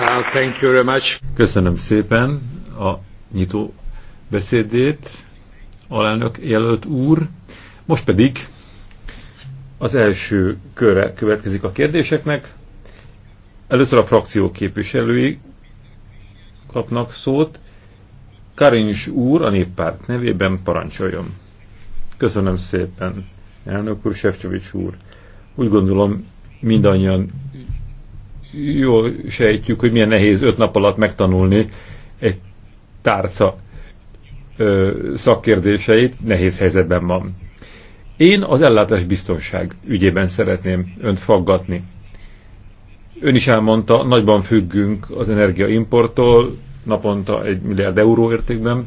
Uh, thank you very much. Köszönöm szépen a nyitó beszédét, alelnök jelölt úr. Most pedig az első körre következik a kérdéseknek. Először a frakció képviselői kapnak szót. Karincs úr a néppárt nevében parancsoljon. Köszönöm szépen, elnök úr, Sefcsovics úr. Úgy gondolom, mindannyian jól sejtjük, hogy milyen nehéz öt nap alatt megtanulni egy tárca ö, szakkérdéseit, nehéz helyzetben van. Én az ellátás biztonság ügyében szeretném önt faggatni. Ön is elmondta, nagyban függünk az energiaimporttól, naponta egy milliárd euró értékben.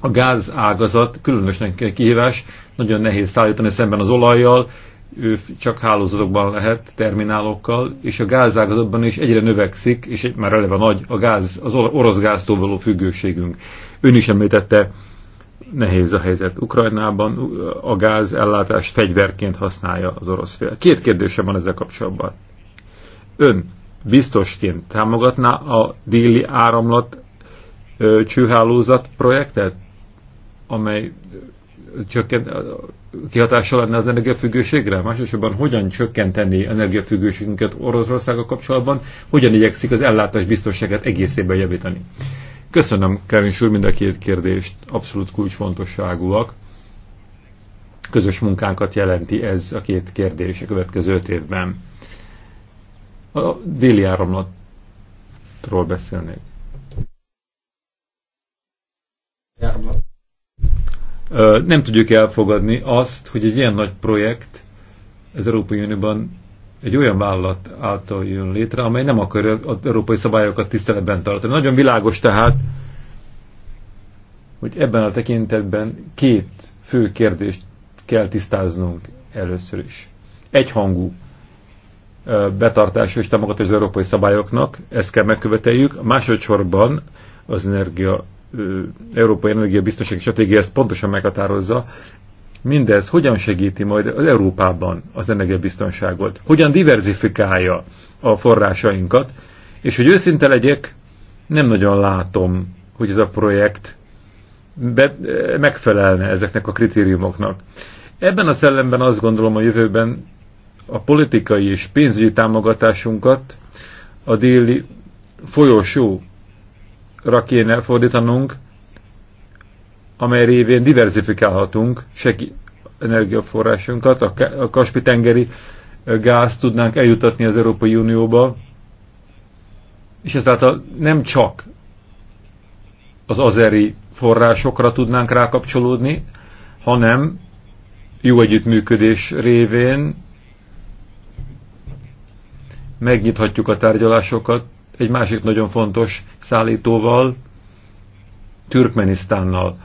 A gáz ágazat különösen kihívás, nagyon nehéz szállítani szemben az olajjal, ő csak hálózatokban lehet, terminálokkal, és a gázágazatban is egyre növekszik, és egy, már eleve nagy a gáz, az orosz gáztól való függőségünk. Ön is említette, nehéz a helyzet. Ukrajnában a gáz ellátást fegyverként használja az orosz fél. Két kérdése van ezzel kapcsolatban. Ön biztosként támogatná a déli áramlat csőhálózat projektet, amely csökkent kihatással lenne az energiafüggőségre? Másosabban hogyan csökkenteni energiafüggőségünket Oroszországgal kapcsolatban? Hogyan igyekszik az ellátás biztonságát egészében javítani? Köszönöm, Kevin Sur, mind a két kérdést. Abszolút kulcsfontosságúak. Közös munkánkat jelenti ez a két kérdés a következő öt évben. A déli áramlatról beszélnék. Áramlat nem tudjuk elfogadni azt, hogy egy ilyen nagy projekt az Európai Unióban egy olyan vállalat által jön létre, amely nem akar az európai szabályokat tiszteletben tartani. Nagyon világos tehát, hogy ebben a tekintetben két fő kérdést kell tisztáznunk először is. Egyhangú betartása és támogatás az európai szabályoknak, ezt kell megköveteljük. Másodszorban az energia Európai energia Biztonsági Stratégia ezt pontosan meghatározza, mindez hogyan segíti majd az Európában az energiabiztonságot, hogyan diverzifikálja a forrásainkat, és hogy őszinte legyek, nem nagyon látom, hogy ez a projekt be, megfelelne ezeknek a kritériumoknak. Ebben a szellemben azt gondolom a jövőben a politikai és pénzügyi támogatásunkat a déli folyosó ra kéne fordítanunk, amely révén diversifikálhatunk segít energiaforrásunkat, a Kaspi-tengeri gáz tudnánk eljutatni az Európai Unióba, és ezáltal nem csak az azeri forrásokra tudnánk rákapcsolódni, hanem jó együttműködés révén megnyithatjuk a tárgyalásokat egy másik nagyon fontos szállítóval, Türkmenisztánnal.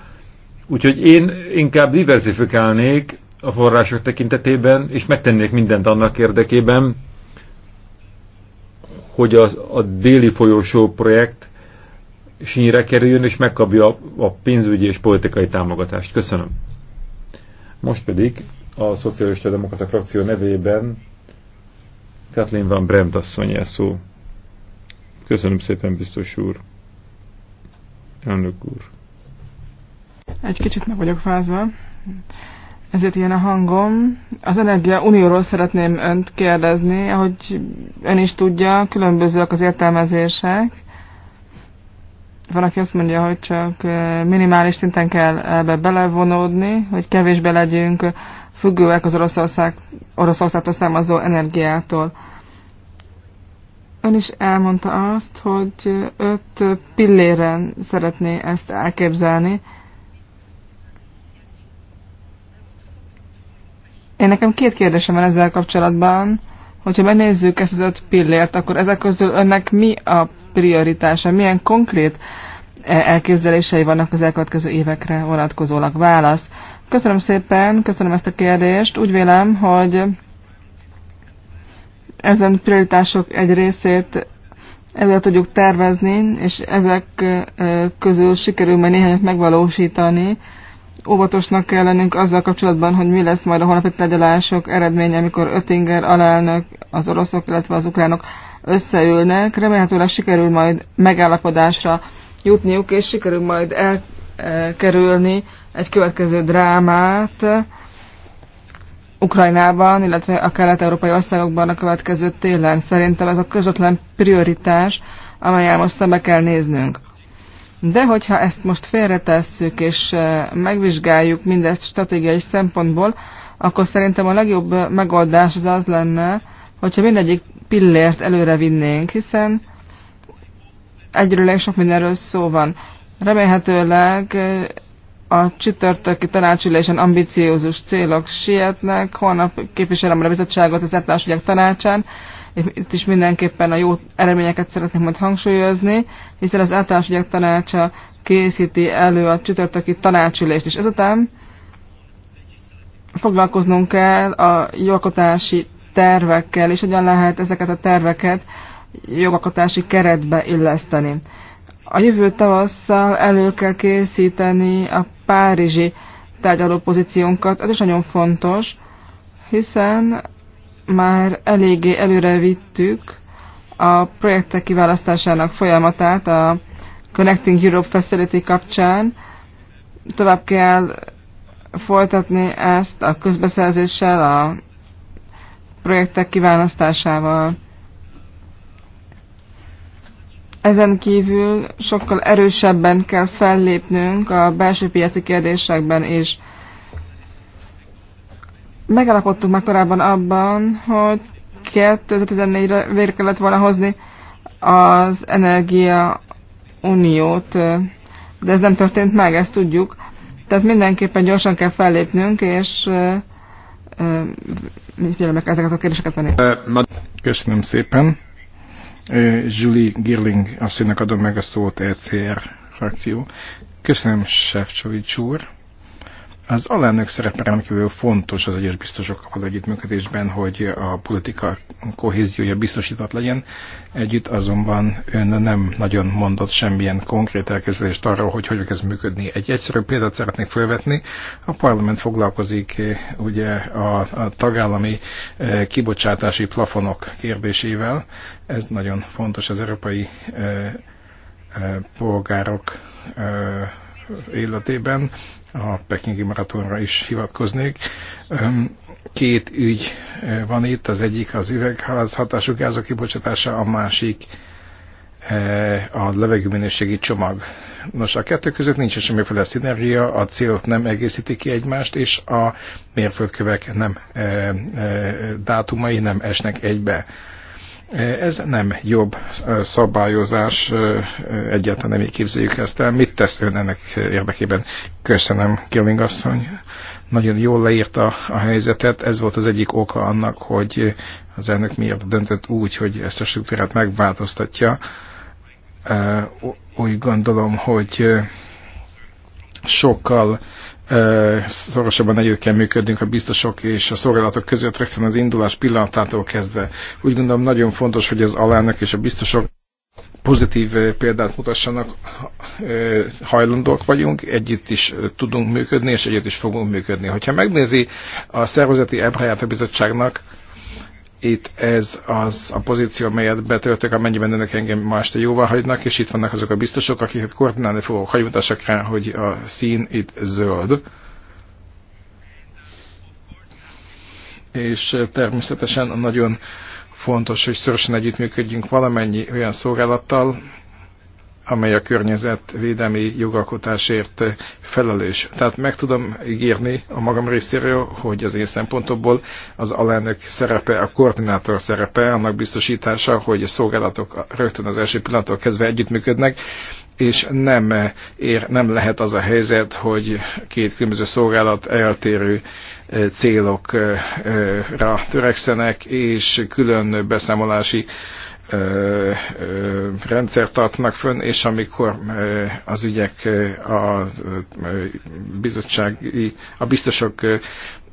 Úgyhogy én inkább diversifikálnék a források tekintetében, és megtennék mindent annak érdekében, hogy az, a déli folyósó projekt sínyre kerüljön, és megkapja a, a pénzügyi és politikai támogatást. Köszönöm. Most pedig a Szocialista Demokrata frakció nevében Kathleen van Bremt asszony szó. Köszönöm szépen, biztos úr. Elnök úr. Egy kicsit meg vagyok fázva, ezért ilyen a hangom. Az Energia Unióról szeretném önt kérdezni, ahogy ön is tudja, különbözőek az értelmezések. Van, aki azt mondja, hogy csak eh, minimális szinten kell ebbe belevonódni, hogy kevésbé legyünk függőek az Oroszország, Oroszországtól származó energiától. Ön is elmondta azt, hogy öt pilléren szeretné ezt elképzelni. Én nekem két kérdésem van ezzel kapcsolatban. Hogyha megnézzük ezt az öt pillért, akkor ezek közül önnek mi a prioritása? Milyen konkrét e, elképzelései vannak az elkövetkező évekre vonatkozólag? Válasz. Köszönöm szépen, köszönöm ezt a kérdést. Úgy vélem, hogy ezen prioritások egy részét ezzel tudjuk tervezni, és ezek közül sikerül majd néhányat megvalósítani. Óvatosnak kell lennünk azzal kapcsolatban, hogy mi lesz majd a holnapi tárgyalások eredménye, amikor Ötinger alelnök, az oroszok, illetve az ukránok összeülnek. Remélhetőleg sikerül majd megállapodásra jutniuk, és sikerül majd elkerülni egy következő drámát, Ukrajnában, illetve a kelet-európai országokban a következő télen. Szerintem ez a közvetlen prioritás, amelyel most szembe kell néznünk. De hogyha ezt most félretesszük és megvizsgáljuk mindezt stratégiai szempontból, akkor szerintem a legjobb megoldás az az lenne, hogyha mindegyik pillért előre vinnénk, hiszen egyről és sok mindenről szó van. Remélhetőleg a csütörtöki tanácsülésen ambiciózus célok sietnek, holnap képviselem a bizottságot az általánosügyek tanácsán, itt is mindenképpen a jó eredményeket szeretném, majd hangsúlyozni, hiszen az általánosügyek tanácsa készíti elő a csütörtöki tanácsülést, és ezután foglalkoznunk kell a jogalkotási tervekkel, és hogyan lehet ezeket a terveket jogalkotási keretbe illeszteni. A jövő tavasszal elő kell készíteni a párizsi tárgyaló pozíciónkat. Ez is nagyon fontos, hiszen már eléggé előre vittük a projektek kiválasztásának folyamatát a Connecting Europe Facility kapcsán. Tovább kell folytatni ezt a közbeszerzéssel, a projektek kiválasztásával. Ezen kívül sokkal erősebben kell fellépnünk a belső piaci kérdésekben is. Megalapodtuk már korábban abban, hogy 2014-re végre kellett volna hozni az Energia Uniót, de ez nem történt meg, ezt tudjuk. Tehát mindenképpen gyorsan kell fellépnünk, és figyelembe ezeket a kérdéseket venni. Köszönöm szépen. Julie Girling asszonynak adom meg a szót, ECR frakció. Köszönöm, Sefcsovics úr. Az alelnök szerepe rendkívül fontos az egyes biztosok biztosokkal együttműködésben, hogy a politika kohéziója biztosított legyen. Együtt azonban ön nem nagyon mondott semmilyen konkrét elképzelést arról, hogy hogy kezd működni. Egy egyszerű példát szeretnék felvetni. A parlament foglalkozik eh, ugye a, a tagállami eh, kibocsátási plafonok kérdésével. Ez nagyon fontos az európai eh, polgárok életében a Pekingi maratonra is hivatkoznék. Két ügy van itt, az egyik az hatású gázok kibocsátása, a másik a levegőminőségi csomag. Nos, a kettő között nincs semmiféle szinergia, a célok nem egészítik ki egymást, és a mérföldkövek nem dátumai nem esnek egybe ez nem jobb szabályozás, egyáltalán nem így képzeljük ezt el. Mit tesz ön ennek érdekében? Köszönöm, Killing asszony. Nagyon jól leírta a helyzetet. Ez volt az egyik oka annak, hogy az elnök miért döntött úgy, hogy ezt a struktúrát megváltoztatja. Úgy gondolom, hogy sokkal szorosabban együtt kell működnünk a biztosok és a szolgálatok között rögtön az indulás pillanatától kezdve. Úgy gondolom nagyon fontos, hogy az alelnök és a biztosok pozitív példát mutassanak, hajlandók vagyunk, együtt is tudunk működni, és együtt is fogunk működni. Hogyha megnézi a szervezeti ebráját a bizottságnak, itt ez az a pozíció, amelyet betöltök, amennyiben ennek engem ma este jóval hagynak, és itt vannak azok a biztosok, akiket koordinálni fogok, hagymutassak rá, hogy a szín itt zöld. És eh, természetesen nagyon fontos, hogy szorosan együttműködjünk valamennyi olyan szolgálattal, amely a környezetvédelmi jogalkotásért felelős. Tehát meg tudom ígérni a magam részéről, hogy az én szempontomból az alelnök szerepe, a koordinátor szerepe, annak biztosítása, hogy a szolgálatok rögtön az első pillanattól kezdve együttműködnek, és nem, ér, nem lehet az a helyzet, hogy két különböző szolgálat eltérő e, célokra törekszenek, és külön beszámolási rendszert tartnak fönn, és amikor az ügyek a bizottsági, a biztosok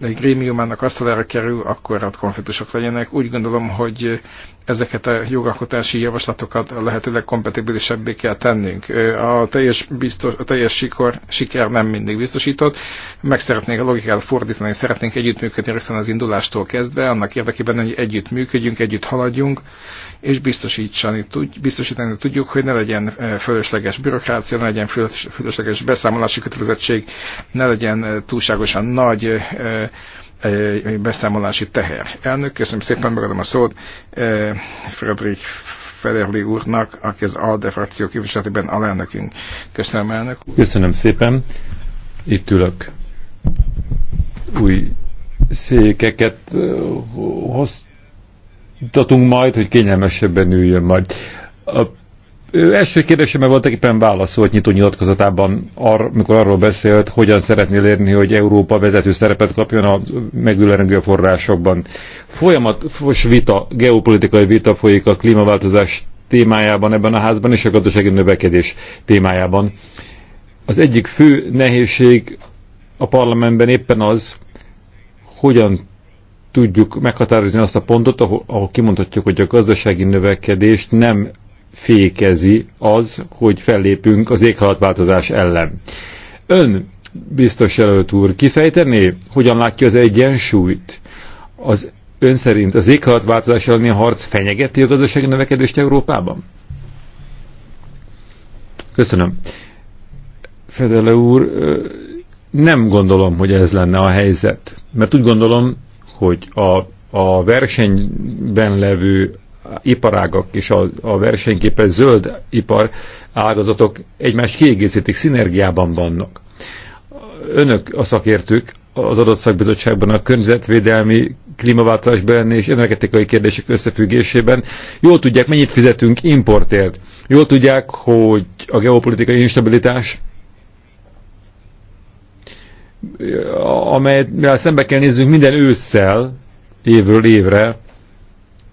egy grémiumának asztalára kerül, akkor ott konfliktusok legyenek. Úgy gondolom, hogy ezeket a jogalkotási javaslatokat lehetőleg kompatibilisebbé kell tennünk. A teljes, biztos, a teljes sikor, siker nem mindig biztosított. Meg szeretnénk a logikát fordítani, szeretnénk együttműködni rögtön az indulástól kezdve, annak érdekében, hogy együttműködjünk, együtt haladjunk, és biztosítani, tudj, biztosítani tudjuk, hogy ne legyen fölösleges bürokrácia, ne legyen fölösleges beszámolási kötelezettség, ne legyen túlságosan nagy beszámolási teher. Elnök, köszönöm szépen, megadom a szót eh, Frederik Federli úrnak, aki az ALDE frakció képviseletében alelnökünk. Köszönöm, elnök. Köszönöm szépen. Itt ülök. Új székeket eh, hoztatunk majd, hogy kényelmesebben üljön majd. A ő első kérdésemre volt éppen volt nyitó nyilatkozatában, ar, mikor arról beszélt, hogyan szeretné érni, hogy Európa vezető szerepet kapjon a megülő forrásokban. Folyamatos vita, geopolitikai vita folyik a klímaváltozás témájában ebben a házban, és a gazdasági növekedés témájában. Az egyik fő nehézség a parlamentben éppen az, hogyan tudjuk meghatározni azt a pontot, ahol, ahol kimondhatjuk, hogy a gazdasági növekedést nem fékezi az, hogy fellépünk az éghajlatváltozás ellen. Ön, biztos jelölt úr, kifejtené, hogyan látja az egyensúlyt? Az ön szerint az éghajlatváltozás elleni harc fenyegeti a gazdasági növekedést Európában? Köszönöm. Fedele úr, nem gondolom, hogy ez lenne a helyzet. Mert úgy gondolom, hogy a, a versenyben levő iparágak és a, a versenyképes zöld ipar ágazatok egymást kiegészítik, szinergiában vannak. Önök a szakértők az adott szakbizottságban a környezetvédelmi, klímaváltozás benne és energetikai kérdések összefüggésében. Jól tudják, mennyit fizetünk importért. Jól tudják, hogy a geopolitikai instabilitás amelyet szembe kell nézzünk minden ősszel, évről évre,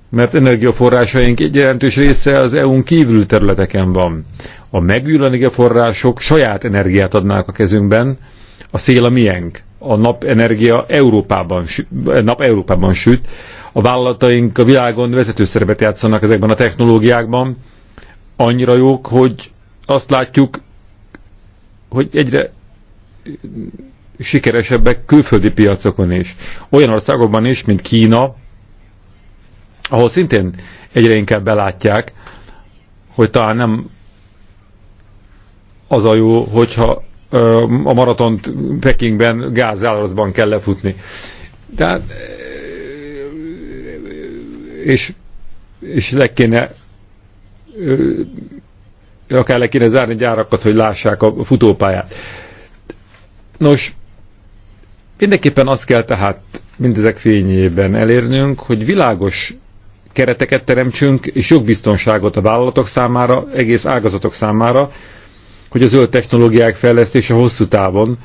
mert energiaforrásaink egy jelentős része az EU-n kívül területeken van. A megújuló energiaforrások saját energiát adnák a kezünkben, a szél a miénk, a napenergia Európában, eh, nap Európában süt, a vállalataink a világon vezető szerepet játszanak ezekben a technológiákban, annyira jók, hogy azt látjuk, hogy egyre sikeresebbek külföldi piacokon is. Olyan országokban is, mint Kína, ahol szintén egyre inkább belátják, hogy talán nem az a jó, hogyha a maratont Pekingben gázállatban kell lefutni. Tehát és, és le kéne akár le kéne zárni gyárakat, hogy lássák a futópályát. Nos, mindenképpen azt kell tehát mindezek fényében elérnünk, hogy világos kereteket teremtsünk, és jogbiztonságot a vállalatok számára, egész ágazatok számára, hogy a zöld technológiák fejlesztése hosszú távon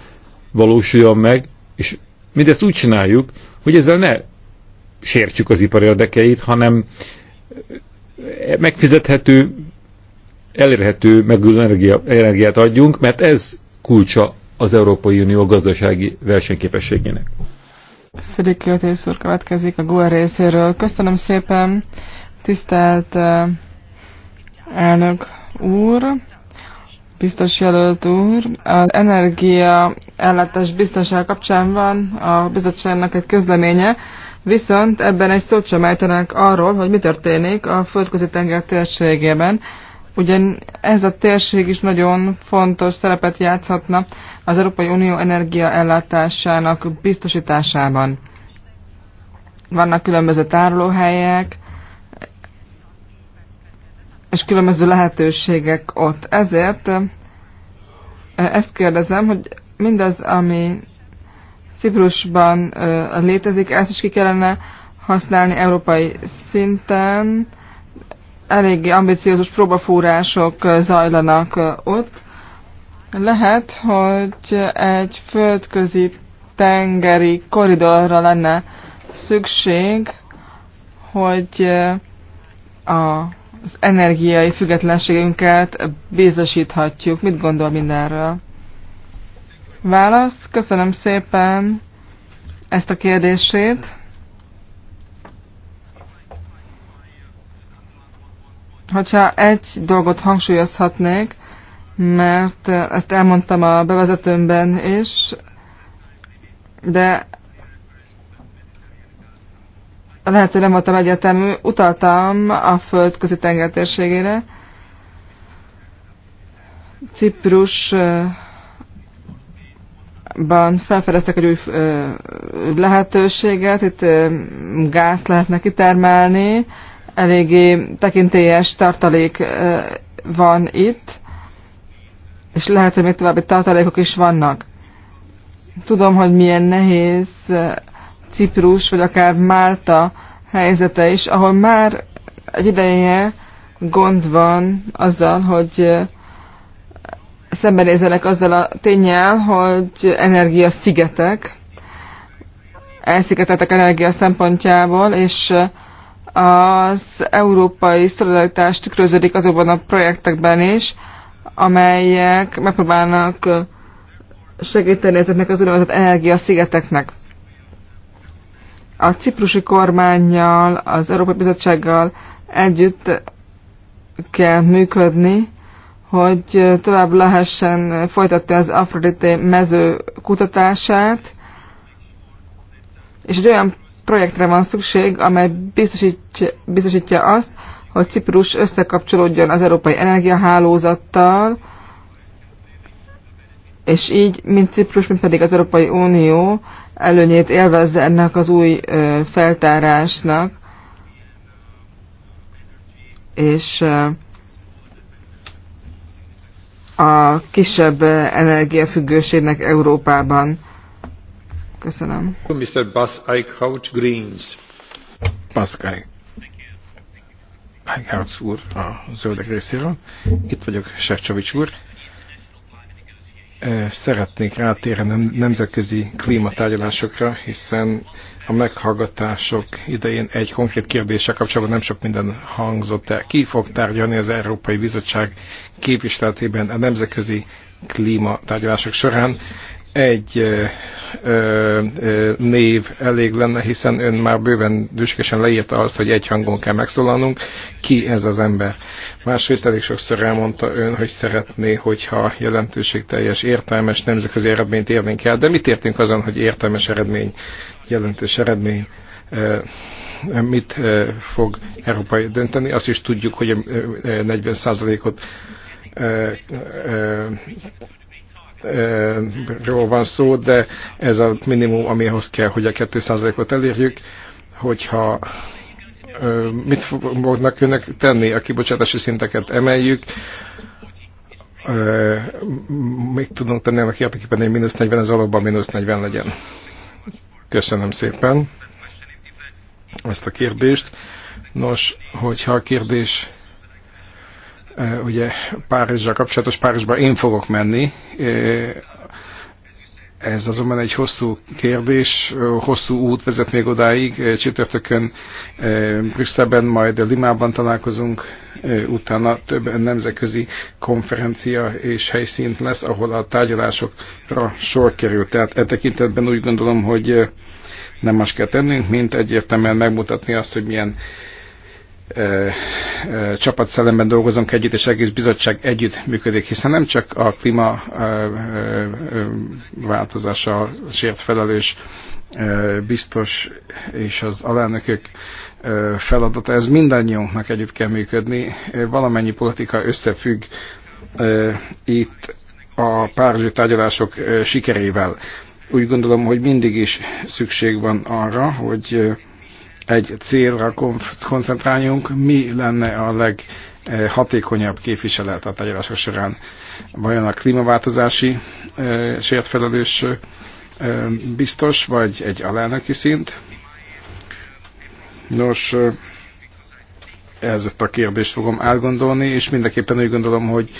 valósuljon meg, és mindezt úgy csináljuk, hogy ezzel ne sértsük az ipar érdekeit, hanem megfizethető, elérhető megülő energia, energiát adjunk, mert ez kulcsa az Európai Unió gazdasági versenyképességének. Szirikiotész úr következik a GUA részéről. Köszönöm szépen, tisztelt eh, elnök úr, biztos jelölt úr. Az energia ellátás biztonság kapcsán van a bizottságnak egy közleménye, viszont ebben egy szót sem ejtenek arról, hogy mi történik a földközi tenger térségében. Ugyan ez a térség is nagyon fontos szerepet játszhatna az Európai Unió energiaellátásának biztosításában. Vannak különböző tárolóhelyek, és különböző lehetőségek ott. Ezért ezt kérdezem, hogy mindaz, ami Ciprusban létezik, ezt is ki kellene használni európai szinten. Eléggé ambiciózus próbafúrások zajlanak ott. Lehet, hogy egy földközi tengeri koridorra lenne szükség, hogy eh, az energiai függetlenségünket biztosíthatjuk. Mit gondol mindenről? Válasz, köszönöm szépen ezt a kérdését. Hogyha egy dolgot hangsúlyozhatnék, mert ezt elmondtam a bevezetőmben is, de lehet, hogy nem voltam egyetemű, utaltam a földközi tengertérségére. Ciprusban felfedeztek egy új lehetőséget, itt gáz lehetne kitermelni, eléggé tekintélyes tartalék van itt, és lehet, hogy még további tartalékok is vannak. Tudom, hogy milyen nehéz eh, Ciprus, vagy akár Málta helyzete is, ahol már egy ideje gond van azzal, hogy eh, szembenézelek azzal a tényel, hogy energia szigetek, elszigeteltek energia szempontjából, és eh, az európai szolidaritás tükröződik azokban a projektekben is, amelyek megpróbálnak segíteni ezeknek az úgynevezett energiaszigeteknek. A ciprusi kormányjal, az Európai Bizottsággal együtt kell működni, hogy tovább lehessen folytatni az Afrodite mező kutatását, és egy olyan projektre van szükség, amely biztosítja, biztosítja azt, hogy Ciprus összekapcsolódjon az európai energiahálózattal, és így mind Ciprus, mint pedig az Európai Unió előnyét élvezze ennek az új feltárásnak, és a kisebb energiafüggőségnek Európában. Köszönöm. Mr. Bas Eichhout Greens. Bas Heikárc úr a zöldek részéről. Itt vagyok, Sefcsovics úr. Eh, szeretnék rátérni a nemzetközi klímatárgyalásokra, hiszen a meghallgatások idején egy konkrét kérdéssel kapcsolatban nem sok minden hangzott el. Ki fog tárgyalni az Európai Bizottság képviseletében a nemzetközi klímatárgyalások során egy ö, ö, név elég lenne, hiszen ön már bőven düskesen leírta azt, hogy egy hangon kell megszólalnunk, ki ez az ember. Másrészt elég sokszor elmondta ön, hogy szeretné, hogyha jelentőségteljes, értelmes nemzetközi eredményt érnénk el, de mit értünk azon, hogy értelmes eredmény, jelentős eredmény? Ö, mit fog Európai dönteni. Azt is tudjuk, hogy 40%-ot ról van szó, de ez a minimum, amihoz kell, hogy a 2%-ot elérjük, hogyha mit fognak önök tenni, a kibocsátási szinteket emeljük, mit tudunk tenni annak érdekében, hogy mínusz 40, ez valóban mínusz 40 legyen. Köszönöm szépen ezt a kérdést. Nos, hogyha a kérdés ugye Párizsra kapcsolatos Párizsba én fogok menni. Ez azonban egy hosszú kérdés, hosszú út vezet még odáig. Csütörtökön Brüsszelben, majd Limában találkozunk, utána több nemzetközi konferencia és helyszínt lesz, ahol a tárgyalásokra sor kerül. Tehát e tekintetben úgy gondolom, hogy nem más kell tennünk, mint egyértelműen megmutatni azt, hogy milyen csapatszellemben dolgozunk együtt, és egész bizottság együtt működik, hiszen nem csak a klíma változása sért felelős biztos és az alelnökök feladata, ez mindannyiunknak együtt kell működni, valamennyi politika összefügg itt a párizsi tárgyalások sikerével. Úgy gondolom, hogy mindig is szükség van arra, hogy egy célra koncentráljunk, mi lenne a leghatékonyabb képviselet a tárgyalások során. Vajon a klímaváltozási sért felelős biztos, vagy egy alelnöki szint? Nos, ezt a kérdést fogom átgondolni, és mindenképpen úgy gondolom, hogy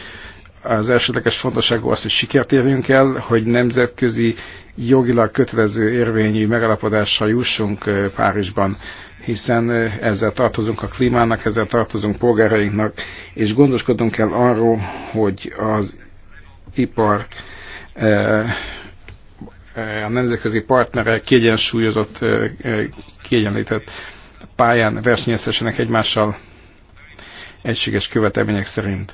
az elsődleges fontosságú az, hogy sikert érjünk el, hogy nemzetközi jogilag kötelező érvényű megalapodásra jussunk Párizsban, hiszen ezzel tartozunk a klímának, ezzel tartozunk polgárainknak, és gondoskodunk kell arról, hogy az ipar a nemzetközi partnerek kiegyensúlyozott, kiegyenlített pályán versenyezhessenek egymással egységes követelmények szerint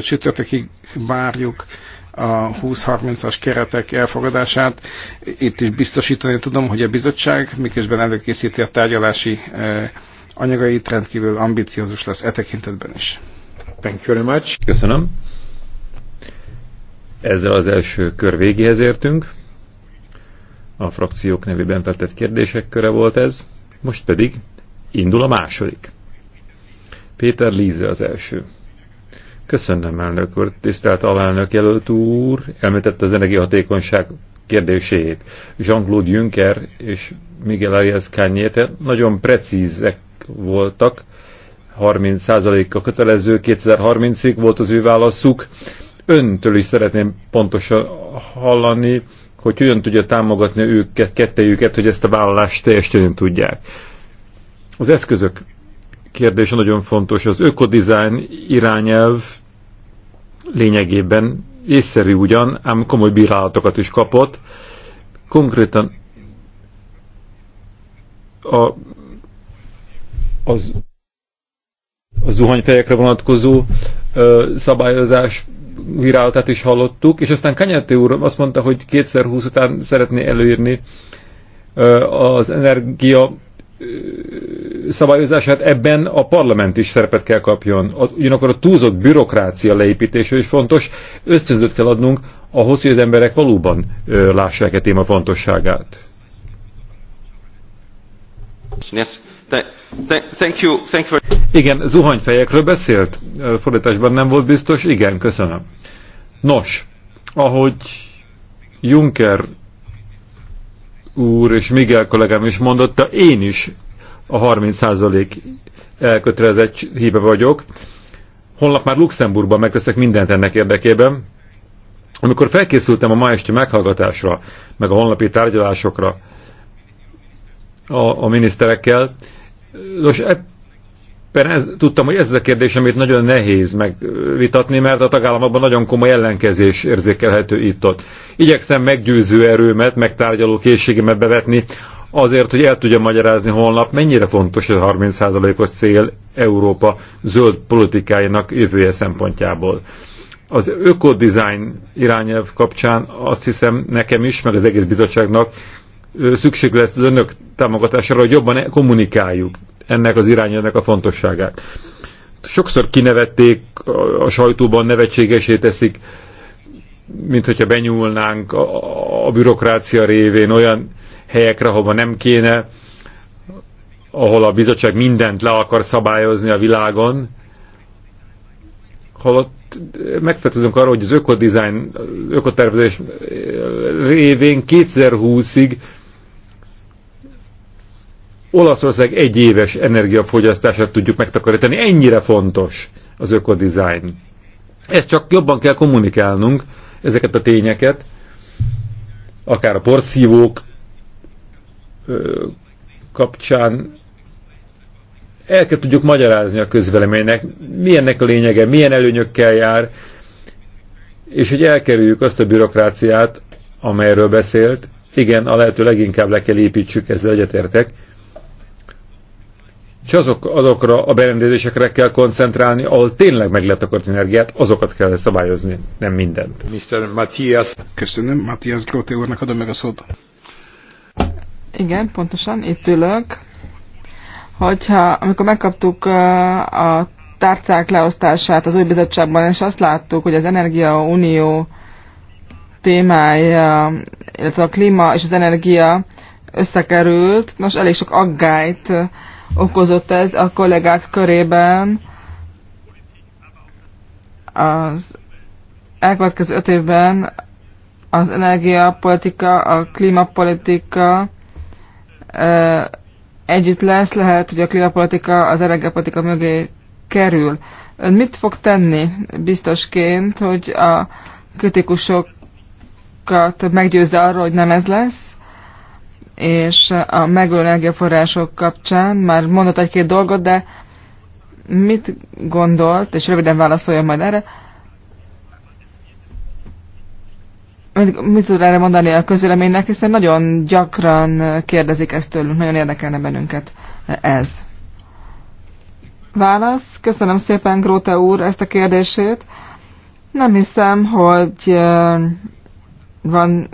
csütörtökig várjuk a 20-30-as keretek elfogadását. Itt is biztosítani tudom, hogy a bizottság, miközben előkészíti a tárgyalási anyagait, rendkívül ambiciózus lesz e tekintetben is. Thank you very much. Köszönöm. Ezzel az első kör végéhez értünk. A frakciók nevében feltett kérdések köre volt ez. Most pedig indul a második. Péter Líze az első. Köszönöm, elnök úr. Tisztelt alelnök jelölt úr, elmétette az energiahatékonyság kérdését. Jean-Claude Juncker és Miguel Arias Cañete nagyon precízek voltak, 30%-a kötelező, 2030-ig volt az ő válaszuk. Öntől is szeretném pontosan hallani, hogy hogyan tudja támogatni őket, kettejüket, hogy ezt a vállalást teljesen tudják. Az eszközök kérdése nagyon fontos. Az ökodizájn irányelv lényegében észszerű ugyan, ám komoly bírálatokat is kapott. Konkrétan a, az, a zuhanyfejekre vonatkozó ö, szabályozás virálatát is hallottuk, és aztán Kanyete úr azt mondta, hogy kétszer húsz után szeretné előírni ö, az energia szabályozását ebben a parlament is szerepet kell kapjon. Ugyanakkor a túlzott bürokrácia leépítése is fontos, ösztönzőt kell adnunk ahhoz, hogy az emberek valóban lássák a e téma fontosságát. Yes. Thank you. Thank you. Igen, zuhanyfejekről beszélt? Fordításban nem volt biztos? Igen, köszönöm. Nos, ahogy Juncker úr és Miguel kollégám is mondotta, én is a 30% elkötelezett híve vagyok. Holnap már Luxemburgban megteszek mindent ennek érdekében. Amikor felkészültem a ma esti meghallgatásra, meg a holnapi tárgyalásokra a, a miniszterekkel, most éppen ez, tudtam, hogy ez a kérdés, amit nagyon nehéz megvitatni, mert a tagállamokban nagyon komoly ellenkezés érzékelhető itt-ott. Igyekszem meggyőző erőmet, megtárgyaló készségemet bevetni, azért, hogy el tudjam magyarázni holnap, mennyire fontos a 30%-os cél Európa zöld politikájának jövője szempontjából. Az ökodizájn irányelv kapcsán azt hiszem nekem is, meg az egész bizottságnak szükség lesz az önök támogatására, hogy jobban kommunikáljuk ennek az irányának a fontosságát. Sokszor kinevették, a sajtóban nevetségesé teszik, mint hogyha benyúlnánk a, bürokrácia révén olyan helyekre, ahova nem kéne, ahol a bizottság mindent le akar szabályozni a világon, holott megfelelkezünk arra, hogy az ökodizájn, ökotervezés révén 2020-ig Olaszország egyéves energiafogyasztását tudjuk megtakarítani. Ennyire fontos az ökodizájn. Ezt csak jobban kell kommunikálnunk, ezeket a tényeket, akár a porszívók kapcsán el kell tudjuk magyarázni a közveleménynek, milyennek a lényege, milyen előnyökkel jár, és hogy elkerüljük azt a bürokráciát, amelyről beszélt. Igen, a lehető leginkább le kell építsük, ezzel egyetértek, és azok, azokra a berendezésekre kell koncentrálni, ahol tényleg meg lehet akart energiát, azokat kell szabályozni, nem mindent. Mr. Matthias. Köszönöm, Matthias Grote úrnak adom meg a szót. Igen, pontosan, itt ülök. Hogyha, amikor megkaptuk a tárcák leosztását az új bizottságban, és azt láttuk, hogy az Energia Unió témája, illetve a klíma és az energia összekerült, nos, elég sok aggályt okozott ez a kollégák körében. Az elkövetkező öt évben az energiapolitika, a klímapolitika együtt lesz, lehet, hogy a klímapolitika az energiapolitika mögé kerül. Ön mit fog tenni biztosként, hogy a kritikusokat meggyőzze arról, hogy nem ez lesz? és a megújuló energiaforrások kapcsán már mondott egy-két dolgot, de mit gondolt, és röviden válaszoljon majd erre, mit, tud erre mondani a közvéleménynek, hiszen nagyon gyakran kérdezik ezt tőlünk, nagyon érdekelne bennünket ez. Válasz. Köszönöm szépen, Gróta úr, ezt a kérdését. Nem hiszem, hogy van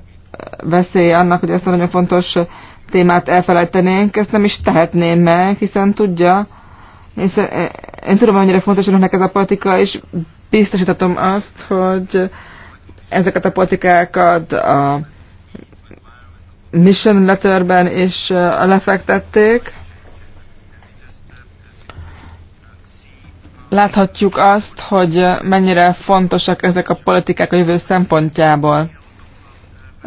veszély annak, hogy ezt a nagyon fontos témát elfelejtenénk, ezt nem is tehetném meg, hiszen tudja, hiszen eh, én tudom, hogy fontos önöknek ez a politika, és biztosítatom azt, hogy ezeket a politikákat a mission letterben is eh, lefektették. Láthatjuk azt, hogy mennyire fontosak ezek a politikák a jövő szempontjából.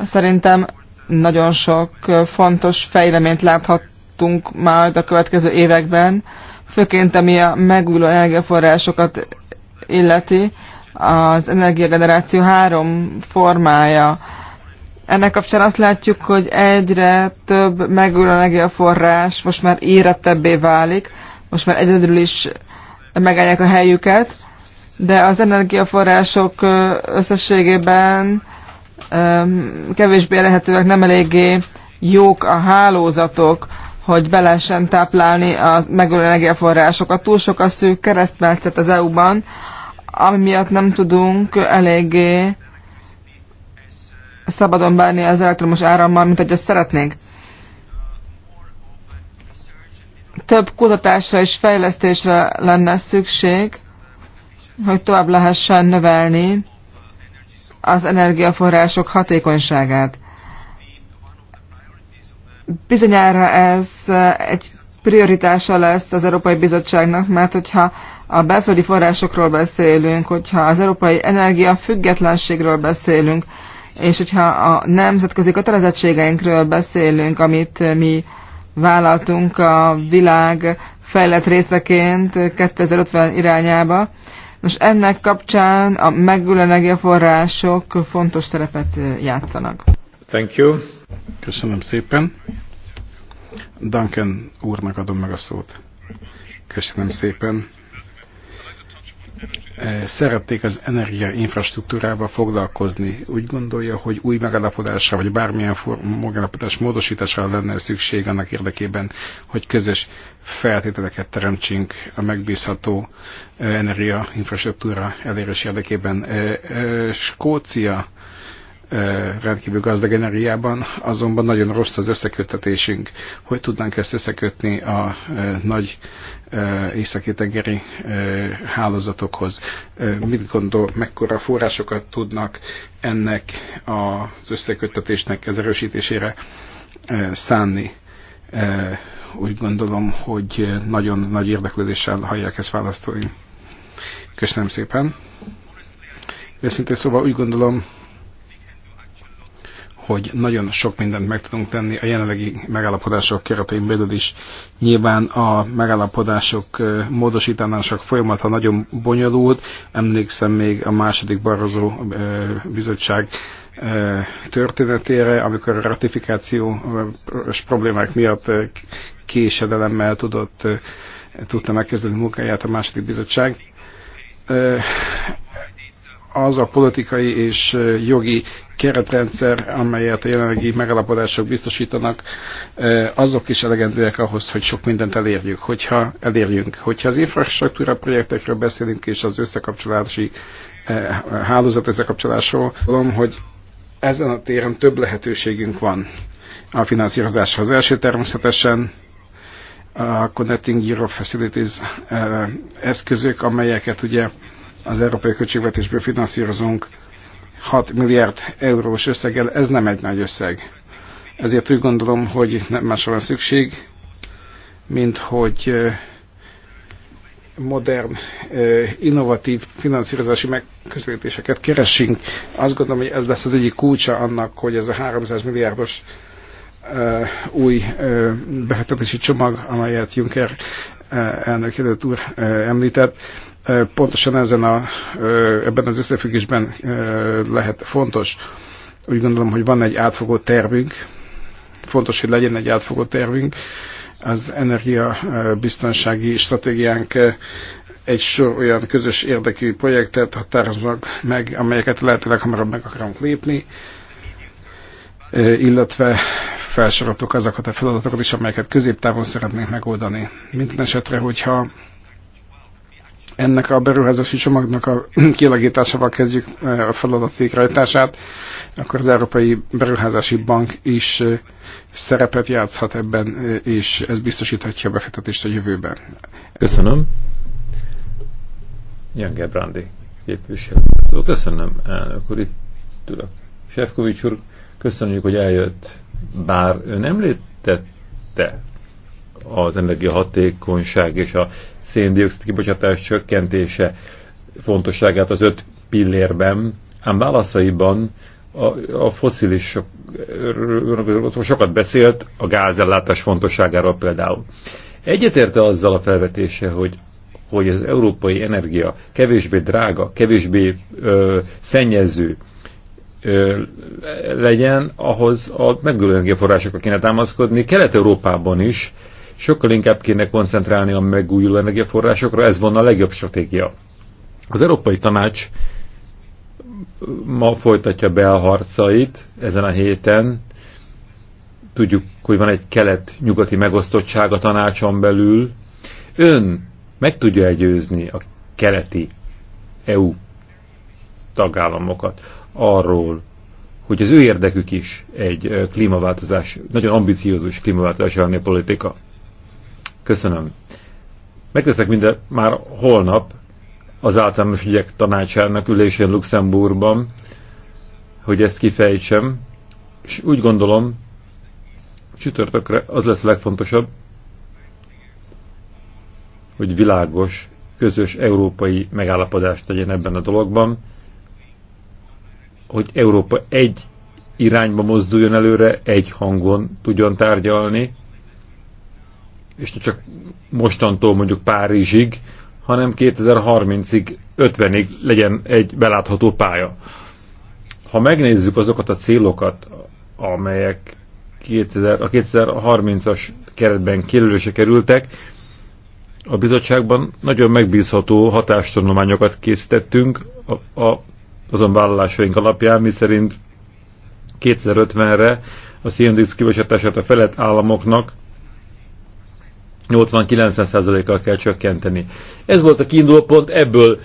Szerintem nagyon sok fontos fejleményt láthattunk már a következő években, főként ami a megújuló energiaforrásokat illeti, az energiageneráció három formája. Ennek kapcsán azt látjuk, hogy egyre több megújuló energiaforrás most már érettebbé válik, most már egyedül is megállják a helyüket, de az energiaforrások összességében kevésbé lehetőek, nem eléggé jók a hálózatok, hogy be lehessen táplálni a megújuló energiaforrásokat. Túl sok a szűk keresztmetszet az EU-ban, ami miatt nem tudunk eléggé szabadon bánni az elektromos árammal, mint hogy ezt szeretnénk. Több kutatásra és fejlesztésre lenne szükség, hogy tovább lehessen növelni az energiaforrások hatékonyságát. Bizonyára ez egy prioritása lesz az Európai Bizottságnak, mert hogyha a belföldi forrásokról beszélünk, hogyha az európai energia függetlenségről beszélünk, és hogyha a nemzetközi kötelezettségeinkről beszélünk, amit mi vállaltunk a világ fejlett részeként 2050 irányába, most ennek kapcsán a megújuló energiaforrások fontos szerepet játszanak. Thank you. Köszönöm szépen. Duncan úrnak adom meg a szót. Köszönöm szépen. Eh, szerették az energia infrastruktúrával foglalkozni. Úgy gondolja, hogy új megállapodásra, vagy bármilyen megállapodás módosításra lenne szükség annak érdekében, hogy közös feltételeket teremtsünk a megbízható eh, energia infrastruktúra elérés érdekében. Eh, Skócia rendkívül gazdag energiában, azonban nagyon rossz az összekötetésünk, Hogy tudnánk ezt összekötni a nagy északi tengeri hálózatokhoz? Mit gondol, mekkora forrásokat tudnak ennek az összeköttetésnek az erősítésére szánni? Úgy gondolom, hogy nagyon nagy érdeklődéssel hallják ezt választóim. Köszönöm szépen. Őszintén szóval úgy gondolom, hogy nagyon sok mindent meg tudunk tenni a jelenlegi megállapodások keretein belül is. Nyilván a megállapodások módosítanások folyamata nagyon bonyolult. Emlékszem még a második Barozó bizottság történetére, amikor a ratifikációs problémák miatt késedelemmel tudott, tudta megkezdeni munkáját a második bizottság az a politikai és jogi keretrendszer, amelyet a jelenlegi megalapodások biztosítanak, azok is elegendőek ahhoz, hogy sok mindent elérjük, hogyha elérjünk. Hogyha az infrastruktúra projektekről beszélünk, és az összekapcsolási hálózat összekapcsolásról, gondolom, hogy ezen a téren több lehetőségünk van a finanszírozáshoz Az első természetesen a Connecting Europe Facilities eszközök, amelyeket ugye az európai költségvetésből finanszírozunk 6 milliárd eurós összeggel, ez nem egy nagy összeg. Ezért úgy gondolom, hogy nem másra van szükség, mint hogy modern, innovatív finanszírozási megközelítéseket keresünk. Azt gondolom, hogy ez lesz az egyik kulcsa annak, hogy ez a 300 milliárdos új befektetési csomag, amelyet Juncker E, elnök jelölt úr e, említett, e, pontosan ezen a, ebben az összefüggésben lehet fontos. Úgy gondolom, hogy van egy átfogó tervünk, fontos, hogy legyen egy átfogó tervünk. Az energiabiztonsági stratégiánk egy sor olyan közös érdekű projektet határoznak meg, amelyeket lehetőleg hamarabb meg akarunk lépni illetve felsoroltuk azokat a feladatokat is, amelyeket középtávon szeretnénk megoldani. Minden esetre, hogyha ennek a beruházási csomagnak a kialakításával kezdjük a feladat végrehajtását, akkor az Európai Beruházási Bank is szerepet játszhat ebben, és ez biztosíthatja a befektetést a jövőben. Köszönöm. Jan Gebrandi képviselő. Szóval köszönöm, elnök úr, itt tudok. Sefkovics úr, Köszönjük, hogy eljött. Bár ön említette az hatékonyság és a széndiokszid kibocsátás csökkentése fontosságát az öt pillérben, ám válaszaiban a, a foszilis sokat beszélt, a gázellátás fontosságáról például. Egyetérte azzal a felvetése, hogy hogy az európai energia kevésbé drága, kevésbé ö, szennyező, ö, legyen, ahhoz a megújuló energiaforrásokra kéne támaszkodni. Kelet-Európában is sokkal inkább kéne koncentrálni a megújuló energiaforrásokra, ez volna a legjobb stratégia. Az Európai Tanács ma folytatja be a harcait ezen a héten. Tudjuk, hogy van egy kelet-nyugati megosztottság a tanácson belül. Ön meg tudja egyőzni a keleti EU tagállamokat arról, hogy az ő érdekük is egy klímaváltozás, nagyon ambiciózus klímaváltozás elleni politika. Köszönöm. Megteszek minden már holnap az általános ügyek tanácsának ülésén Luxemburgban, hogy ezt kifejtsem, és úgy gondolom, csütörtökre az lesz a legfontosabb, hogy világos, közös európai megállapodást tegyen ebben a dologban, hogy Európa egy irányba mozduljon előre, egy hangon tudjon tárgyalni, és csak mostantól mondjuk Párizsig, hanem 2030-ig, 50-ig legyen egy belátható pálya. Ha megnézzük azokat a célokat, amelyek 2000, a 2030-as keretben kérdőse kerültek, a bizottságban nagyon megbízható hatástanulmányokat készítettünk a, a azon vállalásaink alapján, miszerint 2050-re a CNDX kibocsátását a felett államoknak 80-90%-kal kell csökkenteni. Ez volt a kiinduló pont, ebből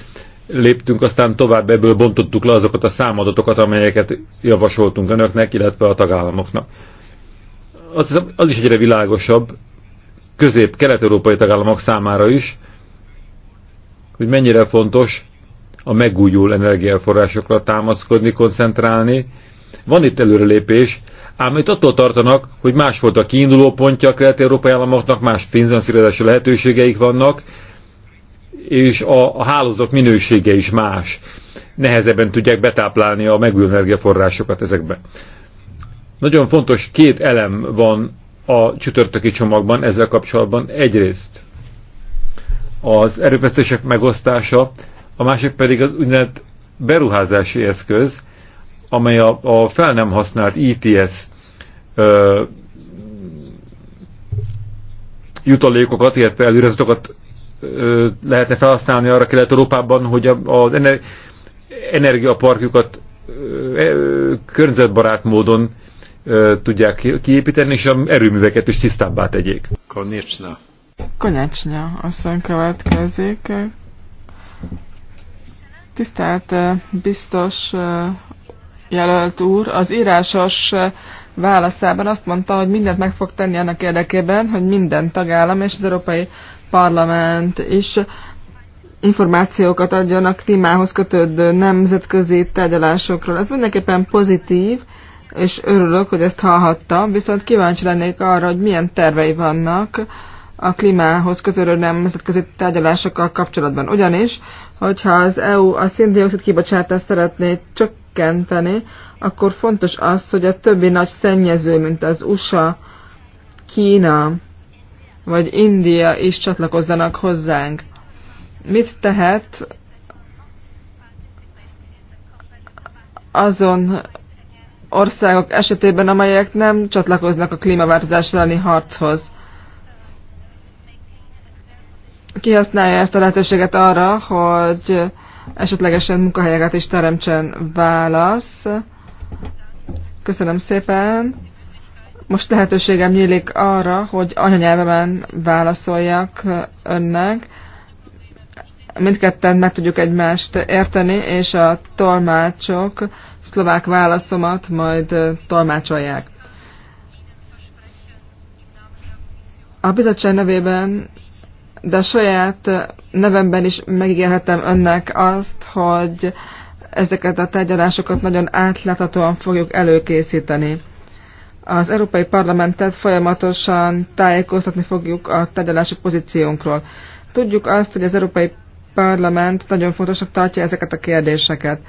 léptünk, aztán tovább ebből bontottuk le azokat a számadatokat, amelyeket javasoltunk önöknek, illetve a tagállamoknak. Az, hiszem, az is egyre világosabb, közép-kelet-európai tagállamok számára is, hogy mennyire fontos a megújul energiaforrásokra támaszkodni, koncentrálni. Van itt előrelépés, ám itt attól tartanak, hogy más volt a kiinduló pontja a kelet-európai államoknak, más finanszírozási lehetőségeik vannak, és a, a hálózat minősége is más. Nehezebben tudják betáplálni a megújuló energiaforrásokat ezekbe. Nagyon fontos két elem van a csütörtöki csomagban ezzel kapcsolatban. Egyrészt az erőfesztések megosztása a másik pedig az úgynevezett beruházási eszköz, amely a, a fel nem használt ITS e ö, jutalékokat, illetve előrezetokat lehetne felhasználni arra Kelet-Európában, hogy az ener energiaparkjukat e, környezetbarát módon ö, tudják kiépíteni, és a erőműveket is tisztábbá tegyék. Konecsna. Konecsna, aztán következik. Tisztelt biztos jelölt úr, az írásos válaszában azt mondta, hogy mindent meg fog tenni annak érdekében, hogy minden tagállam és az Európai Parlament is információkat adjon a klímához kötődő nemzetközi tegyelásokról. Ez mindenképpen pozitív, és örülök, hogy ezt hallhattam, viszont kíváncsi lennék arra, hogy milyen tervei vannak a klímához kötődő nemzetközi tárgyalásokkal kapcsolatban. Ugyanis hogyha az EU a széndiokszid kibocsátást szeretné csökkenteni, akkor fontos az, hogy a többi nagy szennyező, mint az USA, Kína vagy India is csatlakozzanak hozzánk. Mit tehet azon országok esetében, amelyek nem csatlakoznak a klímaváltozás elleni harchoz? kihasználja ezt a lehetőséget arra, hogy esetlegesen munkahelyeket is teremtsen válasz. Köszönöm szépen. Most lehetőségem nyílik arra, hogy anyanyelvemen válaszoljak önnek. Mindketten meg tudjuk egymást érteni, és a tolmácsok szlovák válaszomat majd tolmácsolják. A bizottság nevében de a saját nevemben is megígérhetem önnek azt, hogy ezeket a tárgyalásokat nagyon átláthatóan fogjuk előkészíteni. Az Európai Parlamentet folyamatosan tájékoztatni fogjuk a tárgyalási pozíciónkról. Tudjuk azt, hogy az Európai Parlament nagyon fontosnak tartja ezeket a kérdéseket.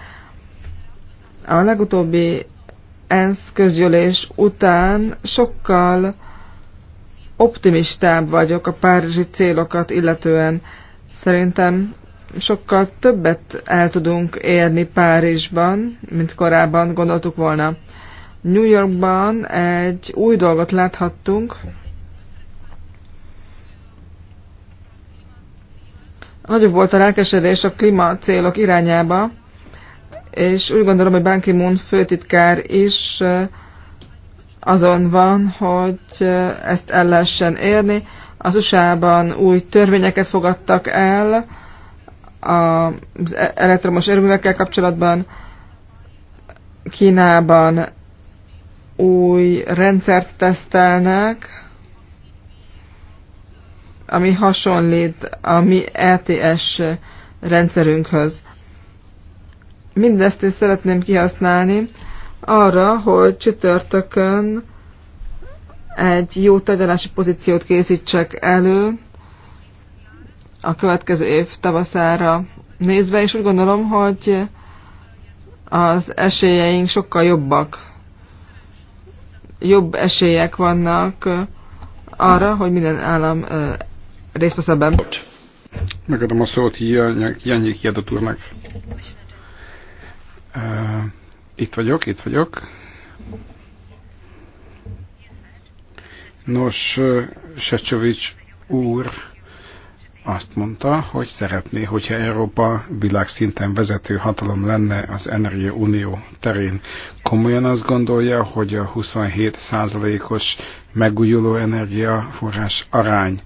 A legutóbbi ENSZ közgyűlés után sokkal optimistább vagyok a párizsi célokat illetően. Szerintem sokkal többet el tudunk érni Párizsban, mint korábban gondoltuk volna. New Yorkban egy új dolgot láthattunk. Nagyobb volt a lelkesedés a célok irányába, és úgy gondolom, hogy Ban Ki-moon főtitkár is azon van, hogy ezt el lehessen érni. Az USA-ban új törvényeket fogadtak el az e- elektromos erőművekkel kapcsolatban, Kínában új rendszert tesztelnek, ami hasonlít a mi LTS e rendszerünkhöz. Mindezt is szeretném kihasználni, arra, hogy csütörtökön egy jó tegyelási pozíciót készítsek elő a következő év tavaszára nézve, és úgy gondolom, hogy az esélyeink sokkal jobbak. Jobb esélyek vannak arra, hogy minden állam részt vesz ebben. Megadom a szót Janyék Jadot úrnak. Uh... Itt vagyok, itt vagyok. Nos, Secsovics úr azt mondta, hogy szeretné, hogyha Európa világszinten vezető hatalom lenne az Energia Unió terén. Komolyan azt gondolja, hogy a 27 százalékos megújuló energiaforrás arány,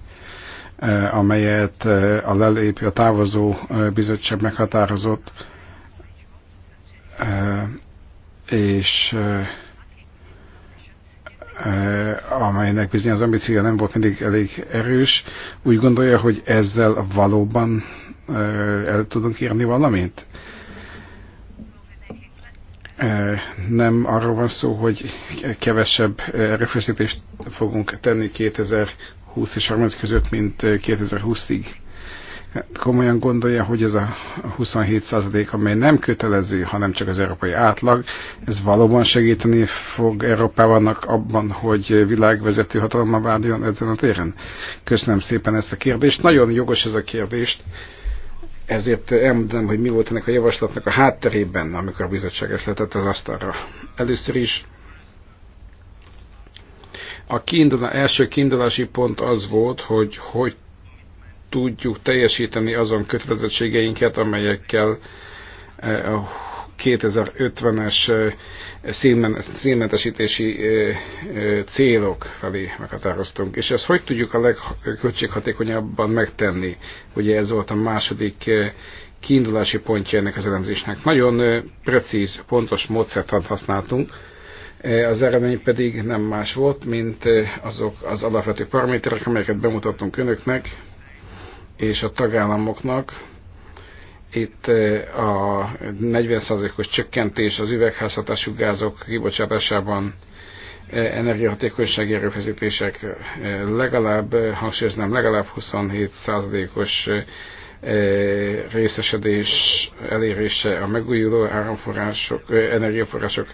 amelyet a lelépő, a távozó bizottság meghatározott, és amelynek bizony az ambíciója nem volt mindig elég erős, úgy gondolja, hogy ezzel valóban el tudunk írni valamit? Nem arról van szó, hogy kevesebb erőfeszítést fogunk tenni 2020 és 30 között, mint 2020-ig. Hát komolyan gondolja, hogy ez a 27 amely nem kötelező, hanem csak az európai átlag, ez valóban segíteni fog Európának abban, hogy világvezető hatalma váljon ezen a téren? Köszönöm szépen ezt a kérdést. Nagyon jogos ez a kérdést, ezért elmondom, hogy mi volt ennek a javaslatnak a hátterében, amikor a bizottság ezt letett az asztalra. Először is a kiindulás, első kiindulási pont az volt, hogy hogy tudjuk teljesíteni azon kötelezettségeinket, amelyekkel eh, a 2050-es eh, színmentesítési eh, célok felé meghatároztunk. És ezt hogy tudjuk a legköltséghatékonyabban megtenni? Ugye ez volt a második kiindulási pontja ennek az elemzésnek. Nagyon precíz, pontos módszertant használtunk, az eredmény pedig nem más volt, mint azok az alapvető paraméterek, amelyeket bemutattunk önöknek, és a tagállamoknak. Itt a 40%-os csökkentés az üvegházhatású gázok kibocsátásában energiahatékonysági erőfeszítések legalább, hangsúlyoznám, legalább 27%-os részesedés elérése a megújuló áramforrások, energiaforrások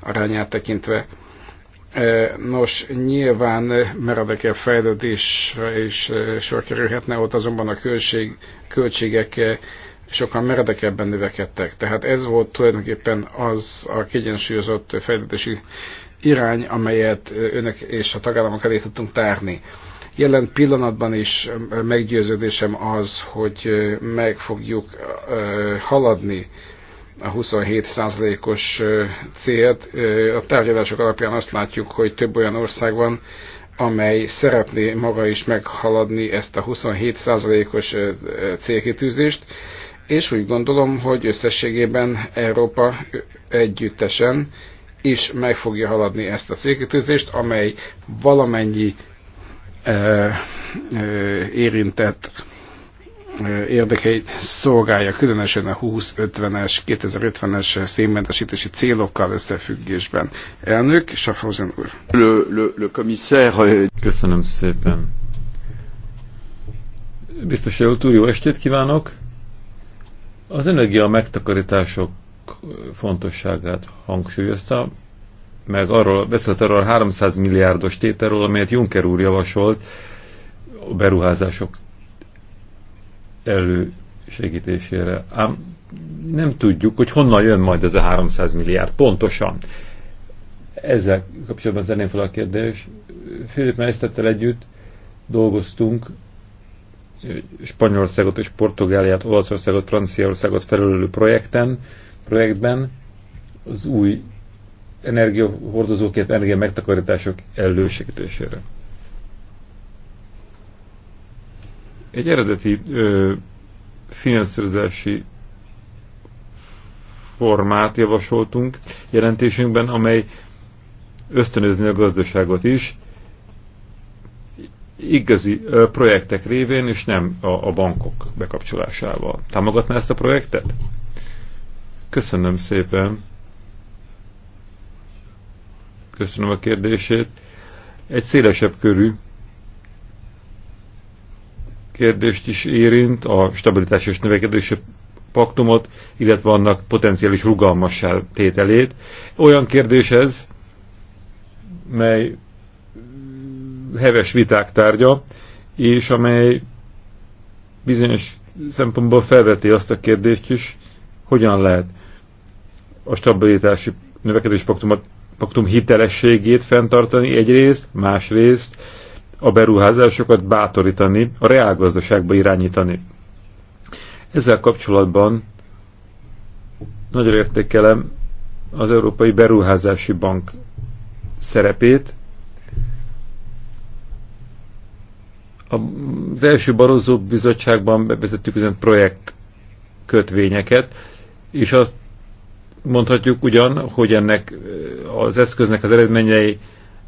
arányát tekintve E, nos, nyilván meredekebb fejlődésre is e, sor kerülhetne, ott azonban a költség, költségek e, sokkal meredekebben növekedtek. Tehát ez volt tulajdonképpen az a kiegyensúlyozott fejlődési irány, amelyet önök és a tagállamok elé tudtunk tárni. Jelen pillanatban is meggyőződésem az, hogy meg fogjuk haladni a 27%-os célt. A tárgyalások alapján azt látjuk, hogy több olyan ország van, amely szeretné maga is meghaladni ezt a 27%-os célkitűzést, és úgy gondolom, hogy összességében Európa együttesen is meg fogja haladni ezt a célkitűzést, amely valamennyi érintett érdekeit szolgálja, különösen a 20-50-es, 2050-es szénmentesítési célokkal összefüggésben. Elnök, Schaffhausen úr. Le, le, le commissaire... Euh, Köszönöm szépen. Biztos jelölt túl jó estét kívánok! Az energia megtakarítások fontosságát hangsúlyozta, meg arról beszélt arról a 300 milliárdos tételről, amelyet Juncker úr javasolt a beruházások elősegítésére. Ám nem tudjuk, hogy honnan jön majd ez a 300 milliárd pontosan. Ezzel kapcsolatban zenném fel a kérdés. Filip Meisztettel együtt dolgoztunk Spanyolországot és Portugáliát, Olaszországot, Franciaországot felülő projekten, projektben az új energiahordozókért, energia megtakarítások elősegítésére. Egy eredeti ö, finanszírozási formát javasoltunk jelentésünkben, amely ösztönözni a gazdaságot is, igazi ö, projektek révén, és nem a, a bankok bekapcsolásával. Támogatná ezt a projektet? Köszönöm szépen. Köszönöm a kérdését. Egy szélesebb körű kérdést is érint, a stabilitás és növekedési paktumot, illetve annak potenciális rugalmassá tételét. Olyan kérdés ez, mely heves viták tárgya, és amely bizonyos szempontból felveti azt a kérdést is, hogyan lehet a stabilitási növekedési paktumot, paktum hitelességét fenntartani egyrészt, másrészt a beruházásokat bátorítani, a reálgazdaságba irányítani. Ezzel kapcsolatban nagyra értékelem az Európai Beruházási Bank szerepét. Az első Barozó Bizottságban bevezettük olyan projekt kötvényeket, és azt mondhatjuk ugyan, hogy ennek az eszköznek az eredményei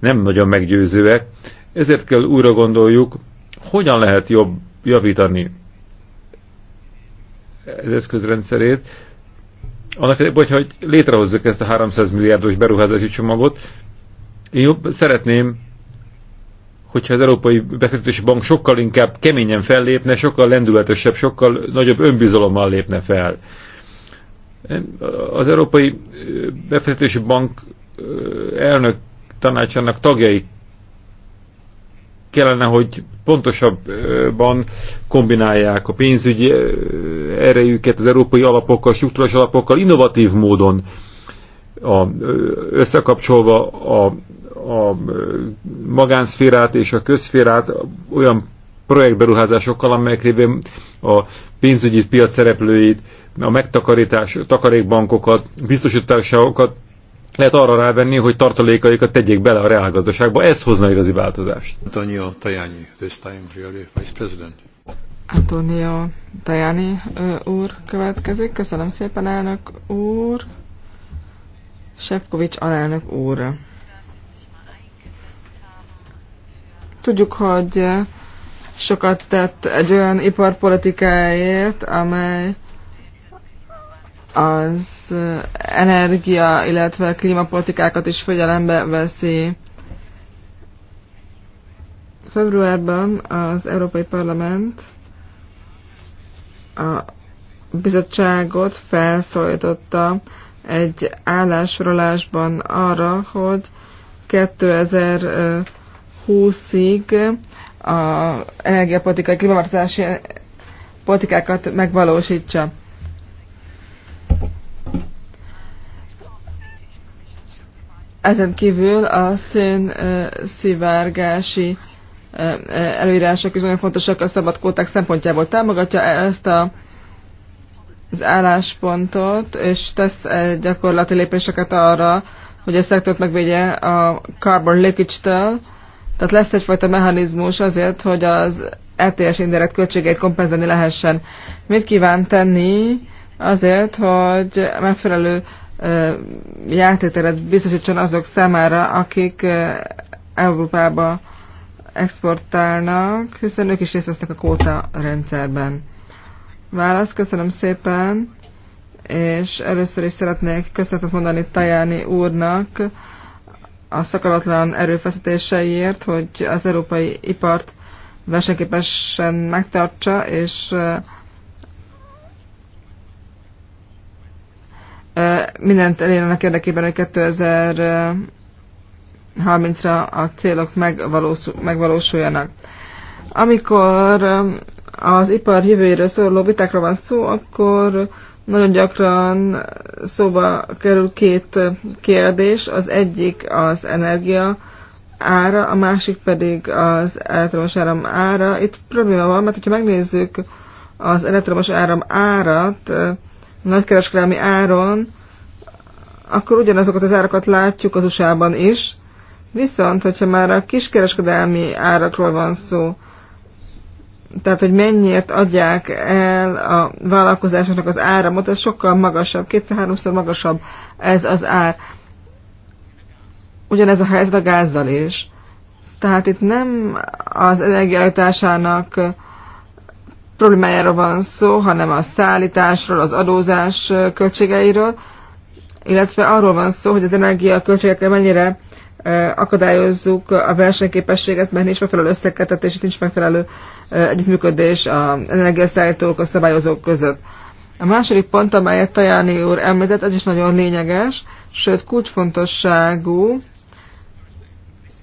nem nagyon meggyőzőek, ezért kell újra gondoljuk, hogyan lehet jobb javítani az eszközrendszerét, annak, vagy hogy létrehozzuk ezt a 300 milliárdos beruházási csomagot, én jobb szeretném, hogyha az Európai Befektetési Bank sokkal inkább keményen fellépne, sokkal lendületesebb, sokkal nagyobb önbizalommal lépne fel. Az Európai Befektetési Bank elnök tanácsának tagjai kellene, hogy pontosabban kombinálják a pénzügyi erejüket az európai alapokkal, struktúrás alapokkal, innovatív módon a, összekapcsolva a, a magánszférát és a közszférát olyan projektberuházásokkal, amelyek révén a pénzügyi piac szereplőit, a megtakarítás, takarékbankokat, biztosításokat lehet arra rávenni, hogy tartalékaikat tegyék bele a reálgazdaságba. Ez hozna igazi változást. Antonio Tajani, this time really vice president. Antonio Tajani úr következik. Köszönöm szépen, elnök úr. Sefkovics alelnök úr. Tudjuk, hogy sokat tett egy olyan iparpolitikáért, amely az eh, energia, illetve a klímapolitikákat is figyelembe veszi. Februárban az Európai Parlament a bizottságot felszólította egy állásrolásban arra, hogy 2020-ig a energiapolitikai klímaváltozási politikákat megvalósítsa. Ezen kívül a szén szivárgási előírások is nagyon fontosak a szabad kóták szempontjából. Támogatja ezt a, az álláspontot, és tesz gyakorlati lépéseket arra, hogy a szektort megvédje a carbon leakage-től. Tehát lesz egyfajta mechanizmus azért, hogy az RTS e indirekt költségeit kompenzálni lehessen. Mit kíván tenni azért, hogy megfelelő játéteret biztosítson azok számára, akik Európába exportálnak, hiszen ők is részt vesznek a kóta rendszerben. Válasz, köszönöm szépen, és először is szeretnék köszönetet mondani Tajáni úrnak a szakadatlan erőfeszítéseiért, hogy az európai ipart versenyképesen megtartsa, és mindent elérnek érdekében, hogy 2030-ra a célok megvalósuljanak. Amikor az ipar jövőjéről szóló vitákról van szó, akkor nagyon gyakran szóba kerül két kérdés, az egyik az energia ára, a másik pedig az elektromos áram ára. Itt probléma van, mert ha megnézzük az elektromos áram árat, nagykereskedelmi áron, akkor ugyanazokat az árakat látjuk az USA-ban is, viszont hogyha már a kiskereskedelmi árakról van szó, tehát hogy mennyiért adják el a vállalkozásoknak az áramot, ez sokkal magasabb, kétszer-háromszor magasabb ez az ár. Ugyanez a helyzet a gázzal is. Tehát itt nem az energiállításának problémájáról van szó, hanem a szállításról, az adózás költségeiről, illetve arról van szó, hogy az költségekkel mennyire akadályozzuk a versenyképességet, mert nincs megfelelő összekötetés, nincs megfelelő együttműködés az energiaszállítók, a szabályozók között. A második pont, amelyet Tajáni úr említett, ez is nagyon lényeges, sőt kulcsfontosságú,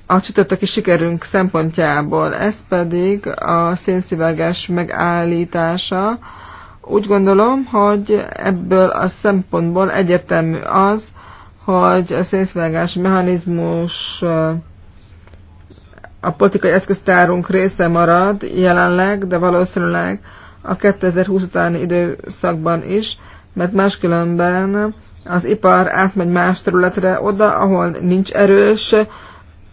a csütörtöki sikerünk szempontjából. Ez pedig a szénszivárgás megállítása. Úgy gondolom, hogy ebből a szempontból egyértelmű az, hogy a szénszivárgás mechanizmus eh, a politikai eszköztárunk része marad jelenleg, de valószínűleg a 2020 utáni időszakban is, mert máskülönben az ipar átmegy más területre, oda, ahol nincs erős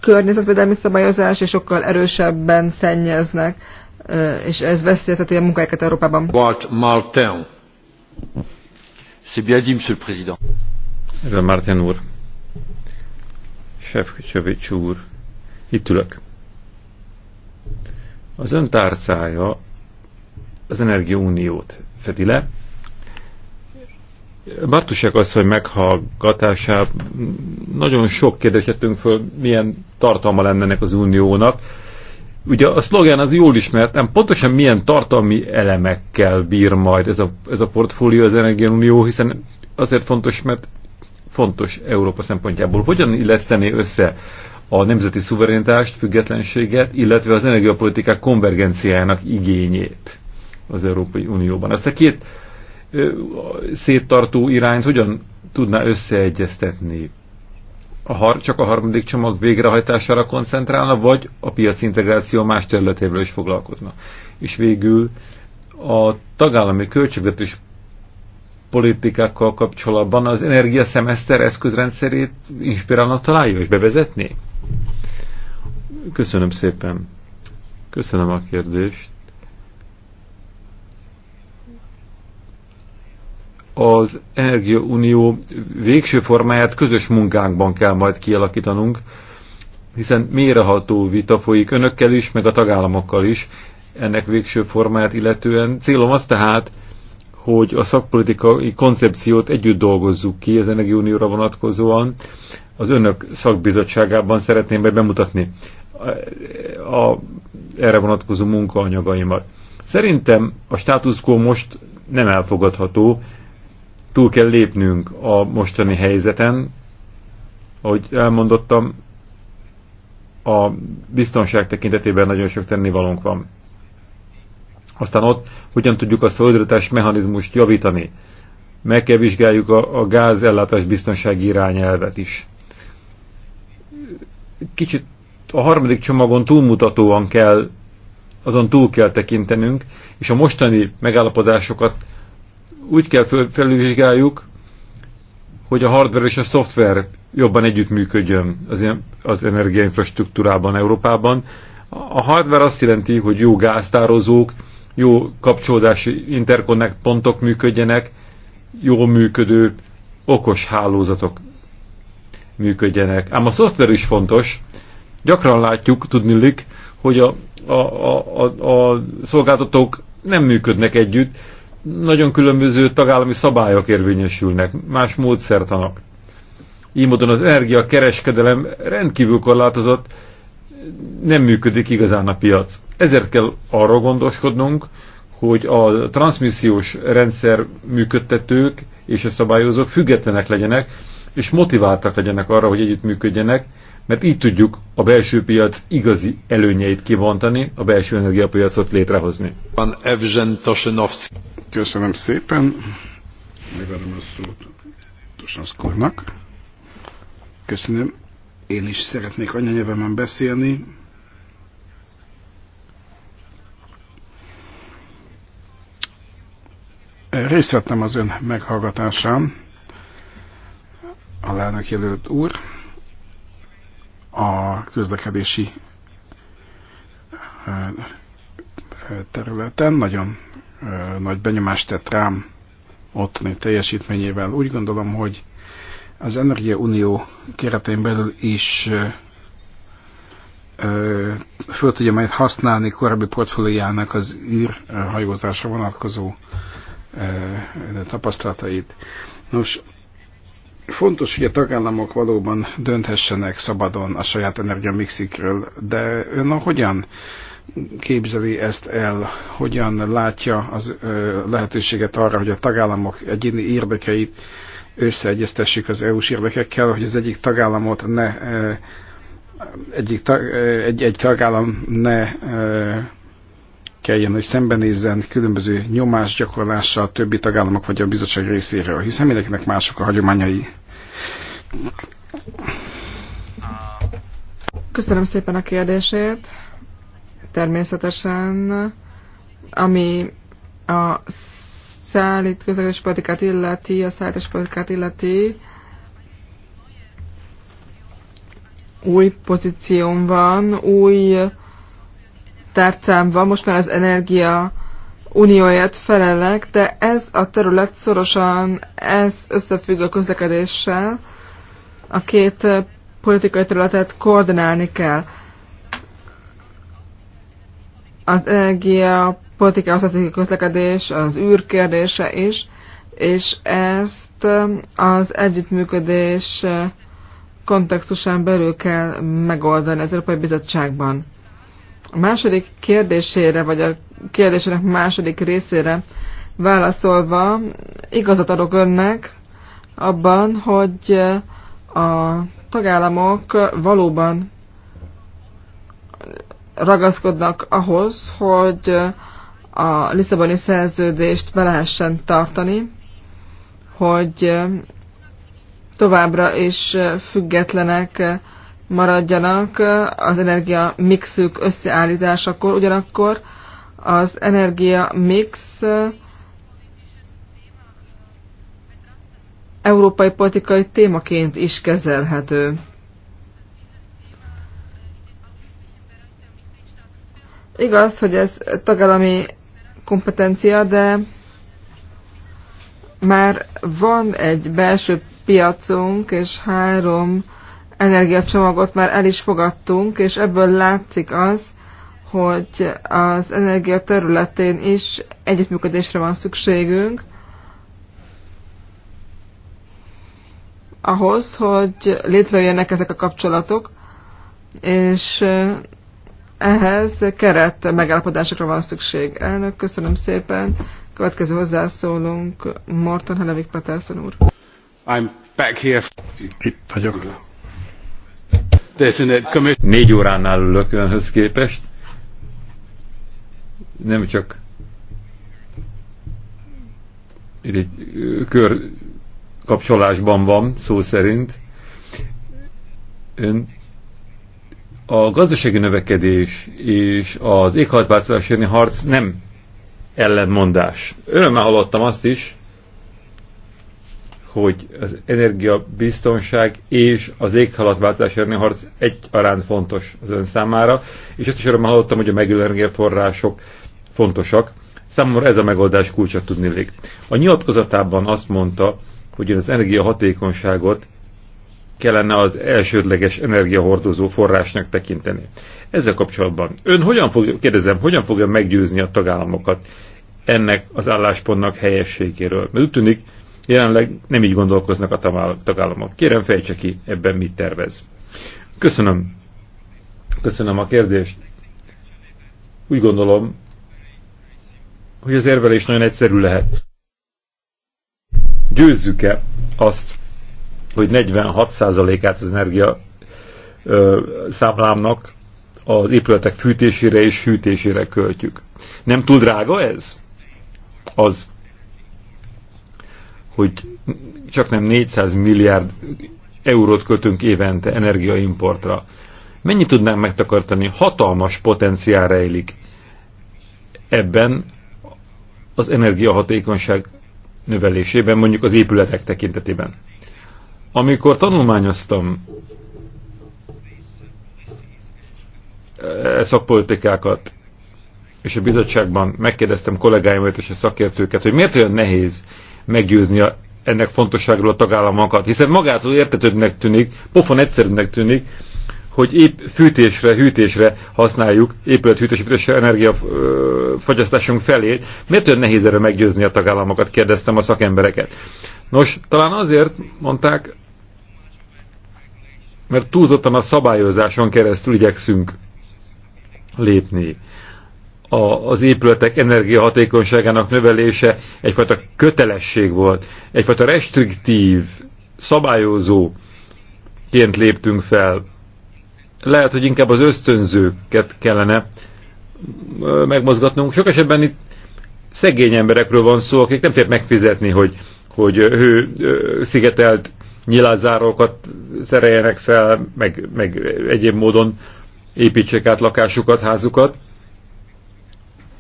környezetvédelmi szabályozás, és sokkal erősebben szennyeznek, és ez veszélyezteti a munkáikat Európában. Bart Martin. C'est bien dit, monsieur le président. Ez a Martin úr. Sefcsovics úr. Itt ülök. Az ön tárcája az energiauniót fedi le, Bartusek asszony meghallgatásában nagyon sok kérdésetünk föl, milyen tartalma lenne ennek az uniónak. Ugye a szlogán az jól ismert, nem pontosan milyen tartalmi elemekkel bír majd ez a, ez a portfólió az Energiaunió, hiszen azért fontos, mert fontos Európa szempontjából. Hogyan illesztené össze a nemzeti szuverenitást, függetlenséget, illetve az energiapolitikák konvergenciájának igényét az Európai Unióban? Ezt a két széttartó irányt hogyan tudná összeegyeztetni? A har csak a harmadik csomag végrehajtására koncentrálna, vagy a piac integráció más területéről is foglalkozna? És végül a tagállami költségvetés politikákkal kapcsolatban az energiaszemeszter eszközrendszerét inspirálnak találja és bevezetné? Köszönöm szépen. Köszönöm a kérdést. az Energiaunió végső formáját közös munkánkban kell majd kialakítanunk, hiszen méreható vita folyik önökkel is, meg a tagállamokkal is ennek végső formáját illetően. Célom az tehát, hogy a szakpolitikai koncepciót együtt dolgozzuk ki az Energiaunióra vonatkozóan. Az önök szakbizottságában szeretném be bemutatni a, a, erre vonatkozó munkaanyagaimat. Szerintem a státuszkó most nem elfogadható, túl kell lépnünk a mostani helyzeten. Ahogy elmondottam, a biztonság tekintetében nagyon sok tennivalónk van. Aztán ott hogyan tudjuk a szolidaritás mechanizmust javítani. Meg kell vizsgáljuk a, a gázellátás biztonsági irányelvet is. Kicsit a harmadik csomagon túlmutatóan kell, azon túl kell tekintenünk, és a mostani megállapodásokat úgy kell felülvizsgáljuk, hogy a hardware és a szoftver jobban együttműködjön az, az energiainfrastruktúrában Európában. A hardware azt jelenti, hogy jó gáztározók, jó kapcsolódási interconnect pontok működjenek, jó működő, okos hálózatok működjenek. Ám a szoftver is fontos. Gyakran látjuk, tudnilik, hogy a, a, a, a, a szolgáltatók nem működnek együtt, nagyon különböző tagállami szabályok érvényesülnek, más módszertanak. Így módon az energia kereskedelem rendkívül korlátozott, nem működik igazán a piac. Ezért kell arra gondoskodnunk, hogy a transmissziós rendszer működtetők és a szabályozók függetlenek legyenek, és motiváltak legyenek arra, hogy együttműködjenek, mert így tudjuk a belső piac igazi előnyeit kivontani, a belső energiapiacot létrehozni. Van Köszönöm szépen. Megadom a szót Tosnaszkornak. Köszönöm. Én is szeretnék anyanyelvemen beszélni. Részt vettem az ön meghallgatásán, lelnök jelölt úr, a közlekedési eh, területen. Nagyon nagy benyomást tett rám ottani teljesítményével. Úgy gondolom, hogy az Unió keretén belül is föl tudja majd használni korábbi portfóliójának az űrhajózásra vonatkozó tapasztalatait. Nos, fontos, hogy a tagállamok valóban dönthessenek szabadon a saját energiamixikről, de ön hogyan képzeli ezt el, hogyan látja az ö, lehetőséget arra, hogy a tagállamok egyéni érdekeit összeegyeztessék az EU-s érdekekkel, hogy az egyik tagállamot ne ö, egyik tag, ö, egy, egy tagállam ne ö, kelljen, hogy szembenézzen különböző nyomás gyakorlással többi tagállamok vagy a bizottság részéről, hiszen mindenkinek mások a hagyományai. Köszönöm szépen a kérdését természetesen, ami a szállít közlekedés politikát illeti, a szállítás politikát illeti, új pozícióm van, új tárcám van, most már az energia unióját felelek, de ez a terület szorosan ez összefügg a közlekedéssel. A két politikai területet koordinálni kell az energia a tartozik a közlekedés, az űr kérdése is, és ezt um, az együttműködés uh, kontextusán belül kell megoldani az Európai Bizottságban. A második kérdésére, vagy a kérdésének második részére válaszolva igazat adok önnek abban, hogy uh, a tagállamok valóban ragaszkodnak ahhoz, hogy a Lisszaboni szerződést be lehessen tartani, hogy továbbra is függetlenek maradjanak az energia mixük összeállításakor, ugyanakkor az energia mix európai politikai témaként is kezelhető. Igaz, hogy ez tagállami kompetencia, de már van egy belső piacunk, és három energiacsomagot már el is fogadtunk, és ebből látszik az, hogy az energia területén is együttműködésre van szükségünk, ahhoz, hogy létrejönnek ezek a kapcsolatok, és ehhez keret megállapodásokra van szükség. Elnök, köszönöm szépen. Következő hozzászólunk Morton Helevik Peterson úr. I'm back here. Itt vagyok. Négy óránál ülök önhöz képest. Nem csak itt egy kör kapcsolásban van, szó szerint. Ön a gazdasági növekedés és az éghajlatváltozás elleni harc nem ellenmondás. Örömmel hallottam azt is, hogy az energiabiztonság és az éghajlatváltozás elleni harc egyaránt fontos az ön számára, és azt is örömmel hallottam, hogy a megülő energiaforrások fontosak. Számomra ez a megoldás kulcsa tudni lég. A nyilatkozatában azt mondta, hogy az energiahatékonyságot kellene az elsődleges energiahordozó forrásnak tekinteni. Ezzel kapcsolatban ön hogyan fog, kérdezem, hogyan fogja meggyőzni a tagállamokat ennek az álláspontnak helyességéről? Mert úgy tűnik, jelenleg nem így gondolkoznak a tagállamok. Kérem, fejtse ki, ebben mit tervez. Köszönöm. Köszönöm a kérdést. Úgy gondolom, hogy az érvelés nagyon egyszerű lehet. Győzzük-e azt, hogy 46%-át az energia ö, számlámnak az épületek fűtésére és hűtésére költjük. Nem túl drága ez? Az, hogy csak nem 400 milliárd eurót kötünk évente energiaimportra. Mennyit tudnánk megtakartani? Hatalmas potenciál rejlik ebben az energiahatékonyság növelésében, mondjuk az épületek tekintetében. Amikor tanulmányoztam eh, szakpolitikákat, és a bizottságban megkérdeztem kollégáimat és a szakértőket, hogy miért olyan nehéz meggyőzni a, ennek fontosságról a tagállamokat, hiszen magától értetődnek tűnik, pofon egyszerűnek tűnik, hogy épp fűtésre, hűtésre használjuk, épülethűtésítésre energiafogyasztásunk felét. Miért olyan nehéz erre meggyőzni a tagállamokat, kérdeztem a szakembereket. Nos, talán azért mondták, mert túlzottan a szabályozáson keresztül igyekszünk lépni. A, az épületek energiahatékonyságának növelése egyfajta kötelesség volt, egyfajta restriktív, szabályozóként léptünk fel. Lehet, hogy inkább az ösztönzőket kellene megmozgatnunk. Sok esetben itt szegény emberekről van szó, akik nem tudják megfizetni, hogy, hogy hő szigetelt nyilázárókat szereljenek fel, meg, meg egyéb módon építsék át lakásukat, házukat.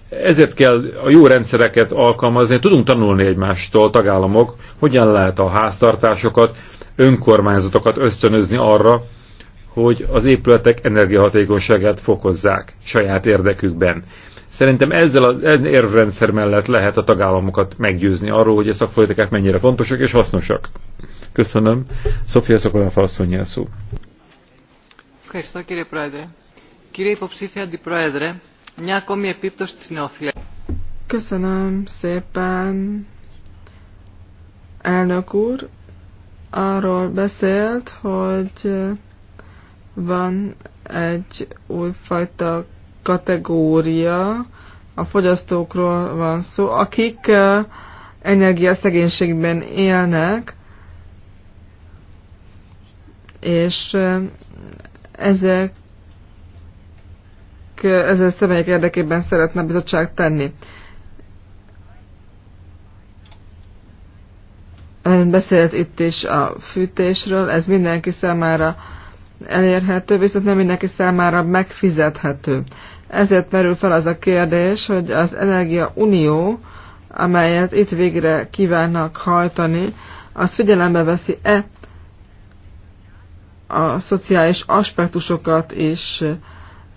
Ezért kell a jó rendszereket alkalmazni, tudunk tanulni egymástól, tagállamok, hogyan lehet a háztartásokat, önkormányzatokat ösztönözni arra, hogy az épületek energiahatékonyságát fokozzák saját érdekükben. Szerintem ezzel az e- érvrendszer mellett lehet a tagállamokat meggyőzni arról, hogy a szakpolitikák mennyire fontosak és hasznosak. Köszönöm. Sofia Szokoláfa asszonyja szó. Ευχαριστώ κύριε Πρόεδρε. Κύριε υποψήφια Αντιπρόεδρε, μια ακόμη επίπτωση της νεοφυλακής. Köszönöm szépen, elnök úr. Arról beszélt, hogy van egy újfajta kategória, a fogyasztókról van szó, akik eh, energiaszegénységben élnek, és ezek ezen személyek érdekében szeretne a bizottság tenni. Ön beszélt itt is a fűtésről, ez mindenki számára elérhető, viszont nem mindenki számára megfizethető. Ezért merül fel az a kérdés, hogy az Energia Unió, amelyet itt végre kívánnak hajtani, az figyelembe veszi-e a szociális aspektusokat is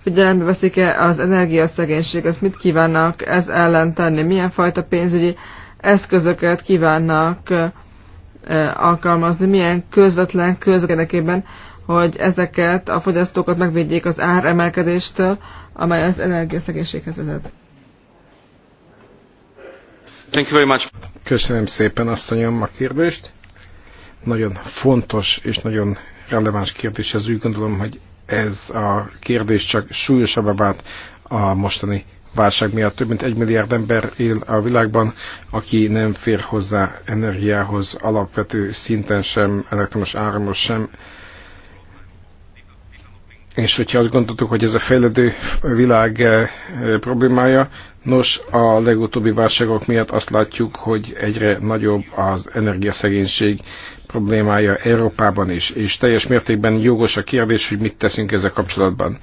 figyelembe veszik-e az energiaszegénységet, mit kívánnak ez ellen tenni, milyen fajta pénzügyi eszközöket kívánnak alkalmazni, milyen közvetlen közvetlenekében, hogy ezeket a fogyasztókat megvédjék az áremelkedéstől, amely az energiaszegénységhez vezet. Thank you very much. Köszönöm szépen, azt a kérdést. Nagyon fontos és nagyon releváns ez Úgy gondolom, hogy ez a kérdés csak súlyosabbá vált a mostani válság miatt. Több mint egy milliárd ember él a világban, aki nem fér hozzá energiához alapvető szinten sem, elektromos áramos sem. És hogyha azt gondoltuk, hogy ez a fejlődő világ eh, problémája, nos, a legutóbbi válságok miatt azt látjuk, hogy egyre nagyobb az energiaszegénység, problémája Európában is, és teljes mértékben jogos a kérdés, hogy mit teszünk ezzel kapcsolatban.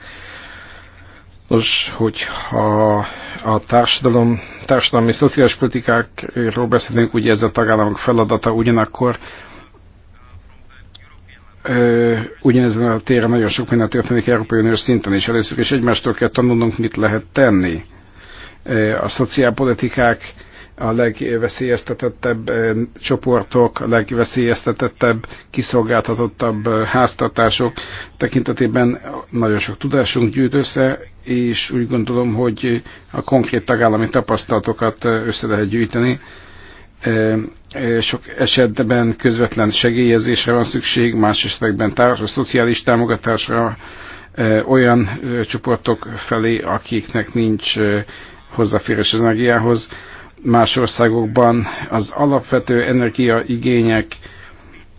Nos, hogyha a társadalom, társadalmi szociális politikákról beszélünk, ugye ez a tagállamok feladata, ugyanakkor ö, ugyanezen a téren nagyon sok minden történik Európai Uniós szinten, és először is egymástól kell tanulnunk, mit lehet tenni. a szociálpolitikák a legveszélyeztetettebb csoportok, a legveszélyeztetettebb, kiszolgáltatottabb háztartások tekintetében nagyon sok tudásunk gyűjt össze, és úgy gondolom, hogy a konkrét tagállami tapasztalatokat össze lehet gyűjteni. Sok esetben közvetlen segélyezésre van szükség, más esetekben társ, szociális támogatásra, olyan csoportok felé, akiknek nincs hozzáférés az energiához más országokban az alapvető energiaigények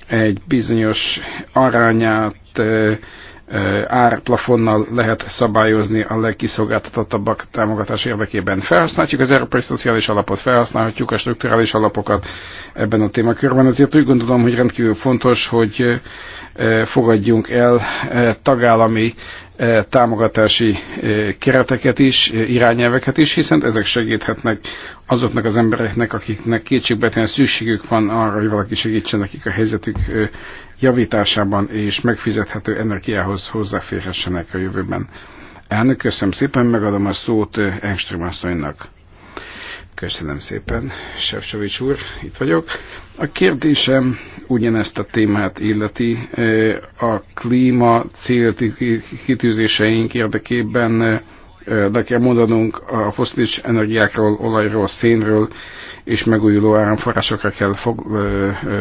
egy bizonyos arányát árplafonnal lehet szabályozni a legkiszolgáltatottabbak támogatás érdekében. Felhasználjuk az Európai Szociális Alapot, felhasználhatjuk a strukturális alapokat ebben a témakörben. azért úgy gondolom, hogy rendkívül fontos, hogy fogadjunk el tagállami támogatási kereteket is, irányelveket is, hiszen ezek segíthetnek azoknak az embereknek, akiknek kétségbetűen szükségük van arra, hogy valaki segítsen nekik a helyzetük javításában, és megfizethető energiához hozzáférhessenek a jövőben. Elnök, köszönöm szépen, megadom a szót Engström asszonynak. Köszönöm szépen, Sefcsovics úr, itt vagyok. A kérdésem ugyanezt a témát illeti. Eh, a klíma kitűzéseink érdekében de eh, kell mondanunk a foszilis energiákról, olajról, szénről és megújuló áramforrásokra kell fog, ö, ö,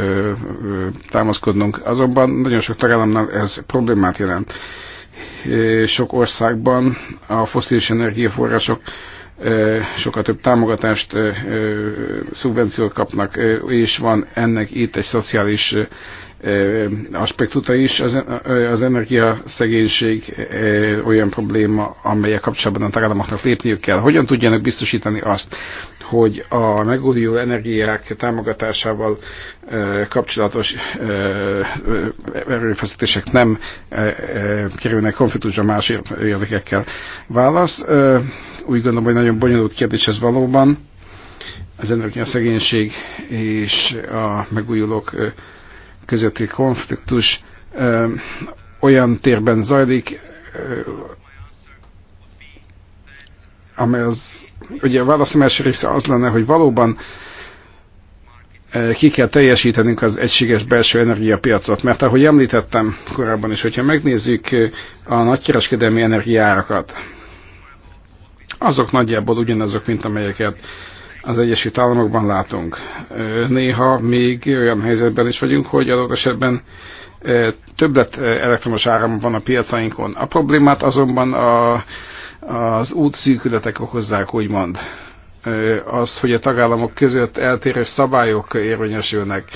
ö, támaszkodnunk. Azonban nagyon sok tagállamnál ez problémát jelent. Eh, sok országban a foszilis energiaforrások sokkal több támogatást, szubvenciót kapnak, és van ennek itt egy szociális aspektuta is. Az, az energiaszegénység olyan probléma, amelyek kapcsolatban a tagállamoknak lépniük kell. Hogyan tudjanak biztosítani azt, hogy a megújuló energiák támogatásával kapcsolatos erőfeszítések nem kerülnek konfliktusra más érdekekkel? Válasz úgy gondolom, hogy nagyon bonyolult kérdés ez valóban. Az a szegénység és a megújulók közötti konfliktus olyan térben zajlik, amely az, ugye a válaszom első része az lenne, hogy valóban ki kell teljesítenünk az egységes belső energiapiacot, mert ahogy említettem korábban is, hogyha megnézzük a nagykereskedelmi energiárakat, azok nagyjából ugyanazok, mint amelyeket az Egyesült Államokban látunk. Néha még olyan helyzetben is vagyunk, hogy adott esetben többlet elektromos áram van a piacainkon. A problémát azonban a, az útszűkületek okozzák, úgymond. Az, hogy a tagállamok között eltérő szabályok érvényesülnek.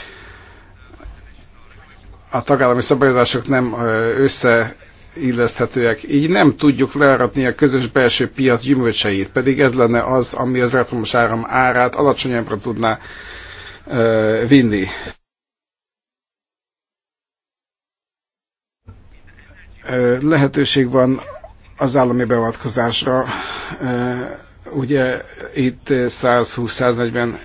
A tagállami szabályozások nem össze illeszthetőek. Így nem tudjuk leáratni a közös belső piac gyümölcseit, pedig ez lenne az, ami az elektromos áram árát alacsonyabbra tudná ö, vinni. lehetőség van az állami beavatkozásra. Ugye itt 120-140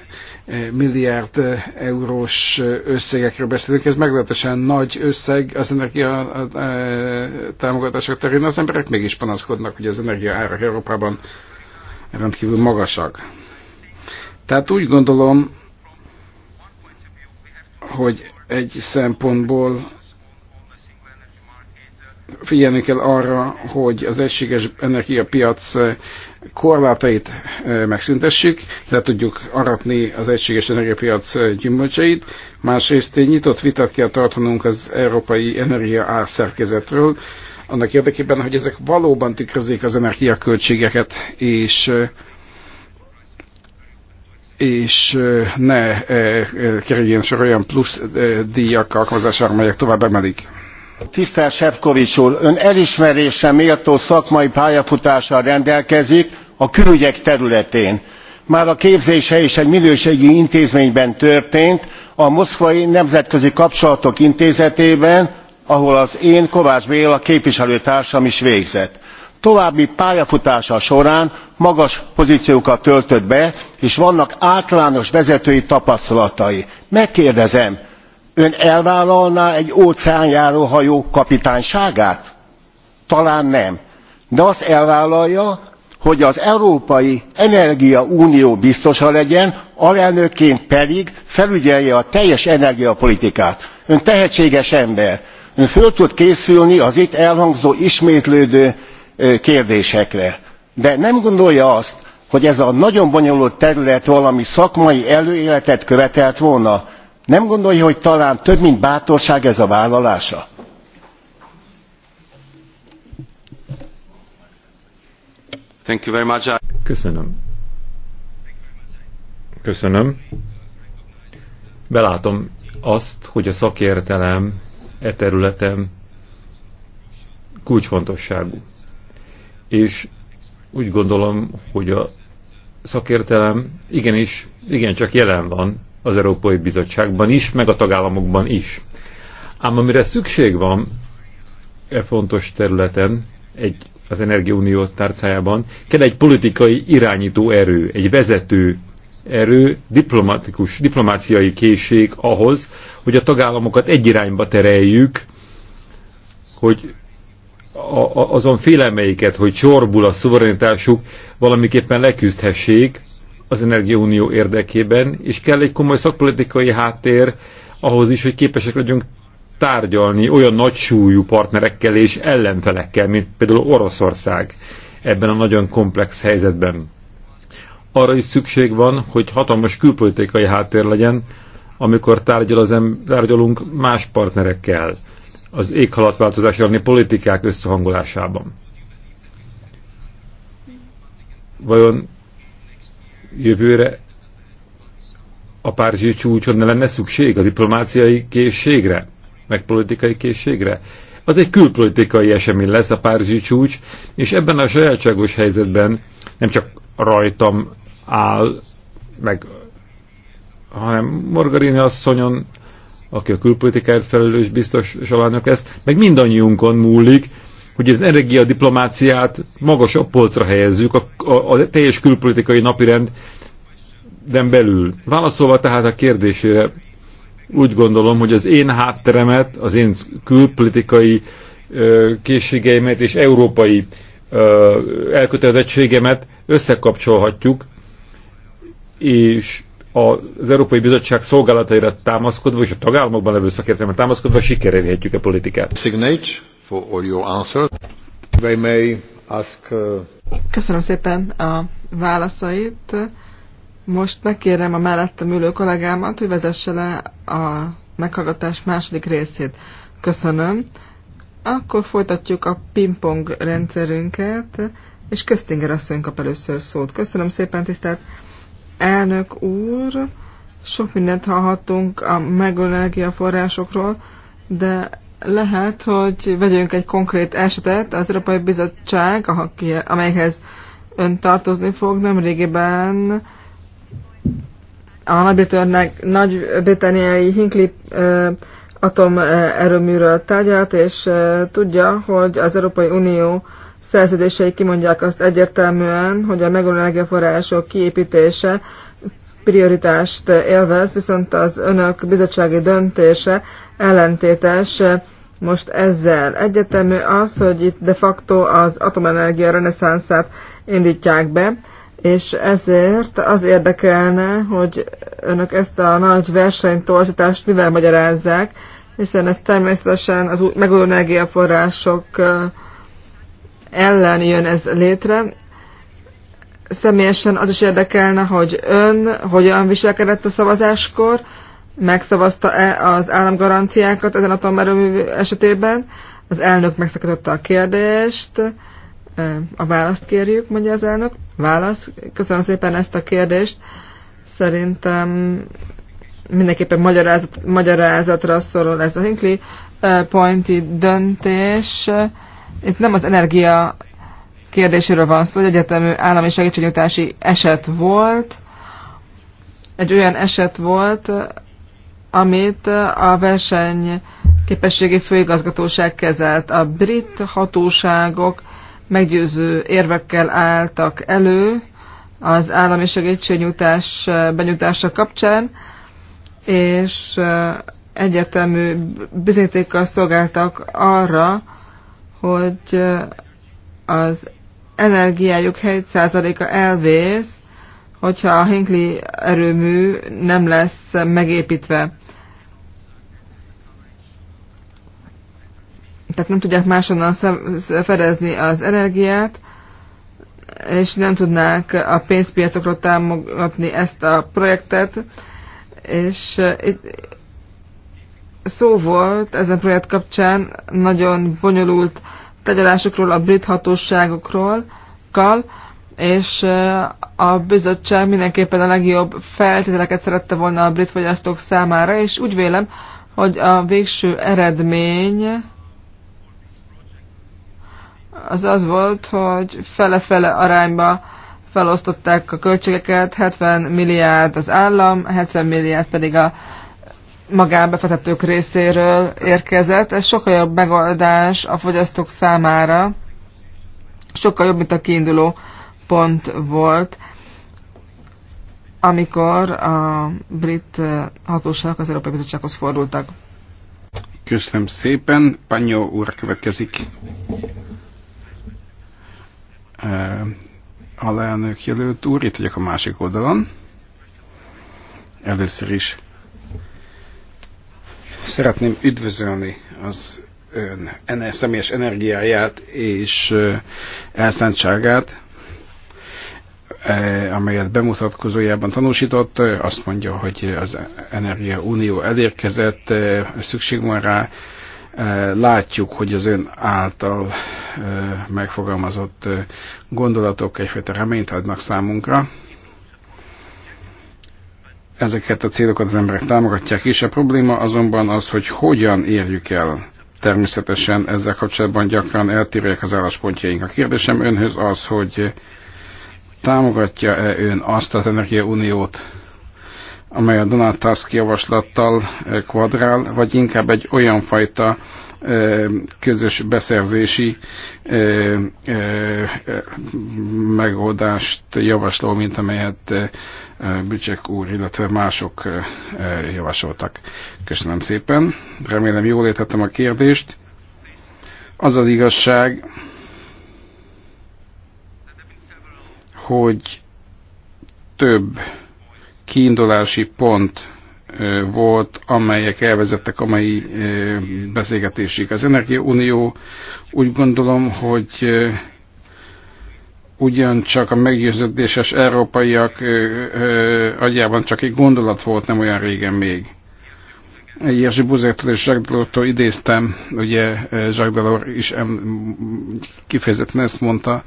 milliárd eh, eurós eh, összegekről beszélünk. Ez meglehetősen nagy összeg az energia eh, támogatások terén. Az emberek mégis panaszkodnak, hogy az energia árak Európában rendkívül magasak. Tehát úgy gondolom, hogy egy szempontból figyelni kell arra, hogy az egységes energiapiac korlátait megszüntessük, le tudjuk aratni az egységes energiapiac gyümölcseit, másrészt nyitott vitát kell tartanunk az európai energia árszerkezetről, annak érdekében, hogy ezek valóban tükrözik az energiaköltségeket, és és ne kerüljön sor olyan plusz díjak alkalmazására, amelyek tovább emelik Tisztelt efovi úr, ön elismerésre méltó szakmai pályafutással rendelkezik a külügyek területén. Már a képzése is egy minőségi intézményben történt, a Moszkvai Nemzetközi Kapcsolatok Intézetében, ahol az én Kovács Béla képviselőtársam is végzett további pályafutása során magas pozciókat töltött be és vannak általános vezetői tapasztalatai. megkérdezem ön elvállalná egy óceánjáró hajó kapitányságát? talán nem de azt elvállalja hogy az európai Unió biztosa legyen alelnökként pedig felügyelje a teljes energiapolitikát. ön tehetséges ember ön föl tud készülni az itt elhangzó ismétlődő kérdésekre de nem gondolja azt hogy ez a nagyon bonyolult terület valami szakmai előéletet követelt volna? nem gondolja hogy talán több mint bátorság ez a vállalása? Thank you very much. Köszönöm. Köszönöm. Belátom azt, hogy a szakértelem e területem kulcsfontosságú. És úgy gondolom, hogy a szakértelem igenis, igencsak jelen van az Európai Bizottságban is, meg a tagállamokban is. Ám amire szükség van e fontos területen, egy, az Energiaunió tárcájában, kell egy politikai irányító erő, egy vezető erő, diplomatikus, diplomáciai készség ahhoz, hogy a tagállamokat egy irányba tereljük, hogy a, a, azon félelmeiket, hogy csorbul a szuverenitásuk, valamiképpen leküzdhessék, az Energiaunió érdekében, és kell egy komoly szakpolitikai háttér ahhoz is, hogy képesek legyünk tárgyalni olyan nagy súlyú partnerekkel és ellenfelekkel, mint például Oroszország ebben a nagyon komplex helyzetben. Arra is szükség van, hogy hatalmas külpolitikai háttér legyen, amikor tárgyal az em- tárgyalunk más partnerekkel az éghalatváltozás elleni politikák összehangolásában. Vajon jövőre a párizsi csúcson ne lenne szükség a diplomáciai készségre, meg politikai készségre. Az egy külpolitikai esemény lesz a párizsi csúcs, és ebben a sajátságos helyzetben nem csak rajtam áll, meg hanem Margarini asszonyon, aki a külpolitikáért felelős biztos alelnök lesz, meg mindannyiunkon múlik, hogy az energiadiplomáciát magasabb polcra helyezzük a, a, a teljes külpolitikai napirend den belül. Válaszolva tehát a kérdésére, úgy gondolom, hogy az én hátteremet, az én külpolitikai ö, készségeimet és európai ö, elkötelezettségemet összekapcsolhatjuk, és az Európai Bizottság szolgálataira támaszkodva, és a tagállamokban levő szakértelmet támaszkodva sikerevihetjük a politikát. Signage for all your answers. may ask, uh... Köszönöm szépen a válaszait. Most megkérem a mellettem ülő kollégámat, hogy vezesse le a meghallgatás második részét. Köszönöm. Akkor folytatjuk a pingpong rendszerünket, és Köztinger asszony kap először szót. Köszönöm szépen, tisztelt elnök úr! Sok mindent hallhattunk a megújuló energiaforrásokról, de lehet, hogy vegyünk egy konkrét esetet, az Európai Bizottság, amelyhez ön tartozni fog, nem régiben a nagy-britanniai Hinkley atomerőműről tárgyalt, és tudja, hogy az Európai Unió szerződései kimondják azt egyértelműen, hogy a megújuló energiaforrások kiépítése prioritást élvez, viszont az önök bizottsági döntése ellentétes most ezzel. Egyetemű az, hogy itt de facto az atomenergia reneszánszát indítják be, és ezért az érdekelne, hogy önök ezt a nagy versenytorzítást mivel magyarázzák, hiszen ez természetesen az új megújuló energiaforrások ellen jön ez létre. Személyesen az is érdekelne, hogy ön hogyan viselkedett a szavazáskor, megszavazta-e az államgaranciákat ezen tanmerőmű esetében. Az elnök megszakította a kérdést. A választ kérjük, mondja az elnök. Válasz. Köszönöm szépen ezt a kérdést. Szerintem mindenképpen magyarázat, magyarázatra szorul ez a Hinkley pointi döntés. Itt nem az energia kérdéséről van szó, hogy egyetemű állami segítségnyújtási eset volt, egy olyan eset volt, amit a verseny képességi főigazgatóság kezelt. A brit hatóságok meggyőző érvekkel álltak elő az állami segítségnyújtás benyújtása kapcsán, és egyetemű bizonyítékkal szolgáltak arra, hogy az energiájuk 7%-a elvész, hogyha a Hinkley erőmű nem lesz megépítve. tehát nem tudják máshonnan fedezni az energiát, és nem tudnák a pénzpiacokról támogatni ezt a projektet, és eh, itt szó volt ezen projekt kapcsán nagyon bonyolult tegyelásokról, a brit hatóságokról, kal, és eh, a bizottság mindenképpen a legjobb feltételeket szerette volna a brit fogyasztók számára, és úgy vélem, hogy a végső eredmény az az volt, hogy fele-fele arányba felosztották a költségeket, 70 milliárd az állam, 70 milliárd pedig a magánbefetetők részéről érkezett. Ez sokkal jobb megoldás a fogyasztók számára, sokkal jobb, mint a kiinduló pont volt, amikor a brit hatóságok az Európai Bizottsághoz fordultak. Köszönöm szépen. Panyó úr következik. Eh, alelnök jelölt úr, itt vagyok a másik oldalon. Először is szeretném üdvözölni az ön enne, személyes energiáját és eh, elszántságát, eh, amelyet bemutatkozójában tanúsított. Azt mondja, hogy az Energia Unió elérkezett, szükség van rá, Eh, látjuk, hogy az ön által eh, megfogalmazott eh, gondolatok egyfajta reményt adnak számunkra. Ezeket a célokat az emberek támogatják is. A probléma azonban az, hogy hogyan érjük el. Természetesen ezzel kapcsolatban gyakran eltérőek az álláspontjaink. A kérdésem önhöz az, hogy támogatja-e ön azt az energiauniót, amely a Donald Tusk javaslattal eh, kvadrál, vagy inkább egy olyan fajta eh, közös beszerzési eh, megoldást javasló, mint amelyet Bücsek úr, illetve mások javasoltak. Köszönöm szépen. Remélem jól értettem a kérdést. Az az igazság, hogy több kiindulási pont volt, amelyek elvezettek a mai beszélgetésig. Az Energiaunió úgy gondolom, hogy ugyancsak a meggyőződéses európaiak agyában csak egy gondolat volt nem olyan régen még. Jerzy Buzektől és Jacques idéztem, ugye Jacques Delors is kifejezetten ezt mondta,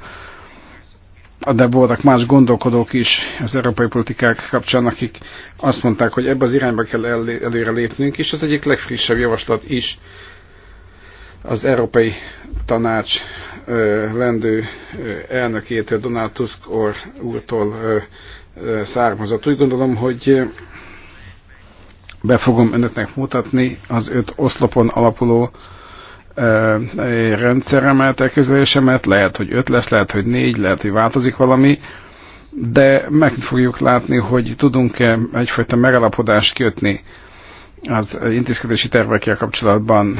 de voltak más gondolkodók is az európai politikák kapcsán, akik azt mondták, hogy ebbe az irányba kell előre lépnünk, és az egyik legfrissebb javaslat is az Európai Tanács ö, lendő ö, elnökétől, Donald Tusk or, úrtól ö, ö, származott. Úgy gondolom, hogy be fogom önöknek mutatni az öt oszlopon alapuló ö, rendszeremet, elképzelésemet, lehet, hogy öt lesz, lehet, hogy négy, lehet, hogy változik valami, de meg fogjuk látni, hogy tudunk-e egyfajta megalapodást kötni az intézkedési tervekkel kapcsolatban,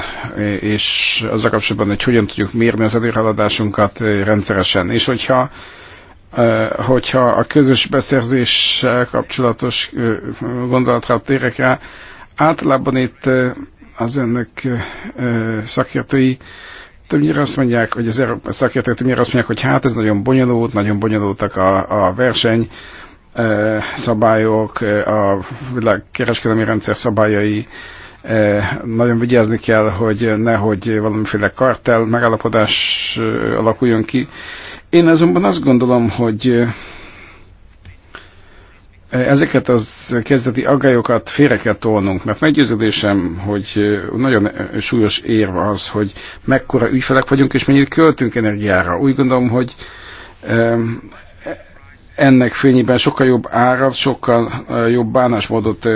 és azzal kapcsolatban, hogy hogyan tudjuk mérni az előrehaladásunkat rendszeresen. És hogyha hogyha a közös beszerzéssel kapcsolatos gondolatra térek rá, általában itt az önök szakértői többnyire azt mondják, hogy az Európa szakértők többnyire azt mondják, hogy hát ez nagyon bonyolult, nagyon bonyolultak a, a verseny, szabályok, a világkereskedelmi rendszer szabályai, nagyon vigyázni kell, hogy nehogy valamiféle kartel megállapodás alakuljon ki. Én azonban azt gondolom, hogy Ezeket az kezdeti aggályokat félre kell tolnunk, mert meggyőződésem, hogy nagyon súlyos érv az, hogy mekkora ügyfelek vagyunk, és mennyit költünk energiára. Úgy gondolom, hogy ennek fényében sokkal jobb árat, sokkal jobb bánásmódot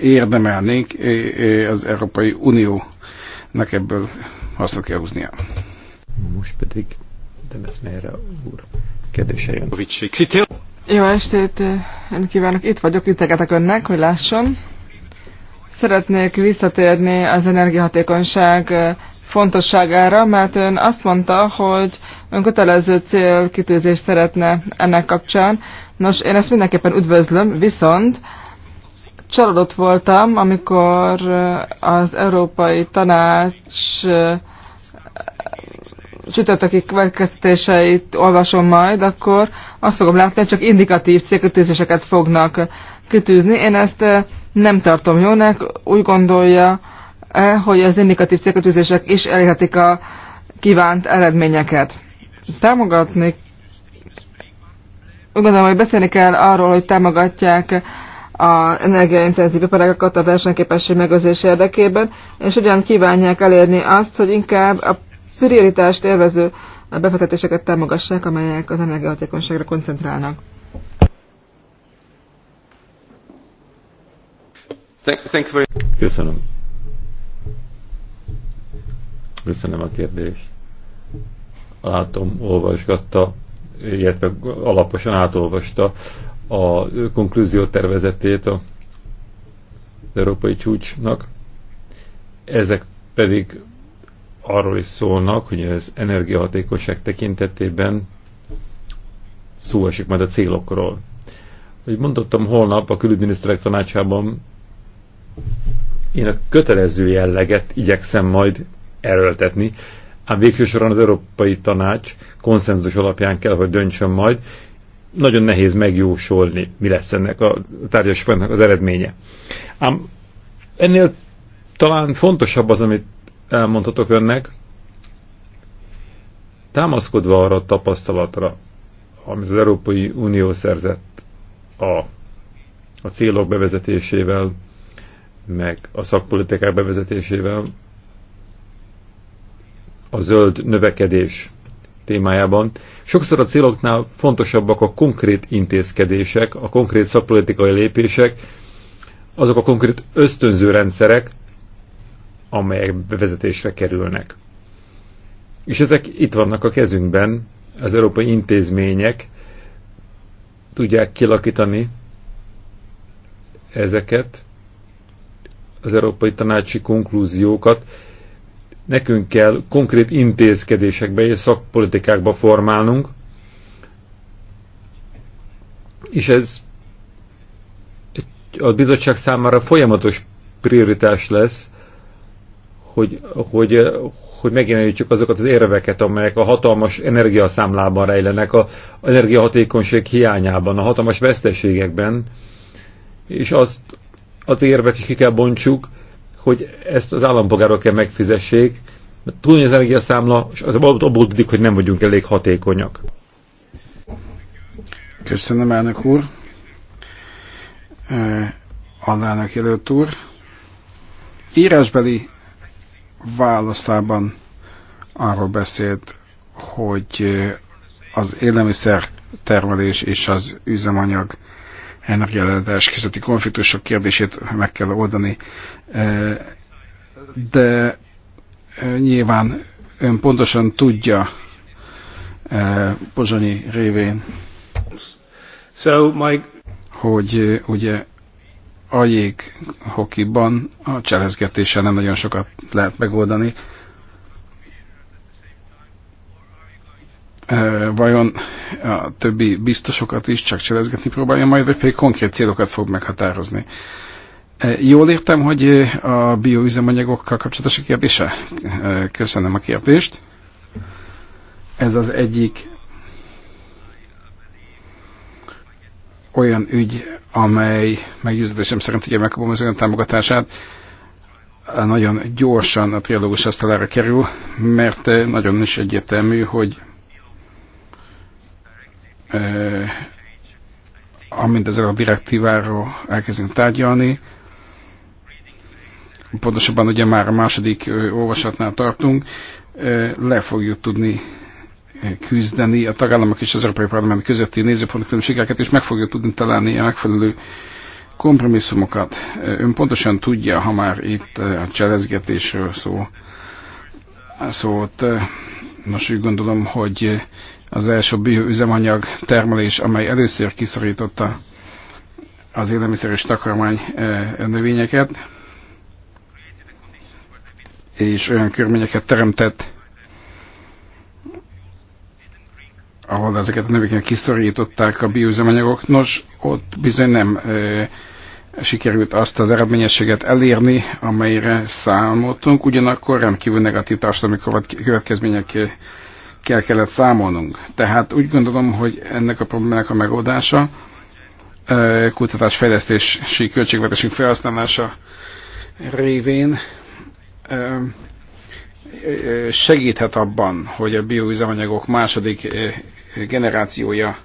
érdemelnénk az Európai Uniónak ebből hasznot kell húznia. Most pedig Demeszmére úr kérdése jön. Jó estét, eh, én kívánok. Itt vagyok, integetek önnek, hogy lásson. Szeretnék visszatérni az energiahatékonyság eh, fontosságára, mert ön azt mondta, hogy ön kötelező célkitűzést szeretne ennek kapcsán. Nos, én ezt mindenképpen üdvözlöm, viszont csalódott voltam, amikor eh, az Európai Tanács csütörtöki következtetéseit olvasom majd, akkor azt fogom látni, hogy csak indikatív célkötőzéseket fognak kitűzni. Én ezt eh, nem tartom jónak, úgy gondolja, eh, hogy az indikatív célkötőzések is elérhetik a kívánt eredményeket. Támogatni úgy gondolom, hogy beszélni kell arról, hogy támogatják az energiaintenzív iparágakat a versenyképesség megőrzés érdekében, és ugyan kívánják elérni azt, hogy inkább a prioritást élvező befektetéseket támogassák, amelyek az energiahatékonyságra koncentrálnak. Köszönöm. Köszönöm a kérdést. Látom, olvasgatta, illetve alaposan átolvasta a konklúzió tervezetét az európai csúcsnak. Ezek pedig arról is szólnak, hogy az energiahatékosság tekintetében szó esik majd a célokról. Hogy mondottam, holnap a külügyminiszterek tanácsában én a kötelező jelleget igyekszem majd erőltetni, ám végső soron az Európai Tanács konszenzus alapján kell, hogy döntsön majd. Nagyon nehéz megjósolni, mi lesz ennek a tárgyasoknak az eredménye. Ám ennél talán fontosabb az, amit elmondhatok önnek, támaszkodva arra a tapasztalatra, amit az Európai Unió szerzett a, a célok bevezetésével, meg a szakpolitikák bevezetésével, a zöld növekedés témájában. Sokszor a céloknál fontosabbak a konkrét intézkedések, a konkrét szakpolitikai lépések, azok a konkrét ösztönző rendszerek, amelyek bevezetésre kerülnek. És ezek itt vannak a kezünkben, az európai intézmények tudják kilakítani ezeket, az európai tanácsi konklúziókat, nekünk kell konkrét intézkedésekbe és szakpolitikákba formálnunk, és ez a bizottság számára folyamatos prioritás lesz, hogy, hogy, hogy megjelenítsük azokat az érveket, amelyek a hatalmas energiaszámlában rejlenek, a, energiahatékonyság hiányában, a hatalmas veszteségekben, és azt az érvet is ki kell bontsuk, hogy ezt az állampolgárok kell megfizessék, mert túl az energiaszámla, és az abból tudik, hogy nem vagyunk elég hatékonyak. Köszönöm, elnök úr. Annának jelölt úr. Írásbeli válaszában arról beszélt, hogy eh, az élelmiszer termelés és az üzemanyag energiállátás közötti konfliktusok kérdését meg kell oldani, eh, de eh, nyilván ön pontosan tudja Pozsonyi révén, so my... hogy ugye a jég hokiban a cselezgetéssel nem nagyon sokat lehet megoldani. Vajon a többi biztosokat is csak cselezgetni próbálja majd, vagy pedig konkrét célokat fog meghatározni. Jól értem, hogy a bioüzemanyagokkal kapcsolatos a kérdése? Köszönöm a kérdést. Ez az egyik olyan ügy, amely meggyőződésem szerint ugye megkapom az olyan támogatását, nagyon gyorsan a trialógus asztalára kerül, mert eh, nagyon is egyértelmű, hogy eh, amint ezzel a direktíváról elkezdünk tárgyalni, pontosabban ugye már a második eh, olvasatnál tartunk, eh, le fogjuk tudni küzdeni a tagállamok és az Európai Parlament közötti nézőponti különbségeket, és meg fogja tudni találni a megfelelő kompromisszumokat. Ön pontosan tudja, ha már itt eh, a cselezgetésről szó, szólt, eh, nos úgy gondolom, hogy az első bioüzemanyag termelés, amely először kiszorította az élelmiszer és takarmány eh, növényeket, és olyan körményeket teremtett, ahol ezeket a növényeket kiszorították a bioüzemanyagok. Nos, ott bizony nem e, sikerült azt az eredményességet elérni, amelyre számoltunk, ugyanakkor rendkívül negatív társadalmi kell kellett számolnunk. Tehát úgy gondolom, hogy ennek a problémának a megoldása e, kutatásfejlesztési költségvetésünk felhasználása révén e, segíthet abban, hogy a bioüzemanyagok második generációja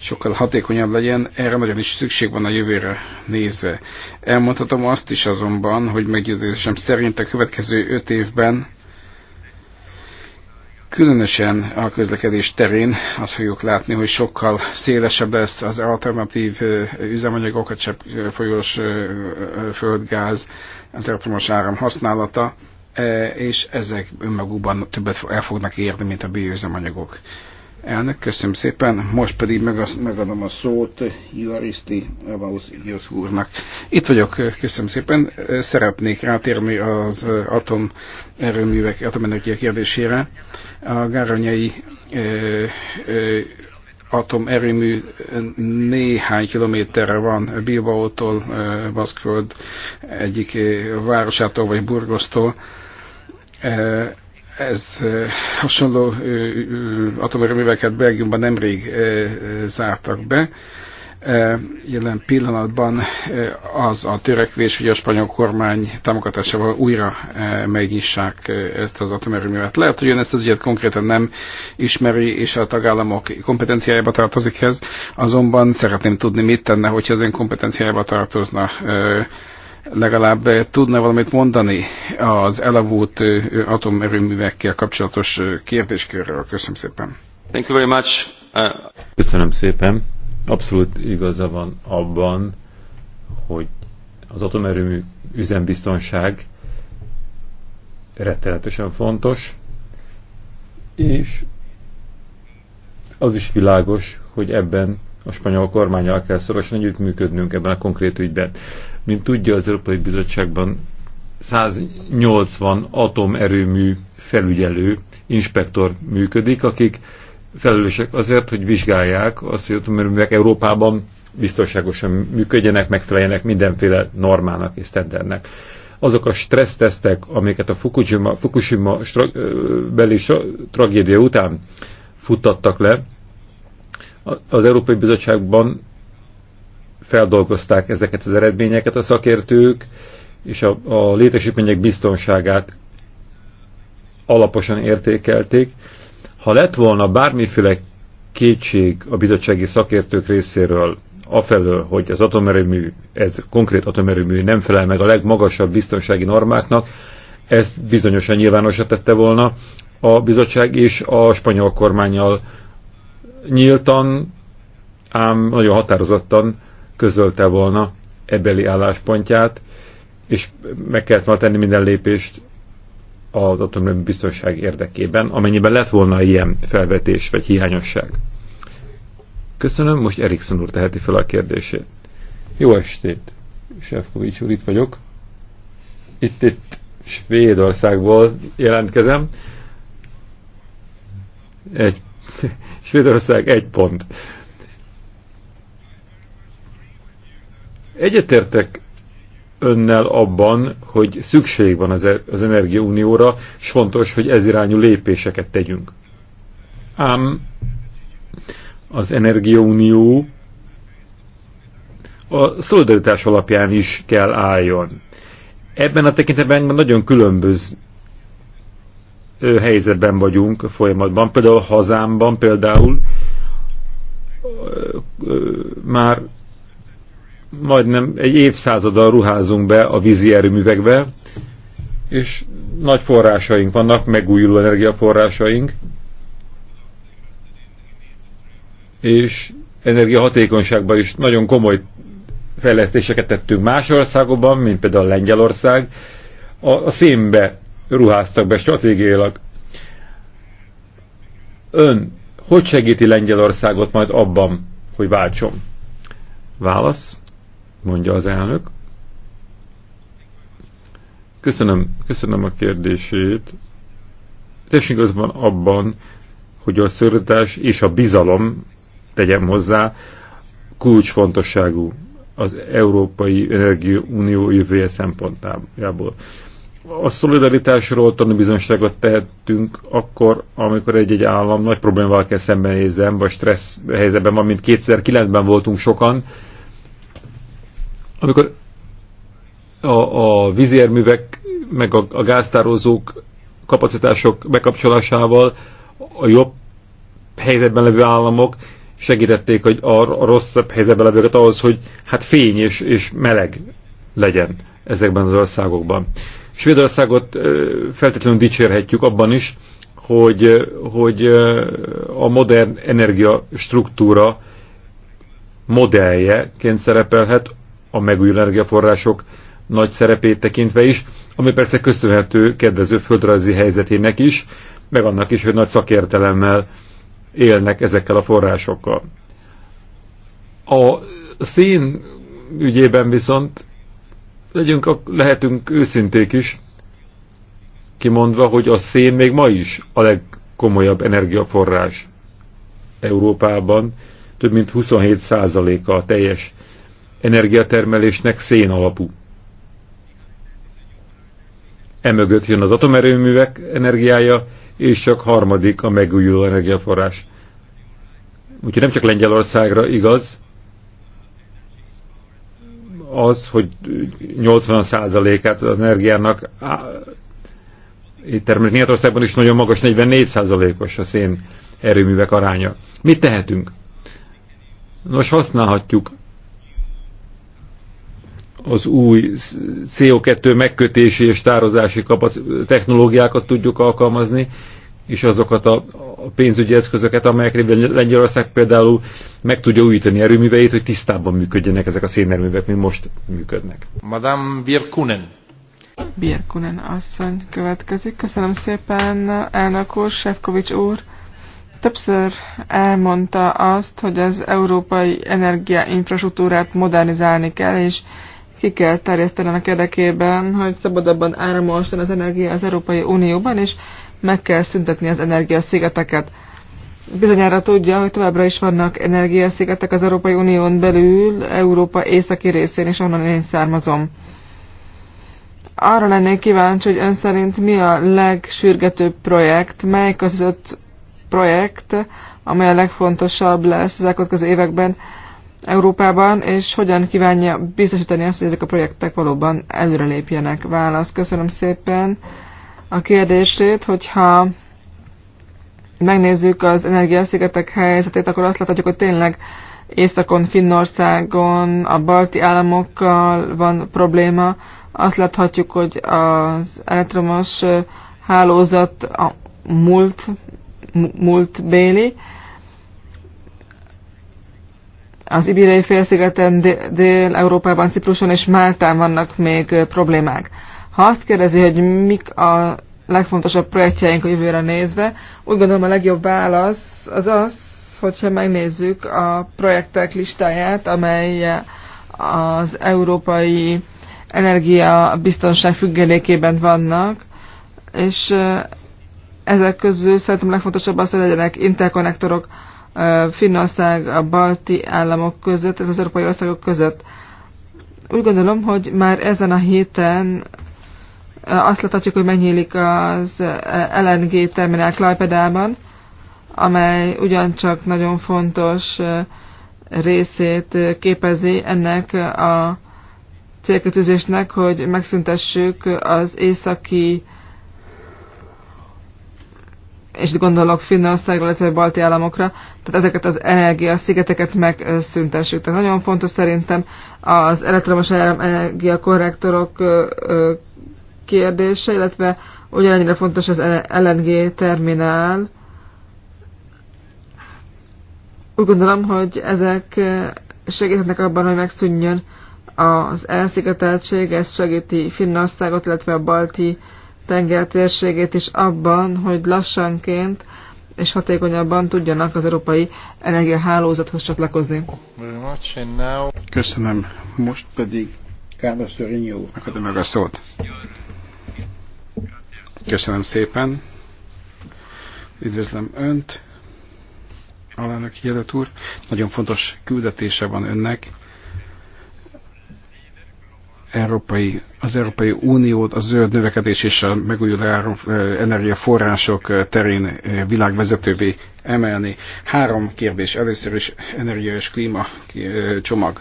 sokkal hatékonyabb legyen, erre nagyon is szükség van a jövőre nézve. Elmondhatom azt is azonban, hogy meggyőződésem szerint a következő öt évben különösen a közlekedés terén azt fogjuk látni, hogy sokkal szélesebb lesz az alternatív üzemanyagok, a cseppfolyós földgáz, az elektromos áram használata, és ezek önmagukban többet el fognak érni, mint a bioüzemanyagok. Elnök, köszönöm szépen. Most pedig megadom a szót Juaristi Evaus Idios úrnak. Itt vagyok, köszönöm szépen. Szeretnék rátérni az atom erőművek, atomenergia kérdésére. A gáronyai ö, ö, atomerőmű néhány kilométerre van Bilbaótól, Baszkföld egyik városától vagy Burgosztól ez hasonló atomerőműveket Belgiumban nemrég zártak be. Jelen pillanatban az a törekvés, hogy a spanyol kormány támogatásával újra megnyissák ezt az atomerőművet. Lehet, hogy ön ezt az ügyet konkrétan nem ismeri, és a tagállamok kompetenciájába tartozik ez, azonban szeretném tudni, mit tenne, hogyha az ön kompetenciájába tartozna legalább eh, tudna valamit mondani az elavult eh, atomerőművekkel kapcsolatos eh, kérdéskörről. Köszönöm szépen. Thank you very much. Uh... Köszönöm szépen. Abszolút igaza van abban, hogy az atomerőmű üzembiztonság rettenetesen fontos, és az is világos, hogy ebben a spanyol kormányjal kell szorosan együttműködnünk ebben a konkrét ügyben. Mint tudja, az Európai Bizottságban 180 atomerőmű felügyelő, inspektor működik, akik felelősek azért, hogy vizsgálják azt, hogy atomerőművek Európában biztonságosan működjenek, megfeleljenek mindenféle normának és sztendernek. Azok a stressztesztek, amiket a Fukushima, Fukushima stra, beli stra, tragédia után futtattak le, az Európai Bizottságban feldolgozták ezeket az eredményeket a szakértők, és a, a létesítmények biztonságát alaposan értékelték. Ha lett volna bármiféle kétség a bizottsági szakértők részéről afelől, hogy az atomerőmű, ez konkrét atomerőmű nem felel meg a legmagasabb biztonsági normáknak, ezt bizonyosan nyilvánosra tette volna a bizottság és a spanyol kormányjal nyíltan, ám nagyon határozottan közölte volna ebeli álláspontját, és meg kellett volna tenni minden lépést az atomerőmű biztonság érdekében, amennyiben lett volna ilyen felvetés vagy hiányosság. Köszönöm, most Erikson úr teheti fel a kérdését. Jó estét, Sefkovics úr, itt vagyok. Itt, itt Svédországból jelentkezem. Egy, Svédország egy pont. Egyetértek önnel abban, hogy szükség van az, e- energiaunióra, és fontos, hogy ez irányú lépéseket tegyünk. Ám az energiaunió a szolidaritás alapján is kell álljon. Ebben a tekintetben nagyon különböző helyzetben vagyunk a folyamatban. Például hazámban például már majdnem egy évszázadal ruházunk be a vízi erőművekbe, és nagy forrásaink vannak, megújuló energiaforrásaink, és energiahatékonyságban is nagyon komoly fejlesztéseket tettünk más országokban, mint például Lengyelország, a, a szénbe ruháztak be stratégiailag. Ön hogy segíti Lengyelországot majd abban, hogy váltson? Válasz mondja az elnök. Köszönöm, köszönöm a kérdését. Tessünk azban abban, hogy a szorítás és a bizalom, tegyem hozzá, kulcsfontosságú az Európai Energia Unió jövője szempontjából. A szolidaritásról bizonyságot tehetünk akkor, amikor egy-egy állam nagy problémával kell szembenézzen, vagy stressz helyzetben van, mint 2009-ben voltunk sokan, amikor a, a vízérművek meg a, a gáztározók kapacitások bekapcsolásával a jobb helyzetben levő államok segítették hogy a, a rosszabb helyzetben levőket ahhoz, hogy hát fény és, és meleg legyen ezekben az országokban. Svédországot feltétlenül dicsérhetjük abban is, hogy, hogy a modern energiastruktúra modellje szerepelhet a megújuló energiaforrások nagy szerepét tekintve is, ami persze köszönhető kedvező földrajzi helyzetének is, meg annak is, hogy nagy szakértelemmel élnek ezekkel a forrásokkal. A szén ügyében viszont legyünk, lehetünk őszinték is, kimondva, hogy a szén még ma is a legkomolyabb energiaforrás Európában, több mint 27%-a a teljes energiatermelésnek szén alapú. Emögött jön az atomerőművek energiája, és csak harmadik a megújuló energiaforrás. Úgyhogy nem csak Lengyelországra igaz az, hogy 80%-át az energiának termelik Németországban is nagyon magas, 44%-os a szén erőművek aránya. Mit tehetünk? Nos, használhatjuk az új CO2 megkötési és tározási technológiákat tudjuk alkalmazni, és azokat a pénzügyi eszközöket, amelyekre Lengyelország például meg tudja újítani erőműveit, hogy tisztában működjenek ezek a szénerművek, mint most működnek. Madame Birkunen. Birkunen asszony következik. Köszönöm szépen, elnök úr, Sefkovics úr. Többször elmondta azt, hogy az európai energiainfrastruktúrát modernizálni kell, és ki kell terjesztenek érdekében, hogy szabadabban áramolson az energia az Európai Unióban, és meg kell szüntetni az energiaszigeteket. Bizonyára tudja, hogy továbbra is vannak energiaszigetek az Európai Unión belül, Európa északi részén, és onnan én származom. Arra lennék kíváncsi, hogy ön szerint mi a legsürgetőbb projekt, melyik az öt projekt, amely a legfontosabb lesz az elkövetkező években, Európában, és hogyan kívánja biztosítani azt, hogy ezek a projektek valóban előrelépjenek. Válasz. Köszönöm szépen a kérdését, hogyha megnézzük az energiaszigetek helyzetét, akkor azt láthatjuk, hogy tényleg Északon, Finnországon, a balti államokkal van probléma. Azt láthatjuk, hogy az elektromos hálózat a múlt, múlt béli, az ibirei félszigeten, Dél-Európában, Cipruson és Máltán vannak még problémák. Ha azt kérdezi, hogy mik a legfontosabb projektjeink a jövőre nézve, úgy gondolom a legjobb válasz az az, hogyha megnézzük a projektek listáját, amely az európai energia biztonság függelékében vannak, és ezek közül szerintem legfontosabb az, hogy legyenek interkonnektorok Finnország, a balti államok között, az európai országok között. Úgy gondolom, hogy már ezen a héten e, azt láthatjuk, hogy megnyílik az LNG terminál Klajpedában, amely ugyancsak nagyon fontos e, részét képezi ennek a célkötőzésnek, hogy megszüntessük az északi és gondolok Finnországra, illetve a balti államokra, tehát ezeket az energiaszigeteket megszüntessük. Tehát nagyon fontos szerintem az elektromos energiakorrektorok kérdése, illetve ugyanennyire fontos az LNG terminál. Úgy gondolom, hogy ezek segíthetnek abban, hogy megszűnjön az elszigeteltség, ez segíti Finnországot, illetve a balti tenger térségét is abban, hogy lassanként és hatékonyabban tudjanak az európai energiahálózathoz csatlakozni. Köszönöm. Most pedig Carlos Dorinyó úrnak meg a szót. Köszönöm szépen. Üdvözlöm Önt, alelnök jelölt úr. Nagyon fontos küldetése van Önnek európai, az Európai Uniót a zöld növekedés és a megújuló eh, energiaforrások eh, terén eh, világvezetővé emelni. Három kérdés. Először is energia és klíma csomag.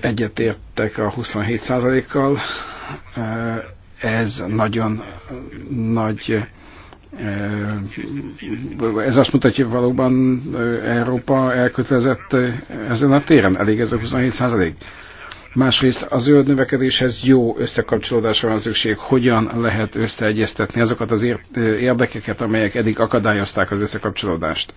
Egyetértek a 27%-kal. Ez nagyon nagy ez azt mutatja, hogy valóban Európa elkötelezett ezen a téren. Elég ez a 27 százalék? Másrészt a zöld növekedéshez jó összekapcsolódásra van szükség, hogyan lehet összeegyeztetni azokat az érdekeket, amelyek eddig akadályozták az összekapcsolódást.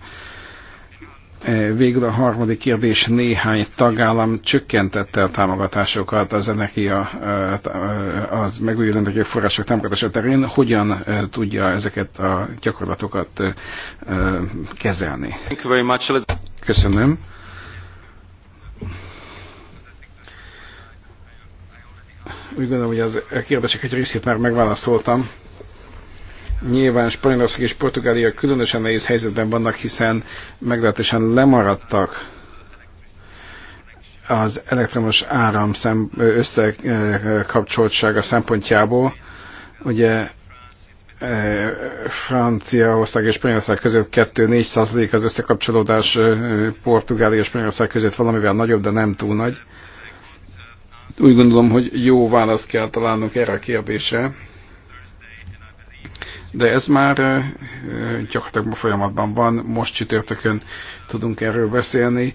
E, végül a harmadik kérdés, néhány tagállam csökkentette a támogatásokat az energia, e, e, az megújuló energiaforrások támogatása terén. Hogyan tudja ezeket a gyakorlatokat kezelni? Köszönöm. Úgy gondolom, hogy az kérdések egy részét már megválaszoltam. Nyilván Spanyolország és Portugália különösen nehéz helyzetben vannak, hiszen meglehetősen lemaradtak az elektromos áram összekapcsoltsága szempontjából. Ugye e, Franciaország és Spanyolország között 2-4 százalék az összekapcsolódás, e, Portugália és Spanyolország között valamivel nagyobb, de nem túl nagy. Úgy gondolom, hogy jó választ kell találnunk erre a kérdésre de ez már gyakorlatilag folyamatban van, most csütörtökön tudunk erről beszélni.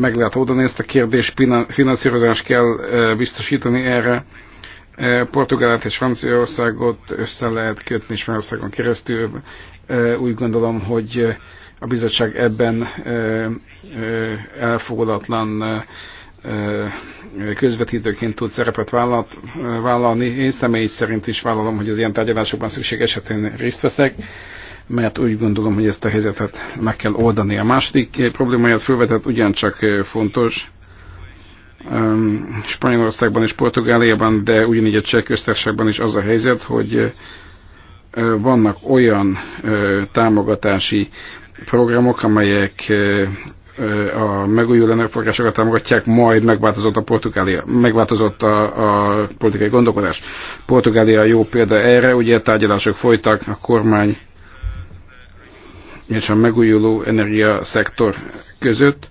Meg lehet oldani ezt a kérdést, finanszírozás kell biztosítani erre. Portugálát és Franciaországot össze lehet kötni Spanyolországon keresztül. Úgy gondolom, hogy a bizottság ebben elfogadatlan közvetítőként tud szerepet vállalt, vállalni. Én személy szerint is vállalom, hogy az ilyen tárgyalásokban szükség esetén részt veszek, mert úgy gondolom, hogy ezt a helyzetet meg kell oldani. A második eh, problémáját felvetett ugyancsak eh, fontos, Spanyolországban és Portugáliában, de ugyanígy a cseh köztársaságban is az a helyzet, hogy eh, vannak olyan támogatási programok, amelyek a megújuló energiaforrásokat támogatják, majd megváltozott a Portugália, megváltozott a, a politikai gondolkodás. Portugália jó példa erre, ugye tárgyalások folytak, a kormány és a megújuló energia szektor között,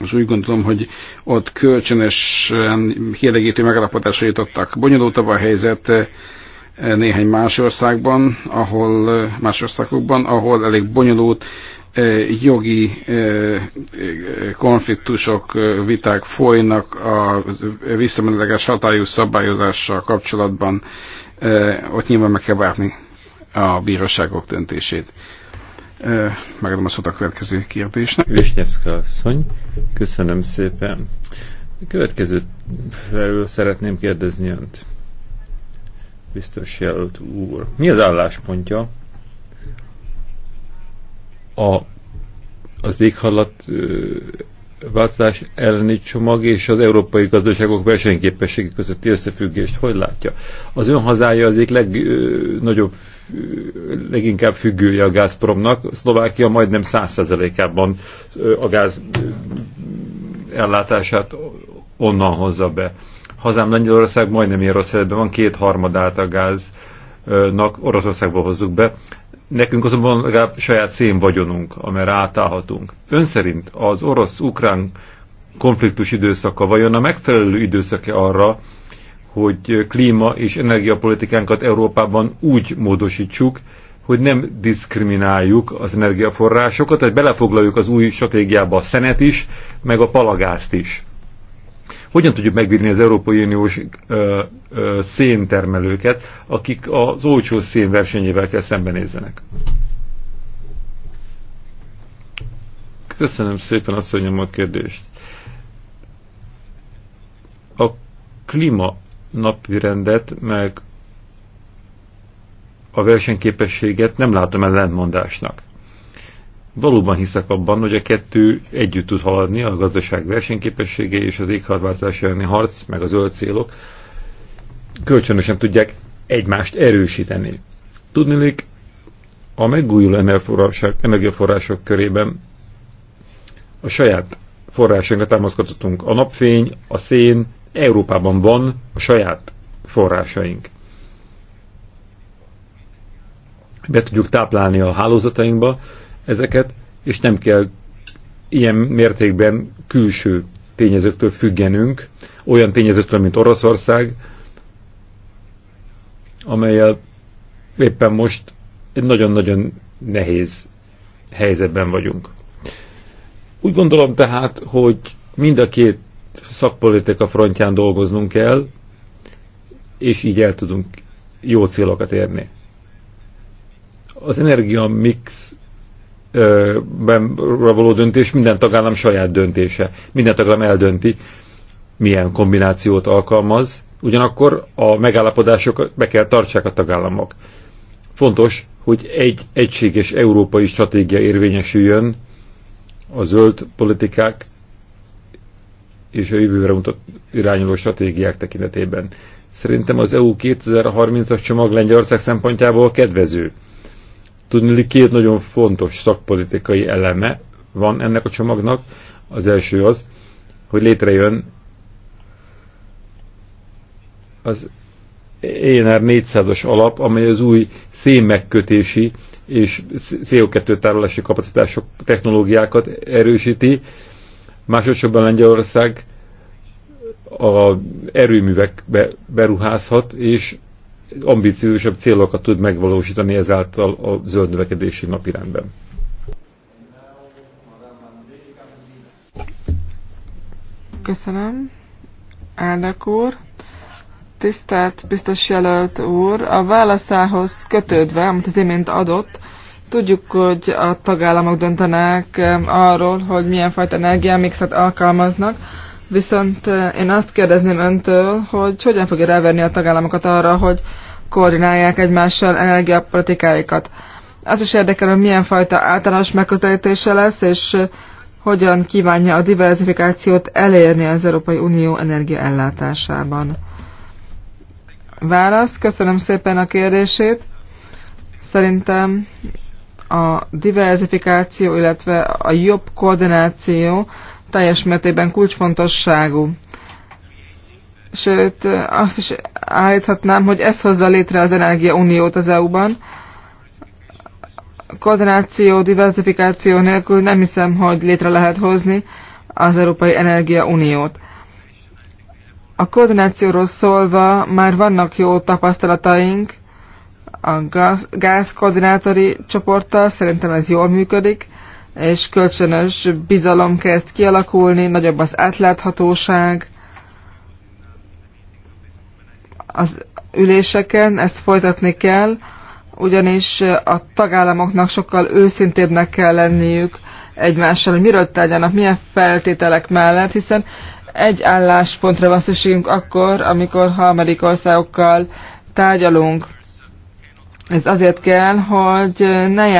és úgy gondolom, hogy ott kölcsönösen hielegítő megállapodásra jutottak. Bonyolultabb a helyzet, néhány más országban, ahol más országokban, ahol elég bonyolult e, jogi e, e, konfliktusok, viták folynak a visszamenőleges hatályú szabályozással kapcsolatban, ott nyilván meg kell várni a bíróságok döntését. Megadom a szót a következő kérdésnek. Visnyevszka asszony, köszönöm szépen. A következő felül szeretném kérdezni önt biztos jelölt úr. Mi az álláspontja a, az éghajlat változás elleni csomag és az európai gazdaságok versenyképességi közötti összefüggést hogy látja? Az ön hazája az egyik legnagyobb, leginkább függője a Gazpromnak. Szlovákia majdnem 100%-ában a gáz ellátását onnan hozza be. Hazám Lengyelország majdnem ilyen rossz helyzetben van, két harmadát a gáznak Oroszországból hozzuk be. Nekünk azonban legalább saját szén vagyonunk, amelyre átállhatunk. Ön szerint az orosz-ukrán konfliktus időszaka vajon a megfelelő időszake arra, hogy klíma és energiapolitikánkat Európában úgy módosítsuk, hogy nem diszkrimináljuk az energiaforrásokat, hogy belefoglaljuk az új stratégiába a szenet is, meg a palagázt is. Hogyan tudjuk megvédni az Európai Uniós ö, ö, széntermelőket, akik az olcsó szén versenyével kell szembenézzenek? Köszönöm szépen hogy a kérdést. A klíma napirendet, meg a versenyképességet nem látom ellentmondásnak. Valóban hiszek abban, hogy a kettő együtt tud haladni, a gazdaság versenyképessége és az éghajlatváltozás elleni harc, meg a zöld célok kölcsönösen tudják egymást erősíteni. Tudnilik, a megújuló energiaforrások körében a saját forrásainkra támaszkodhatunk. A napfény, a szén, Európában van a saját forrásaink. Be tudjuk táplálni a hálózatainkba, ezeket, és nem kell ilyen mértékben külső tényezőktől függenünk, olyan tényezőktől, mint Oroszország, amelyel éppen most egy nagyon-nagyon nehéz helyzetben vagyunk. Úgy gondolom tehát, hogy mind a két szakpolitika frontján dolgoznunk kell, és így el tudunk jó célokat érni. Az energia mix való döntés minden tagállam saját döntése. Minden tagállam eldönti, milyen kombinációt alkalmaz, ugyanakkor a megállapodásokat be kell tartsák a tagállamok. Fontos, hogy egy egységes európai stratégia érvényesüljön a zöld politikák és a jövőre mutat irányuló stratégiák tekintetében. Szerintem az EU 2030-as csomag Lengyelország szempontjából kedvező Tudni, két nagyon fontos szakpolitikai eleme van ennek a csomagnak. Az első az, hogy létrejön az ENR 400-as alap, amely az új szénmegkötési és CO2 tárolási kapacitások technológiákat erősíti. Másodszorban Lengyelország a erőművekbe beruházhat, és ambiciósabb célokat tud megvalósítani ezáltal a zöld növekedési napirendben. Köszönöm. Elnök úr. Tisztelt biztos jelölt úr, a válaszához kötődve, amit az imént adott, tudjuk, hogy a tagállamok döntenek eh, arról, hogy milyen fajta energiamixet alkalmaznak Viszont én azt kérdezném öntől, hogy hogyan fogja ráverni a tagállamokat arra, hogy koordinálják egymással energiapolitikáikat. Az is érdekel, hogy milyen fajta általános megközelítése lesz, és hogyan kívánja a diversifikációt elérni az Európai Unió energiaellátásában. Válasz, köszönöm szépen a kérdését. Szerintem a diversifikáció, illetve a jobb koordináció teljes mértékben kulcsfontosságú. Sőt, azt is állíthatnám, hogy ez hozza létre az Energia Uniót az EU-ban. Koordináció, diversifikáció nélkül nem hiszem, hogy létre lehet hozni az Európai Energia Uniót. A koordinációról szólva már vannak jó tapasztalataink a gáz, gáz koordinátori csoporttal, szerintem ez jól működik és kölcsönös bizalom kezd kialakulni, nagyobb az átláthatóság az üléseken, ezt folytatni kell, ugyanis a tagállamoknak sokkal őszintébbnek kell lenniük egymással, hogy miről tárgyanak, milyen feltételek mellett, hiszen egy álláspontra van szükségünk akkor, amikor harmadik országokkal tárgyalunk. Ez azért kell, hogy ne,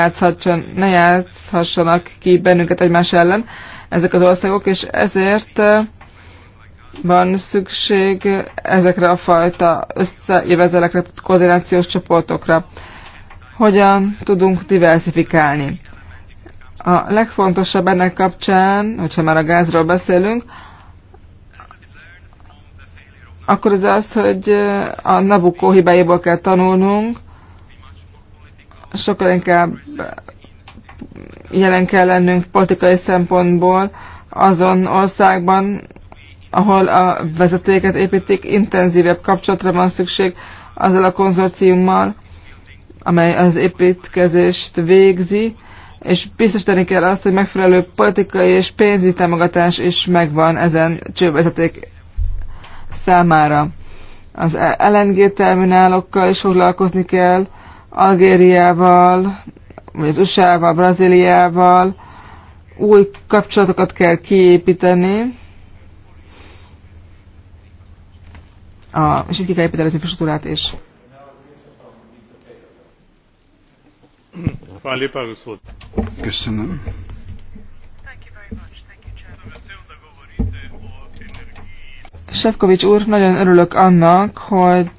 ne játszhassanak ki bennünket egymás ellen ezek az országok, és ezért eh, van szükség ezekre a fajta összejövezelekre, koordinációs csoportokra. Hogyan tudunk diversifikálni? A legfontosabb ennek kapcsán, hogyha már a gázról beszélünk, akkor az az, hogy eh, a Nabukó hibáiból kell tanulnunk, sokkal inkább jelen kell lennünk politikai szempontból azon országban, ahol a vezetéket építik, intenzívebb kapcsolatra van szükség azzal a konzorciummal, amely az építkezést végzi, és biztosítani kell azt, hogy megfelelő politikai és pénzügyi támogatás is megvan ezen csővezeték számára. Az LNG terminálokkal is foglalkozni kell, Algériával, vagy az USA-val, Brazíliával új kapcsolatokat kell kiépíteni, a, és itt ki kell építeni az infrastruktúrát is. Köszönöm. Sefkovics úr, nagyon örülök annak, hogy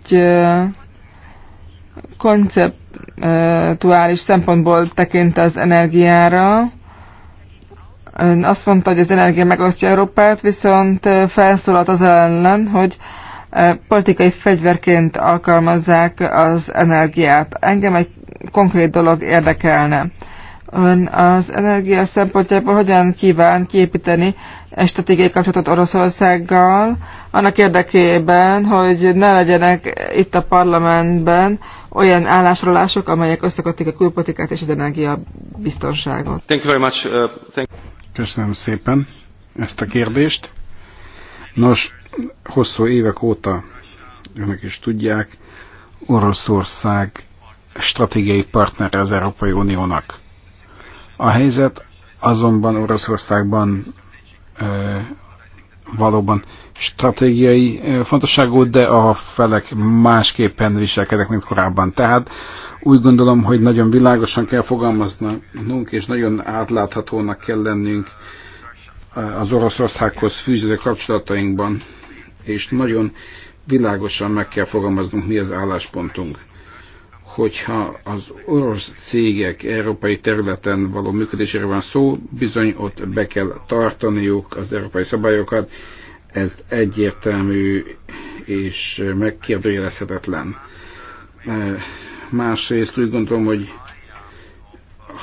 konceptuális szempontból tekint az energiára. Ön azt mondta, hogy az energia megosztja Európát, viszont felszólalt az ellen, hogy politikai fegyverként alkalmazzák az energiát. Engem egy konkrét dolog érdekelne. Ön az energia szempontjából hogyan kíván kiépíteni egy stratégiai kapcsolatot Oroszországgal, annak érdekében, hogy ne legyenek itt a parlamentben olyan állásrólások, amelyek összekötik a külpolitikát és az energiabiztonságot. Thank you very much. Uh, thank Köszönöm szépen ezt a kérdést. Nos, hosszú évek óta, önök is tudják, Oroszország stratégiai partnere az Európai Uniónak. A helyzet azonban Oroszországban valóban stratégiai fontosságú, de a felek másképpen viselkednek, mint korábban. Tehát úgy gondolom, hogy nagyon világosan kell fogalmaznunk, és nagyon átláthatónak kell lennünk az Oroszországhoz fűződő kapcsolatainkban, és nagyon világosan meg kell fogalmaznunk, mi az álláspontunk hogyha az orosz cégek európai területen való működésére van szó, bizony ott be kell tartaniuk az európai szabályokat, ez egyértelmű és megkérdőjelezhetetlen. Eh, másrészt úgy gondolom, hogy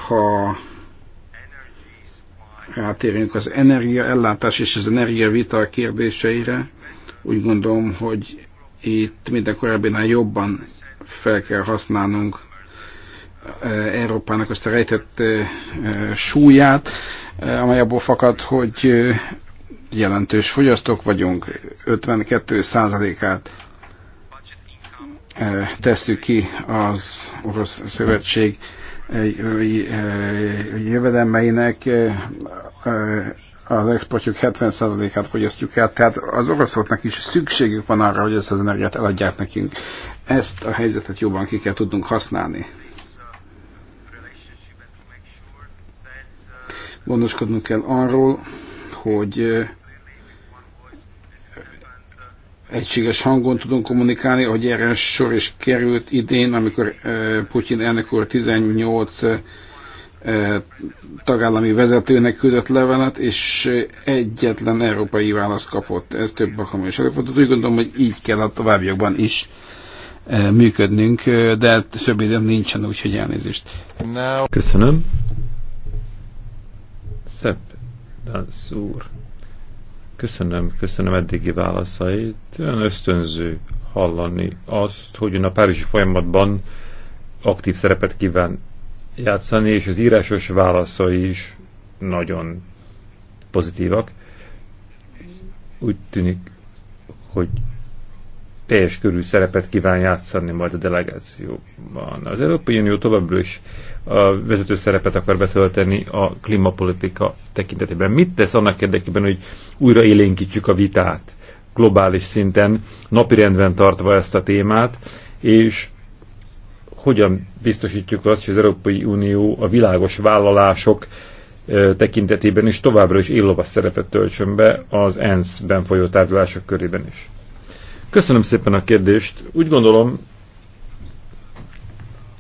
ha rátérünk az energiaellátás és az energiavita kérdéseire, úgy gondolom, hogy itt minden korábbinál jobban fel kell használnunk eh, Európának azt a rejtett eh, súlyát, eh, amely abból fakad, hogy jelentős fogyasztók vagyunk, 52%-át tesszük ki az Orosz Szövetség jövedelmeinek, az exportjuk 70%-át fogyasztjuk el, tehát az oroszoknak is szükségük van arra, hogy ezt az energiát eladják nekünk. Ezt a helyzetet jobban ki kell tudnunk használni. Gondoskodnunk kell arról, hogy egységes hangon tudunk kommunikálni, ahogy erre sor is került idén, amikor Putyin elnök úr 18 tagállami vezetőnek küldött levelet, és egyetlen európai választ kapott. Ez több alkalommal is előfordult. Úgy gondolom, hogy így kell a továbbiakban is működnünk, de több időm nincsen, úgyhogy elnézést. Köszönöm. Szebb Dansz úr. Köszönöm, köszönöm eddigi válaszait. Olyan ösztönző hallani azt, hogy ön a Párizsi folyamatban aktív szerepet kíván játszani, és az írásos válaszai is nagyon pozitívak. Úgy tűnik, hogy teljes körű szerepet kíván játszani majd a delegációban. Az Európai Unió továbbra is a vezető szerepet akar betölteni a klímapolitika tekintetében. Mit tesz annak érdekében, hogy újra élénkítsük a vitát globális szinten, napirendben tartva ezt a témát, és hogyan biztosítjuk azt, hogy az Európai Unió a világos vállalások tekintetében is továbbra is illóva szerepet töltsön be az ENSZ-ben folyó tárgyalások körében is. Köszönöm szépen a kérdést. Úgy gondolom,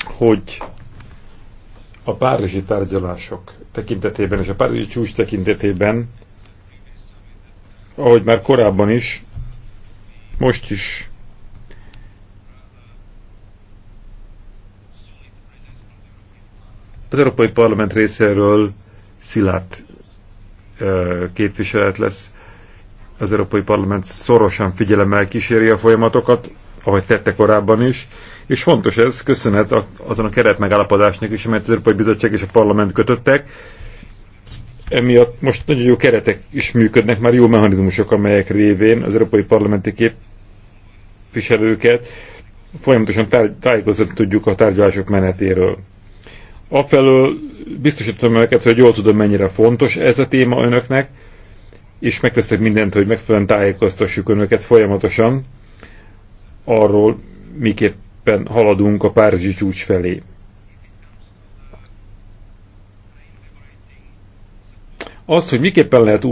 hogy a párizsi tárgyalások tekintetében és a párizsi csúcs tekintetében, ahogy már korábban is, most is az Európai Parlament részéről szilárd képviselet lesz az Európai Parlament szorosan figyelemmel kíséri a folyamatokat, ahogy tette korábban is, és fontos ez, köszönhet azon a keretmegállapodásnak is, amelyet az Európai Bizottság és a Parlament kötöttek. Emiatt most nagyon jó keretek is működnek, már jó mechanizmusok, amelyek révén az Európai Parlamenti képviselőket folyamatosan tájékozott tudjuk a tárgyalások menetéről. Afelől biztosítom önöket, hogy jól tudom, mennyire fontos ez a téma önöknek, és megteszek mindent, hogy megfelelően tájékoztassuk önöket folyamatosan arról, miképpen haladunk a Párizsi csúcs felé. Az, hogy miképpen lehet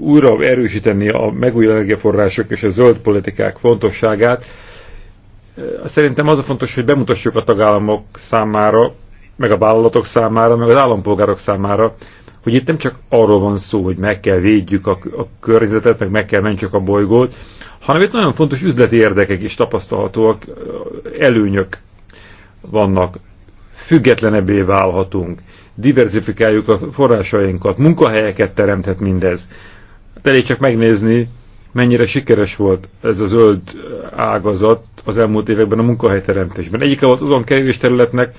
újra erősíteni a megújuló energiaforrások és a zöld politikák fontosságát, szerintem az a fontos, hogy bemutassuk a tagállamok számára, meg a vállalatok számára, meg az állampolgárok számára, hogy itt nem csak arról van szó, hogy meg kell védjük a, a környezetet, meg meg kell mentsük a bolygót, hanem itt nagyon fontos üzleti érdekek is tapasztalhatóak, előnyök vannak, függetlenebbé válhatunk, diversifikáljuk a forrásainkat, munkahelyeket teremthet mindez. Hát elég csak megnézni, mennyire sikeres volt ez a zöld ágazat az elmúlt években a munkahelyteremtésben. Egyike volt azon kevés területnek,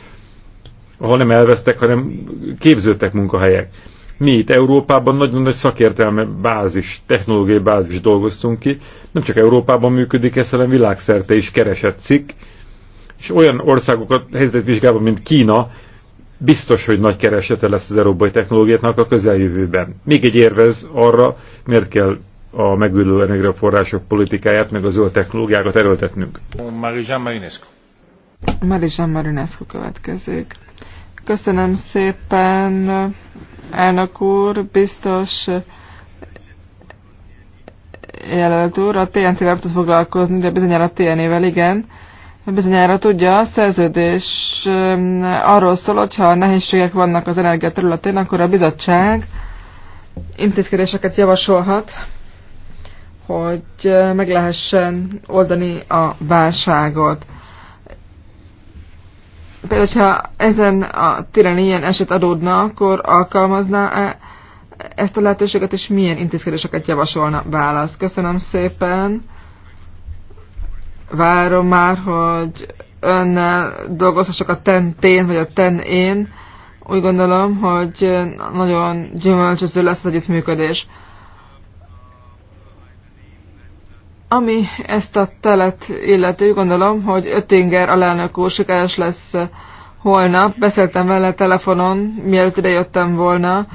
ahol nem elvesztek, hanem képződtek munkahelyek. Mi itt Európában nagyon nagy szakértelme bázis, technológiai bázis dolgoztunk ki. Nem csak Európában működik ez, hanem világszerte is keresett cikk. És olyan országokat helyzetvizsgálva, mint Kína, biztos, hogy nagy keresete lesz az európai technológiáknak a közeljövőben. Még egy érvez arra, miért kell a megülő energiaforrások politikáját, meg a zöld technológiákat erőltetnünk. Marizsán Marinescu. Marizsán Marinescu következik. Köszönöm szépen, elnök úr, biztos jelölt úr. A TNT-vel tud foglalkozni, de bizonyára a TNT-vel igen. Bizonyára tudja, a szerződés arról szól, hogyha nehézségek vannak az energia területén, akkor a bizottság intézkedéseket javasolhat, hogy meg lehessen oldani a válságot. Például, hogyha ezen a téren ilyen eset adódna, akkor alkalmazná -e ezt a lehetőséget, és milyen intézkedéseket javasolna? Válasz. Köszönöm szépen. Várom már, hogy önnel dolgozhassak a ten-tén, vagy a ten-én. Úgy gondolom, hogy nagyon gyümölcsöző lesz az együttműködés. működés. Ami ezt a telet illeti, gondolom, hogy Öttinger alelnök úr sikeres lesz holnap. Beszéltem vele telefonon, mielőtt idejöttem volna.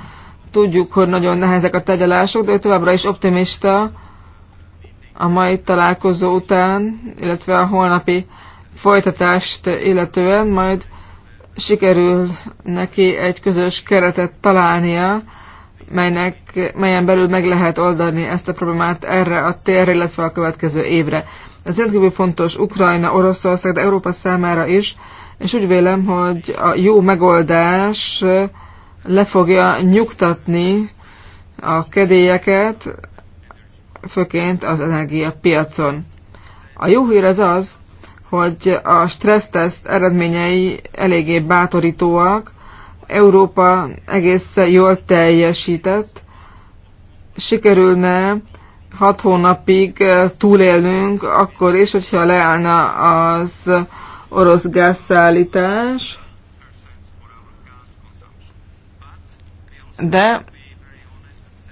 Tudjuk, hogy nagyon nehezek a tegyelások, de ő továbbra is optimista a mai találkozó után, illetve a holnapi folytatást illetően, majd sikerül neki egy közös keretet találnia, melynek, melyen belül meg lehet oldani ezt a problémát erre a térre, illetve a következő évre. Ez rendkívül fontos Ukrajna, Oroszország, de Európa számára is, és úgy vélem, hogy a jó megoldás le fogja nyugtatni a kedélyeket, főként az energiapiacon. A jó hír az az, hogy a stresszteszt eredményei eléggé bátorítóak, Európa egészen jól teljesített. Sikerülne hat hónapig eh, túlélnünk, akkor is, hogyha leállna az orosz gázszállítás. De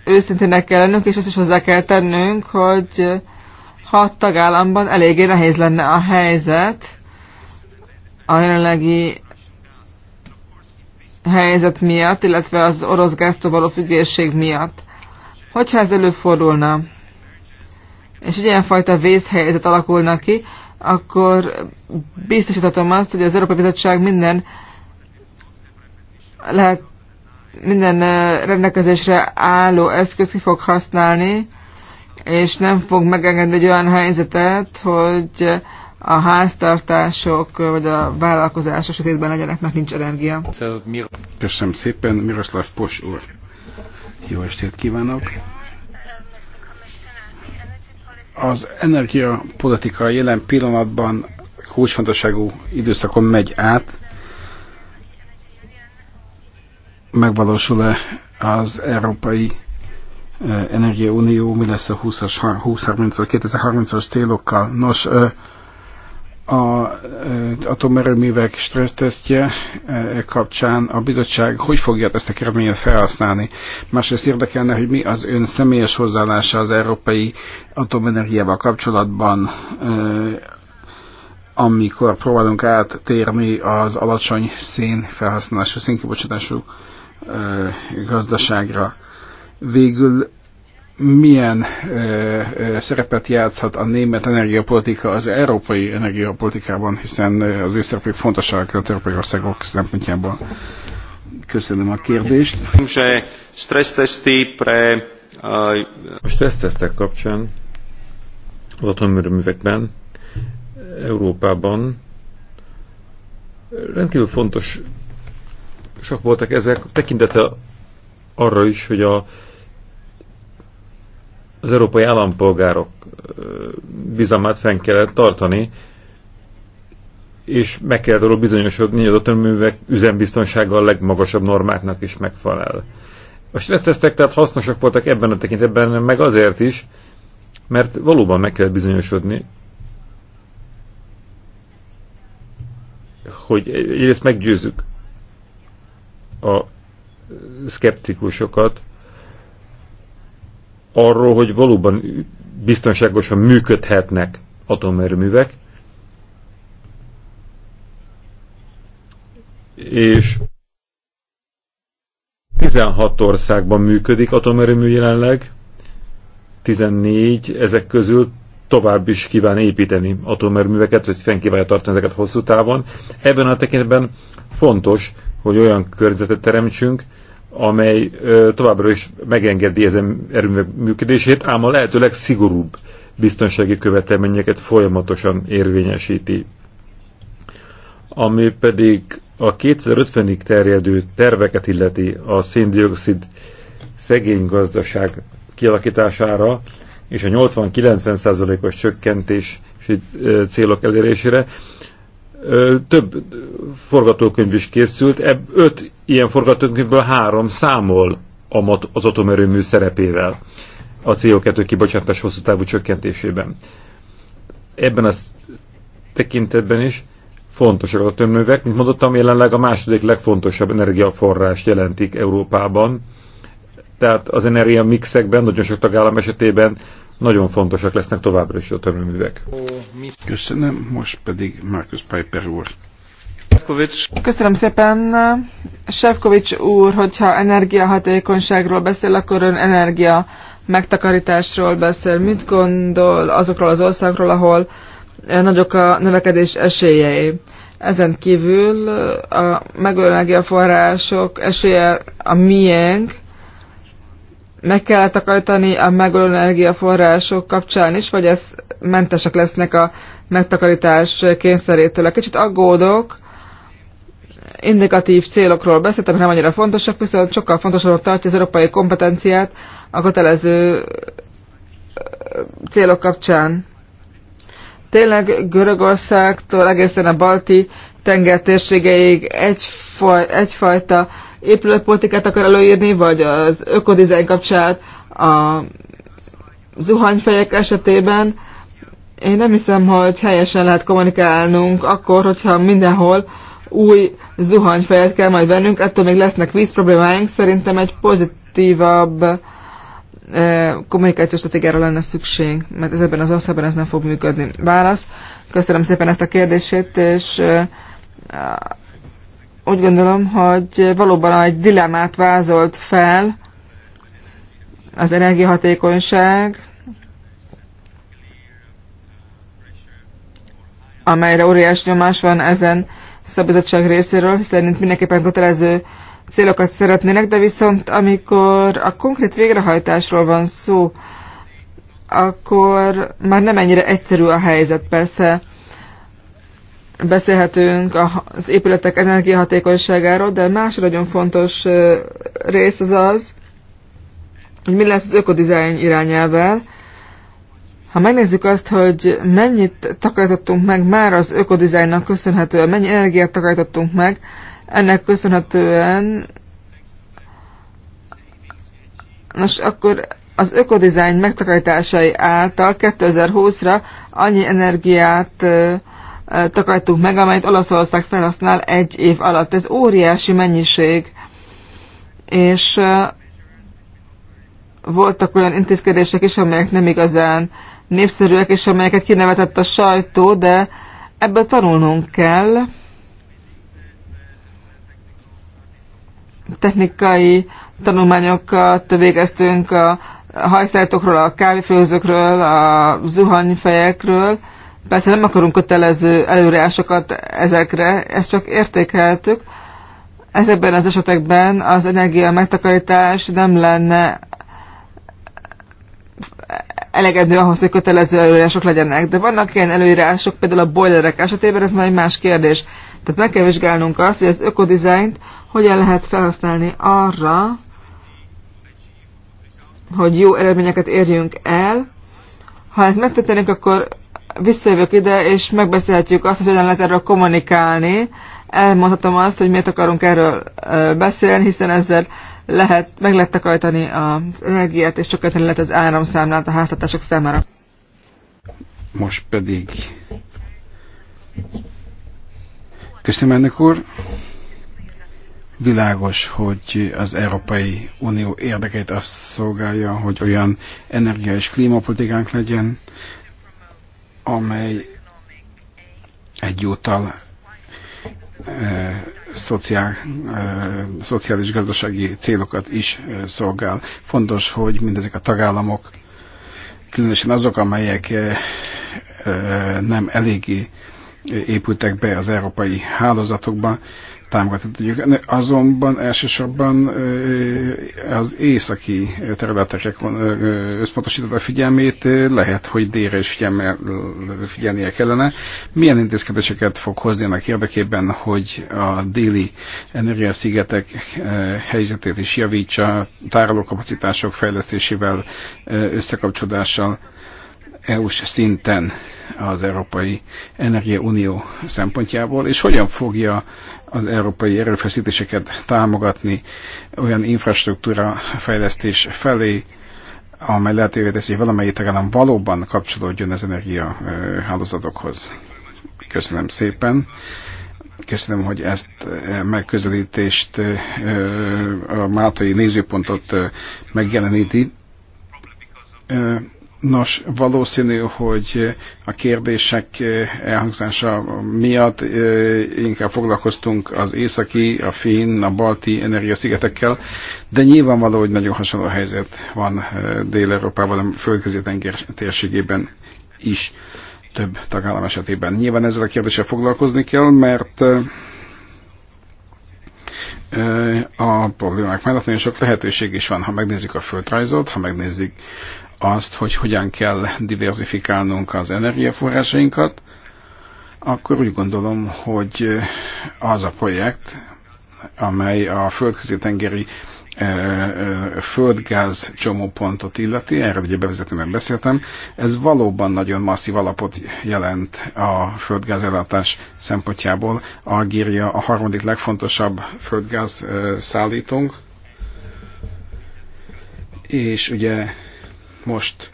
őszintének kell lennünk, és azt is hozzá kell tennünk, hogy hat tagállamban eléggé nehéz lenne a helyzet a jelenlegi helyzet miatt, illetve az orosz gáztól való függőség miatt. Hogyha ez előfordulna, és egy ilyenfajta vészhelyzet alakulna ki, akkor biztosíthatom azt, hogy az Európai Bizottság minden lehet minden eh, rendelkezésre álló eszköz ki fog használni, és nem fog megengedni egy olyan helyzetet, hogy eh, a háztartások vagy a vállalkozások esetében legyenek, mert nincs energia. Köszönöm szépen, Miroslav Pos úr. Jó estét kívánok! Az energiapolitika jelen pillanatban kulcsfontosságú időszakon megy át. Megvalósul-e az Európai eh, Energiaunió, mi lesz a 20-30-as, 2030-as célokkal? Nos, eh, a atomerőművek stressztesztje e kapcsán a bizottság hogy fogja ezt a kérdményet felhasználni. Másrészt érdekelne, hogy mi az ön személyes hozzáállása az európai atomenergiával kapcsolatban, amikor próbálunk áttérni az alacsony szén felhasználású, szénkibocsátású gazdaságra. Végül milyen ö, ö, szerepet játszhat a német energiapolitika az európai energiapolitikában, hiszen az ő szerepük fontosak a európai országok szempontjából. Köszönöm a kérdést. A stressztesztek kapcsán az atomerőművekben Európában rendkívül fontos sok voltak ezek, tekintete arra is, hogy a az európai állampolgárok bizalmát fenn kellett tartani, és meg kell arról bizonyosodni, hogy az atomművek üzembiztonsága a legmagasabb normáknak is megfelel. A stressztesztek tehát hasznosak voltak ebben a tekintetben, meg azért is, mert valóban meg kell bizonyosodni, hogy egyrészt meggyőzzük a szkeptikusokat, arról, hogy valóban biztonságosan működhetnek atomerőművek, és 16 országban működik atomerőmű jelenleg, 14 ezek közül tovább is kíván építeni atomerőműveket, hogy fenn kívánja tartani ezeket hosszú távon. Ebben a tekintetben fontos, hogy olyan környezetet teremtsünk, amely továbbra is megengedi ezen erőművek működését, ám a lehető legszigorúbb biztonsági követelményeket folyamatosan érvényesíti. Ami pedig a 2050-ig terjedő terveket illeti a széndiokszid szegény gazdaság kialakítására és a 80-90%-os csökkentés célok elérésére, több forgatókönyv is készült, ebb öt ilyen forgatókönyvből három számol az atomerőmű szerepével a CO2 kibocsátás hosszú távú csökkentésében. Ebben a tekintetben is fontosak a tömővek, mint mondottam, jelenleg a második legfontosabb energiaforrás jelentik Európában, tehát az energia mixekben, nagyon sok tagállam esetében nagyon fontosak lesznek továbbra is a tömörművek. Köszönöm, most pedig Markus Piper úr. Köszönöm szépen, Sefkovics úr, hogyha energiahatékonyságról beszél, akkor ön energia megtakarításról beszél. Mit gondol azokról az országról, ahol nagyok a növekedés esélyei? Ezen kívül a megújuló energiaforrások esélye a miénk, meg kell takarítani a megoldó energiaforrások kapcsán is, vagy ez mentesek lesznek a megtakarítás kényszerétől. Kicsit aggódok, indikatív célokról beszéltem, nem annyira fontosak, viszont sokkal fontosabb tartja az európai kompetenciát a kötelező célok kapcsán. Tényleg Görögországtól egészen a balti tengertérségeig egyfaj, egyfajta épületpolitikát akar előírni, vagy az ökodizájn kapcsán a zuhanyfejek esetében. Én nem hiszem, hogy helyesen lehet kommunikálnunk akkor, hogyha mindenhol új zuhanyfejet kell majd vennünk, ettől még lesznek vízproblémáink, szerintem egy pozitívabb eh, kommunikációs stratégiára lenne szükség, mert ebben az országban ez nem fog működni. Válasz. Köszönöm szépen ezt a kérdését, és eh, úgy gondolom, hogy valóban egy dilemmát vázolt fel az energiahatékonyság, amelyre óriás nyomás van ezen szabadság részéről, hiszen mindenképpen kötelező célokat szeretnének, de viszont amikor a konkrét végrehajtásról van szó, akkor már nem ennyire egyszerű a helyzet. Persze beszélhetünk az épületek energiahatékonyságáról, de más nagyon fontos rész az az, hogy mi lesz az ökodizájn irányelvel. Ha megnézzük azt, hogy mennyit takarítottunk meg már az ökodizájnnak köszönhetően, mennyi energiát takarítottunk meg, ennek köszönhetően Nos, akkor az ökodizájn megtakarításai által 2020-ra annyi energiát takartunk meg, amelyet Olaszország felhasznál egy év alatt. Ez óriási mennyiség. És voltak olyan intézkedések is, amelyek nem igazán népszerűek, és amelyeket kinevetett a sajtó, de ebből tanulnunk kell. Technikai tanulmányokat végeztünk a hajszájtokról, a kávéfőzőkről, a zuhanyfejekről, Persze nem akarunk kötelező előreásokat ezekre, ezt csak értékeltük. Ezekben az esetekben az energia megtakarítás nem lenne elegendő ahhoz, hogy kötelező előírások legyenek. De vannak ilyen előírások, például a boilerek esetében, ez már egy más kérdés. Tehát meg kell vizsgálnunk azt, hogy az ökodizájnt hogyan lehet felhasználni arra, hogy jó eredményeket érjünk el. Ha ez megtörténik, akkor visszajövök ide, és megbeszélhetjük azt, hogy hogyan lehet erről kommunikálni. Elmondhatom azt, hogy miért akarunk erről beszélni, hiszen ezzel lehet, meg lehet takarítani az energiát, és csökkenteni lehet az áramszámlát a háztartások számára. Most pedig... Köszönöm ennek úr! világos, hogy az Európai Unió érdekeit azt szolgálja, hogy olyan energia- és klímapolitikánk legyen, amely egyúttal e, szociál, e, szociális gazdasági célokat is e, szolgál. Fontos, hogy mindezek a tagállamok, különösen azok, amelyek e, e, nem eléggé épültek be az európai hálózatokba, támogatni tudjuk. Azonban elsősorban az északi területekre összpontosított a figyelmét, lehet, hogy délre is figyelnie kellene. Milyen intézkedéseket fog hozni ennek érdekében, hogy a déli energiaszigetek helyzetét is javítsa, tárolókapacitások fejlesztésével, összekapcsolással, EU-s szinten az Európai Energia Unió szempontjából, és hogyan fogja az európai erőfeszítéseket támogatni olyan infrastruktúra fejlesztés felé, amely lehetővé teszi, hogy valamelyik tagállam valóban kapcsolódjon az energiahálózatokhoz. Köszönöm szépen. Köszönöm, hogy ezt megközelítést, a Mátai nézőpontot megjeleníti Nos, valószínű, hogy a kérdések elhangzása miatt inkább foglalkoztunk az északi, a finn, a balti energiaszigetekkel, de nyilvánvaló, hogy nagyon hasonló helyzet van Dél-Európában, a földközi tenger térségében is több tagállam esetében. Nyilván ezzel a kérdéssel foglalkozni kell, mert a problémák mellett nagyon sok lehetőség is van. Ha megnézzük a földrajzot, ha megnézzük azt, hogy hogyan kell diversifikálnunk az energiaforrásainkat, akkor úgy gondolom, hogy az a projekt, amely a földközi tengeri e, e, földgáz csomópontot illeti, erről ugye bevezetőben beszéltem, ez valóban nagyon masszív alapot jelent a földgázellátás szempontjából. Algéria a harmadik legfontosabb földgáz e, szállítónk, és ugye most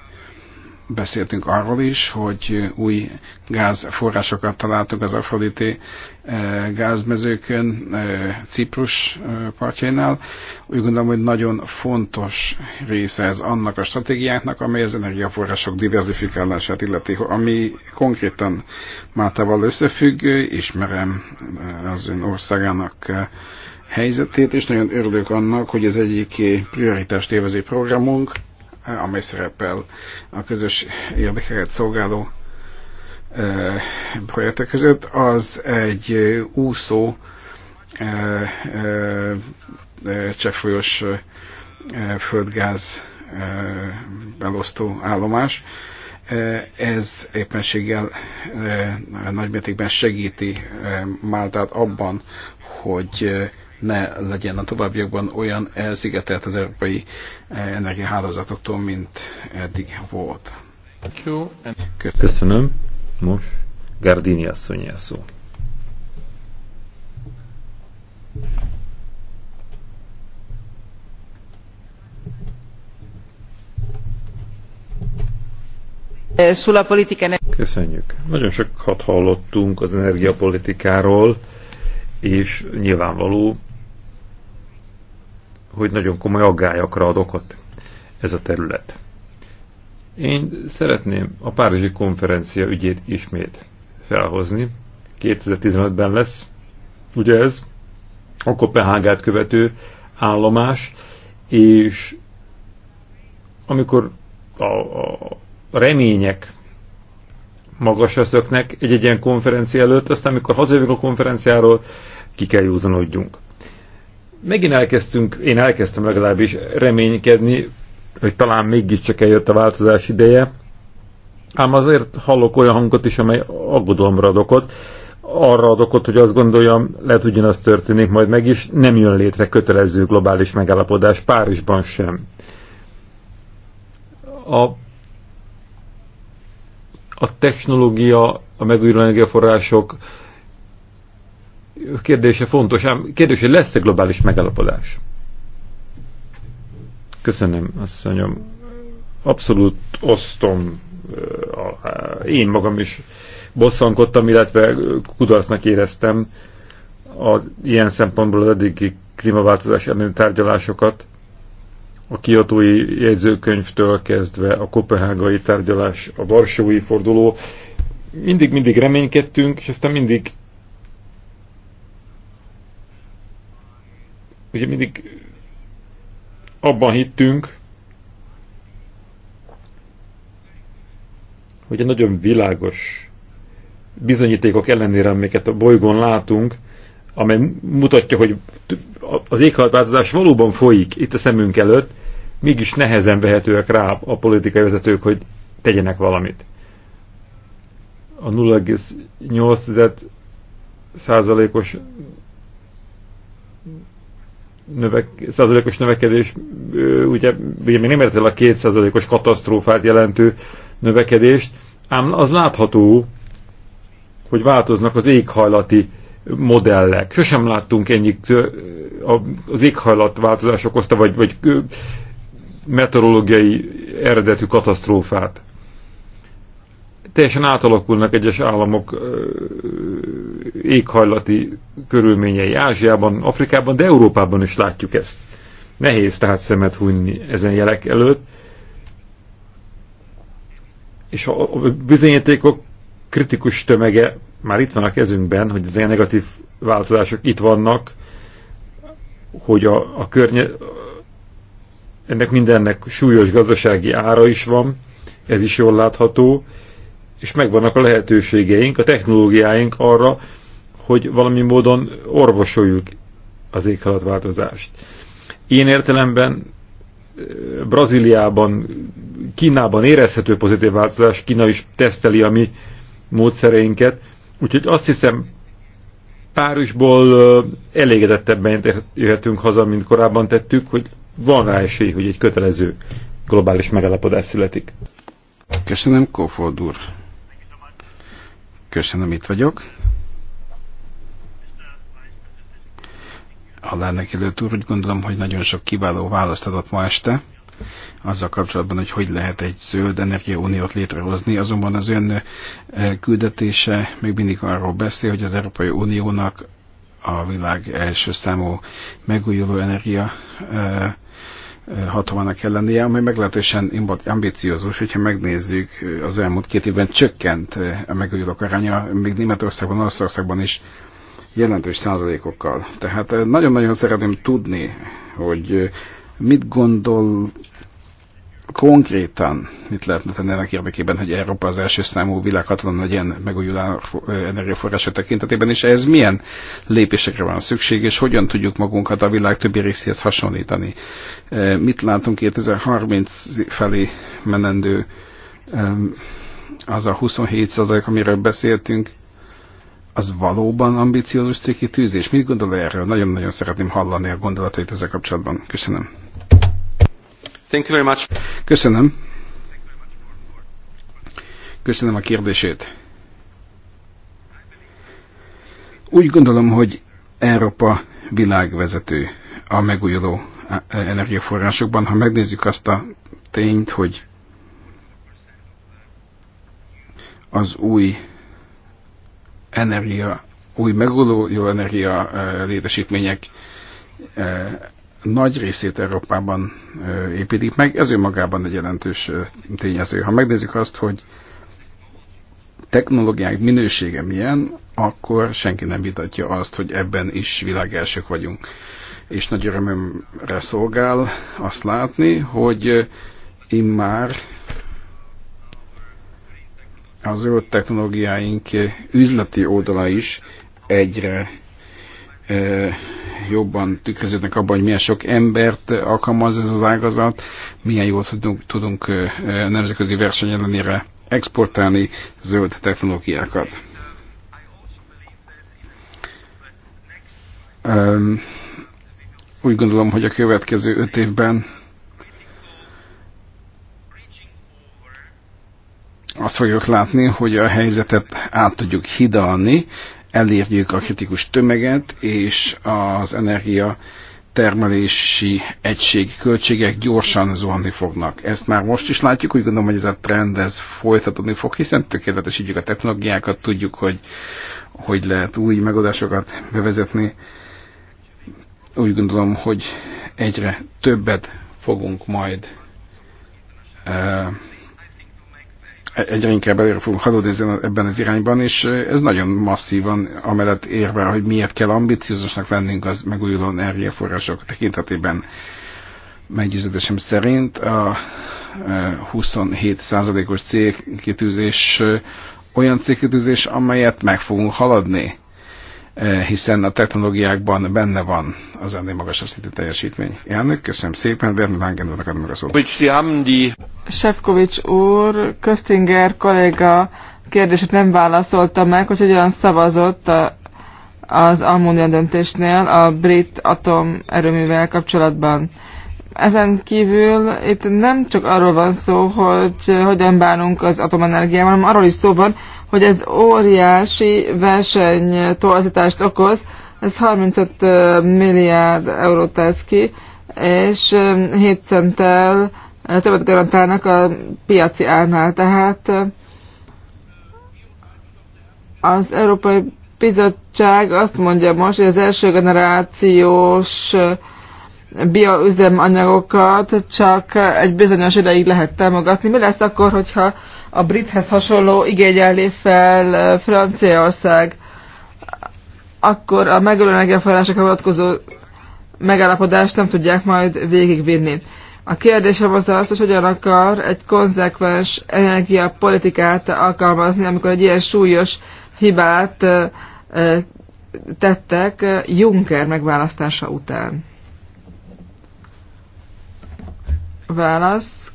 beszéltünk arról is, hogy új gázforrásokat találtuk az afroditi eh, gázmezőkön, eh, Ciprus eh, partjainál. Úgy gondolom, hogy nagyon fontos része ez annak a stratégiáknak, amely az energiaforrások diversifikálását illeti, ami konkrétan Máltával összefügg, ismerem az ön országának helyzetét, és nagyon örülök annak, hogy ez egyik prioritást évező programunk, amely szerepel a közös érdekeket szolgáló projektek között, az egy úszó cseppfolyós földgáz belosztó állomás. Ez éppenséggel nagymértékben segíti Máltát abban, hogy ne legyen a továbbiakban olyan elszigetelt az európai eh, energiahálózatoktól, mint eddig volt. Köszönöm. Most Gardini asszony szó. Köszönjük. Nagyon sokat hallottunk az energiapolitikáról, és nyilvánvaló, hogy nagyon komoly aggályakra ad okot ez a terület. Én szeretném a Párizsi konferencia ügyét ismét felhozni. 2015-ben lesz, ugye ez, a Kopenhágát követő állomás, és amikor a, a remények magasra szöknek egy-egy ilyen konferencia előtt, aztán amikor hazajövünk a konferenciáról, ki kell józanodjunk megint elkezdtünk, én elkezdtem legalábbis reménykedni, hogy talán mégiscsak eljött a változás ideje, ám azért hallok olyan hangot is, amely aggodalomra ad okot, arra ad okot, hogy azt gondoljam, lehet ugyanaz történik majd meg is, nem jön létre kötelező globális megállapodás Párizsban sem. A, a technológia, a megújuló energiaforrások, kérdése fontos, ám kérdés, hogy lesz-e globális megállapodás? Köszönöm, mondjam, Abszolút osztom. Én magam is bosszankodtam, illetve kudarcnak éreztem a, ilyen szempontból az eddigi klímaváltozás elleni tárgyalásokat, a kiotói jegyzőkönyvtől kezdve a kopenhágai tárgyalás, a varsói forduló, mindig-mindig reménykedtünk, és aztán mindig ugye mindig abban hittünk, hogy egy nagyon világos bizonyítékok ellenére, amiket a bolygón látunk, amely mutatja, hogy az éghajlatváltozás valóban folyik itt a szemünk előtt, mégis nehezen vehetőek rá a politikai vezetők, hogy tegyenek valamit. A 0,8 százalékos növek, százalékos növekedés, ugye, ugye még nem ért a a kétszázalékos katasztrófát jelentő növekedést, ám az látható, hogy változnak az éghajlati modellek. Sosem láttunk ennyi az változás okozta, vagy, vagy meteorológiai eredetű katasztrófát teljesen átalakulnak egyes államok éghajlati körülményei Ázsiában, Afrikában, de Európában is látjuk ezt. Nehéz tehát szemet hunyni ezen jelek előtt. És a bizonyítékok kritikus tömege már itt van a kezünkben, hogy az ilyen negatív változások itt vannak, hogy a, a környe, ennek mindennek súlyos gazdasági ára is van, ez is jól látható, és megvannak a lehetőségeink, a technológiáink arra, hogy valami módon orvosoljuk az éghajlatváltozást. Én értelemben Brazíliában, Kínában érezhető pozitív változás, Kína is teszteli a mi módszereinket, úgyhogy azt hiszem Párizsból elégedettebben jöhetünk haza, mint korábban tettük, hogy van rá esély, hogy egy kötelező globális megállapodás születik. Köszönöm, Kofold úr. Köszönöm, itt vagyok. A lelnek előtt úr, úgy gondolom, hogy nagyon sok kiváló választ adott ma este azzal kapcsolatban, hogy hogy lehet egy zöld energiauniót létrehozni, azonban az ön e, küldetése még mindig arról beszél, hogy az Európai Uniónak a világ első számú megújuló energia e, hatalmának kell lennie, ami meglehetősen ambiciózus, hogyha megnézzük, az elmúlt két évben csökkent a megújulók aránya, még Németországban, Olaszországban is jelentős százalékokkal. Tehát nagyon-nagyon szeretném tudni, hogy mit gondol konkrétan mit lehetne tenni ennek érdekében, hogy Európa az első számú világhatalom legyen megújuló energiaforrása tekintetében, és ehhez milyen lépésekre van szükség, és hogyan tudjuk magunkat a világ többi részéhez hasonlítani. Eh, mit látunk 2030 felé menendő az a 27 százalék, amiről beszéltünk, az valóban ambiciózus cikki tűzés? Mit gondol erről? Nagyon-nagyon szeretném hallani a gondolatait ezzel kapcsolatban. Köszönöm. Thank you very much. Köszönöm. Köszönöm a kérdését. Úgy gondolom, hogy Európa világvezető a megújuló eh, energiaforrásokban. Ha megnézzük azt a tényt, hogy az új energia, új megújuló energia eh, létesítmények eh, nagy részét Európában építik meg, ez önmagában egy jelentős tényező. Ha megnézzük azt, hogy technológiák minősége milyen, akkor senki nem vitatja azt, hogy ebben is világelsők vagyunk. És nagy örömömre szolgál azt látni, hogy immár az ő technológiáink üzleti oldala is egyre jobban tükröződnek abban, hogy milyen sok embert alkalmaz ez az ágazat, milyen jól tudunk, tudunk nemzetközi verseny ellenére exportálni zöld technológiákat. Úgy gondolom, hogy a következő öt évben azt fogjuk látni, hogy a helyzetet át tudjuk hidalni, elérjük a kritikus tömeget, és az energia termelési egység költségek gyorsan zuhanni fognak. Ezt már most is látjuk, úgy gondolom, hogy ez a trend ez folytatódni fog, hiszen tökéletesítjük a technológiákat, tudjuk, hogy hogy lehet új megoldásokat bevezetni. Úgy gondolom, hogy egyre többet fogunk majd egyre inkább előre fogunk haladni ebben az irányban, és ez nagyon masszívan amellett érve, hogy miért kell ambiciózusnak lennünk az megújuló energiaforrások tekintetében. Meggyőződésem szerint a 27%-os célkitűzés olyan célkitűzés, amelyet meg fogunk haladni Eh, hiszen a technológiákban benne van az ennél magasabb szintű teljesítmény. Elnök, köszönöm szépen, Werner Langen úrnak adom meg a szót. Sefkovics úr, Köstinger kolléga kérdését nem válaszolta meg, hogy hogyan szavazott az ammónia döntésnél a brit atomerőművel kapcsolatban. Ezen kívül itt nem csak arról van szó, hogy hogyan bánunk az atomenergiával, hanem arról is szó van, hogy ez óriási versenytorzítást okoz, ez 35 milliárd eurót tesz ki, és 7 centtel többet garantálnak a piaci árnál. Tehát az Európai Bizottság azt mondja most, hogy az első generációs bioüzemanyagokat csak egy bizonyos ideig lehet támogatni. Mi lesz akkor, hogyha a brithez hasonló igényelné fel Franciaország? Akkor a megölő energiaforrásokra vonatkozó megállapodást nem tudják majd végigvinni. A kérdésem az az, hogy hogyan akar egy konzekvens energiapolitikát alkalmazni, amikor egy ilyen súlyos hibát tettek Juncker megválasztása után. Válasz.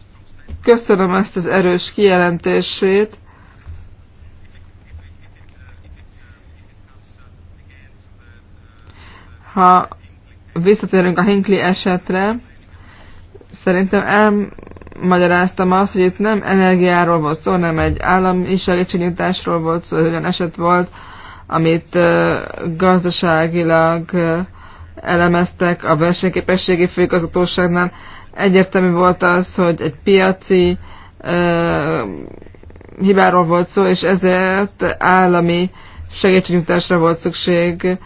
Köszönöm ezt az erős kijelentését. Ha visszatérünk a Hinkley esetre, szerintem elmagyaráztam azt, hogy itt nem energiáról volt szó, nem egy állami segítségnyújtásról volt szó, hogy olyan eset volt, amit gazdaságilag elemeztek a versenyképességi főigazgatóságnál, Egyértelmű volt az, hogy egy piaci ö, hibáról volt szó, és ezért állami segítségnyújtásra volt szükség.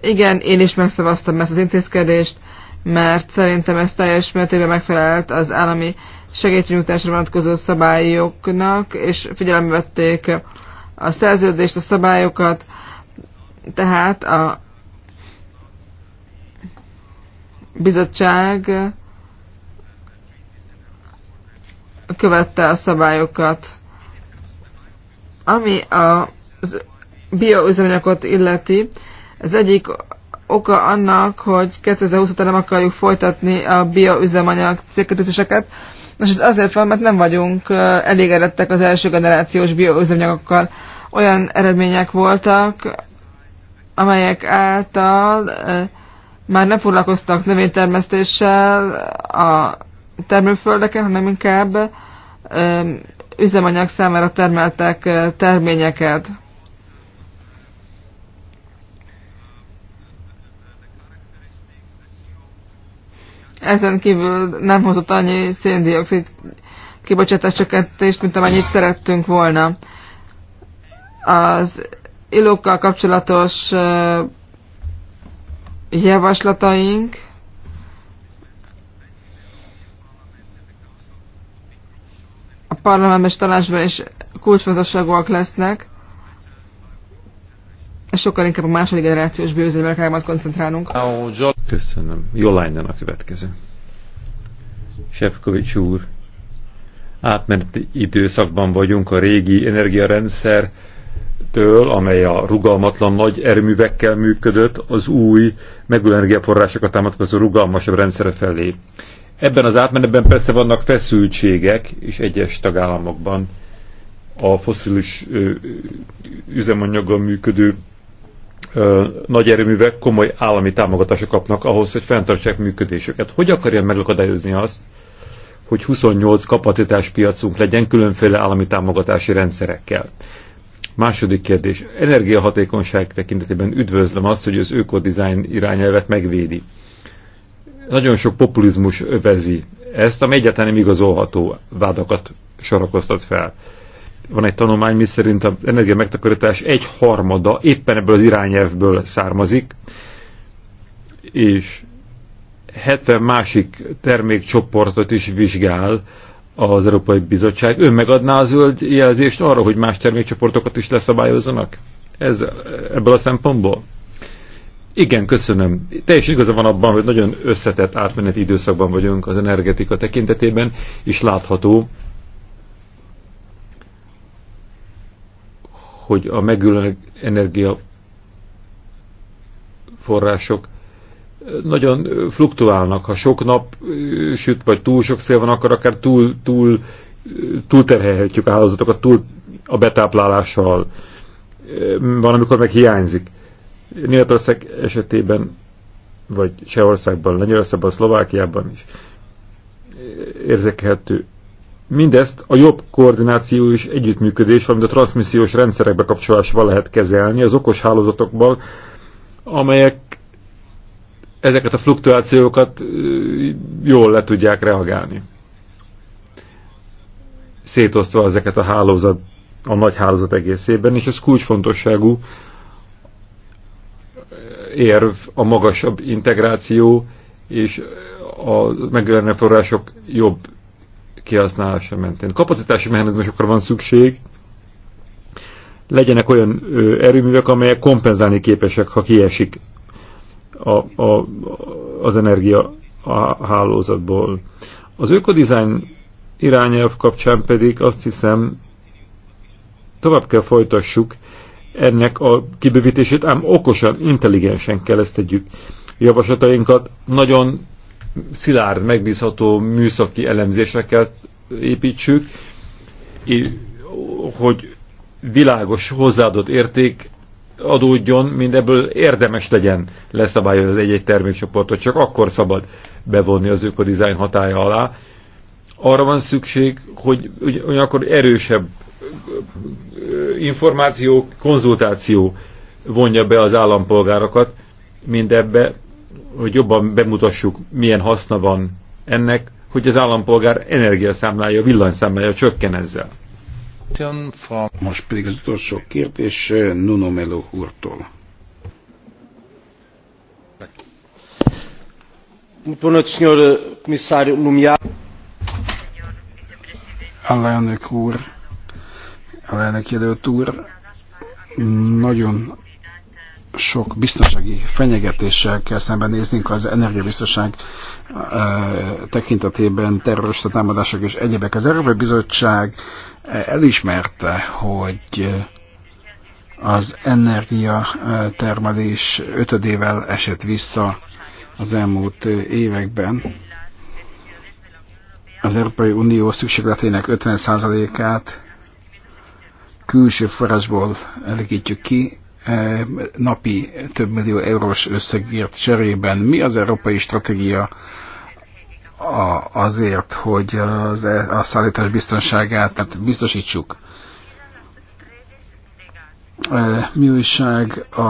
Igen, én is megszavaztam ezt az intézkedést, mert szerintem ez teljes mértékben megfelelt az állami segítségnyújtásra vonatkozó szabályoknak, és figyelembe vették a szerződést, a szabályokat, tehát a bizottság követte a szabályokat. Ami a bioüzemanyagot illeti, ez egyik oka annak, hogy 2020 után nem akarjuk folytatni a bioüzemanyag célkötőzéseket, és ez azért van, mert nem vagyunk elégedettek az első generációs bioüzemanyagokkal. Olyan eredmények voltak, amelyek által már nem foglalkoztak növénytermesztéssel, a termőföldeken, hanem inkább üzemanyag számára termeltek eh, terményeket. Ezen kívül nem hozott annyi széndiokszid kibocsátás csökkentést, mint amennyit szerettünk volna. Az illókkal kapcsolatos eh, javaslataink parlamentben és tanácsban is kulcsfontosságúak lesznek, és sokkal inkább a második generációs bőzővel kell majd koncentrálnunk. Köszönöm. Jó lányan a következő. Sefkovics úr, átmeneti időszakban vagyunk a régi energiarendszer, től, amely a rugalmatlan nagy erőművekkel működött, az új megújuló energiaforrásokat támadkozó rugalmasabb rendszere felé. Ebben az átmenetben persze vannak feszültségek, és egyes tagállamokban a foszilis üzemanyaggal működő ö, nagy erőművek komoly állami támogatásokat kapnak ahhoz, hogy fenntartsák működésüket. Hogy akarja megakadályozni azt, hogy 28 kapacitáspiacunk legyen különféle állami támogatási rendszerekkel? Második kérdés. Energiahatékonyság tekintetében üdvözlöm azt, hogy az ökodizájn irányelvet megvédi. Nagyon sok populizmus övezi ezt, ami egyáltalán nem igazolható vádakat sorakoztat fel. Van egy tanulmány, miszerint az energia megtakarítás egy harmada éppen ebből az irányelvből származik, és 70 másik termékcsoportot is vizsgál az Európai Bizottság. Ön megadná a zöld jelzést arra, hogy más termékcsoportokat is leszabályozzanak? Ez, ebből a szempontból? Igen, köszönöm. Teljesen igaza van abban, hogy nagyon összetett átmeneti időszakban vagyunk az energetika tekintetében, és látható, hogy a megülő energia források nagyon fluktuálnak. Ha sok nap süt, vagy túl sok szél van, akkor akár túl, túl, túl terhelhetjük a hálózatokat, túl a betáplálással. Van, amikor meg hiányzik Németország esetében, vagy Csehországban, Lengyelországban, Szlovákiában is érzekhető. Mindezt a jobb koordináció és együttműködés, valamint a transmissziós rendszerekbe kapcsolásával lehet kezelni, az okos hálózatokban, amelyek ezeket a fluktuációkat jól le tudják reagálni. Szétosztva ezeket a hálózat, a nagy hálózat egészében, és ez kulcsfontosságú érv a magasabb integráció és a megjelenő források jobb kihasználása mentén. Kapacitási mechanizmusokra van szükség, legyenek olyan erőművek, amelyek kompenzálni képesek, ha kiesik a, a, az energia a hálózatból. Az ökodizájn irányelv kapcsán pedig azt hiszem tovább kell folytassuk ennek a kibővítését, ám okosan, intelligensen kell ezt tegyük. Javaslatainkat nagyon szilárd, megbízható műszaki elemzésre kell építsük, hogy világos hozzáadott érték adódjon, mind ebből érdemes legyen leszabályozni az egy-egy termékcsoportot, csak akkor szabad bevonni az ökodizájn hatája alá. Arra van szükség, hogy ugyanakkor erősebb információ, konzultáció vonja be az állampolgárokat ebbe, hogy jobban bemutassuk, milyen haszna van ennek, hogy az állampolgár energiaszámlája, villanyszámlája csökken ezzel. Most pedig az utolsó kérdés Nuno Melo úrtól. Muito boa noite, Sr. Comissário Nomeado. Alelnök úr, elnök jelölt úr, nagyon sok biztonsági fenyegetéssel kell szembenéznünk az energiabiztonság tekintetében, terrorista támadások és egyebek. Az Európai Bizottság elismerte, hogy az energiatermelés ötödével esett vissza az elmúlt években. Az Európai Unió szükségletének 50%-át külső forrásból elégítjük ki e, napi több millió eurós összegért cserében. Mi az európai stratégia azért, hogy az, e, a szállítás biztonságát tehát biztosítsuk? mi újság a,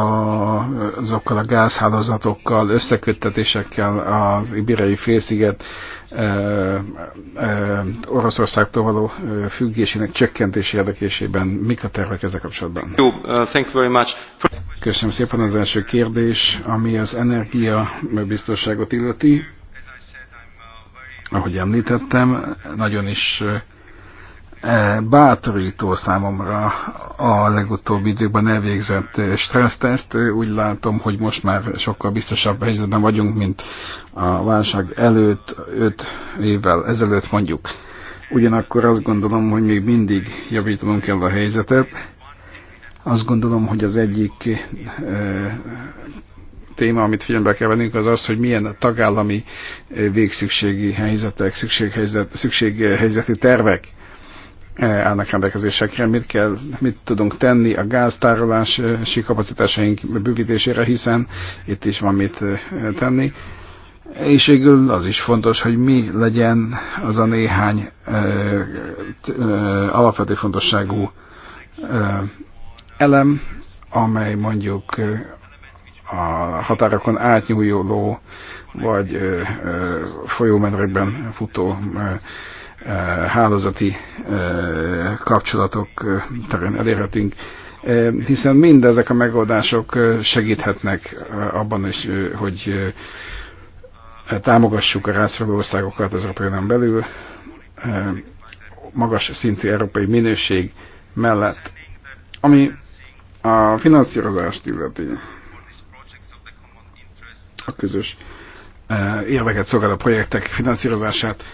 azokkal a gázhálózatokkal, összeköttetésekkel az Ibirei félsziget e, e, Oroszországtól való függésének csökkentés érdekésében. Mik a tervek ezzel kapcsolatban? Jó, thank you very much. Köszönöm szépen az első kérdés, ami az energia biztonságot illeti. Ahogy említettem, nagyon is bátorító számomra a legutóbbi időben elvégzett stressztest. Úgy látom, hogy most már sokkal biztosabb helyzetben vagyunk, mint a válság előtt, 5 évvel ezelőtt mondjuk. Ugyanakkor azt gondolom, hogy még mindig javítanunk kell a helyzetet. Azt gondolom, hogy az egyik e, téma, amit figyelembe kell vennünk, az az, hogy milyen tagállami végszükségi helyzetek, szükséghelyzet, szükséghelyzeti tervek E, állnak rendelkezésekre, mit kell, mit tudunk tenni a gáztárolási kapacitásaink bővítésére, hiszen itt is van mit e, tenni. És végül az is fontos, hogy mi legyen az a néhány e, alapvető fontosságú elem, amely mondjuk a határokon átnyújuló vagy folyómedrekben futó ö, hálózati kapcsolatok terén elérhetünk, hiszen mindezek a megoldások segíthetnek abban is, hogy támogassuk a rászoruló országokat az Európai Unión belül, magas szintű európai minőség mellett, ami a finanszírozást illeti a közös érdeket szolgáló projektek finanszírozását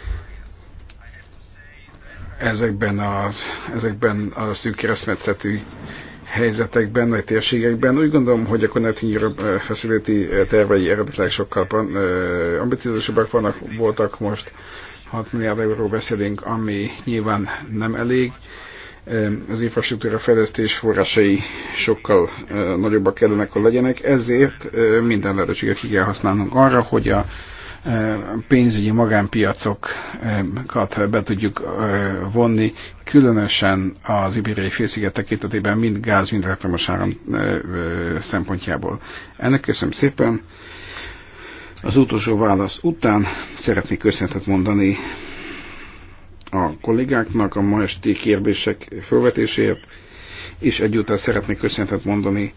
ezekben, az, ezekben a szűk keresztmetszetű helyzetekben, vagy térségekben. Úgy gondolom, hogy a Connecting Europe eh, Facility eh, tervei eredetileg sokkal eh, ambiciózusabbak vannak, voltak most 6 milliárd euró beszélünk, ami nyilván nem elég. Az infrastruktúra fejlesztés forrásai sokkal nagyobbak kellene, hogy legyenek, ezért minden lehetőséget ki kell használnunk arra, hogy a pénzügyi magánpiacokat be tudjuk vonni, különösen az ibériai félsziget tekintetében mind gáz, mind elektromos áram szempontjából. Ennek köszönöm szépen. Az utolsó válasz után szeretnék köszönetet mondani a kollégáknak a ma esti kérdések felvetéséért, és egyúttal szeretnék köszönetet mondani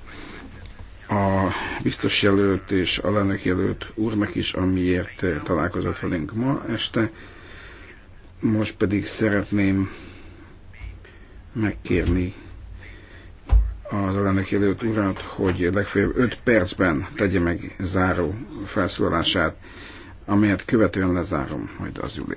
a biztos jelölt és a lelnök jelölt úrnak is, amiért találkozott velünk ma este. Most pedig szeretném megkérni az elnök jelölt urat, hogy legfeljebb 5 percben tegye meg záró felszólalását, amelyet követően lezárom majd az ülés.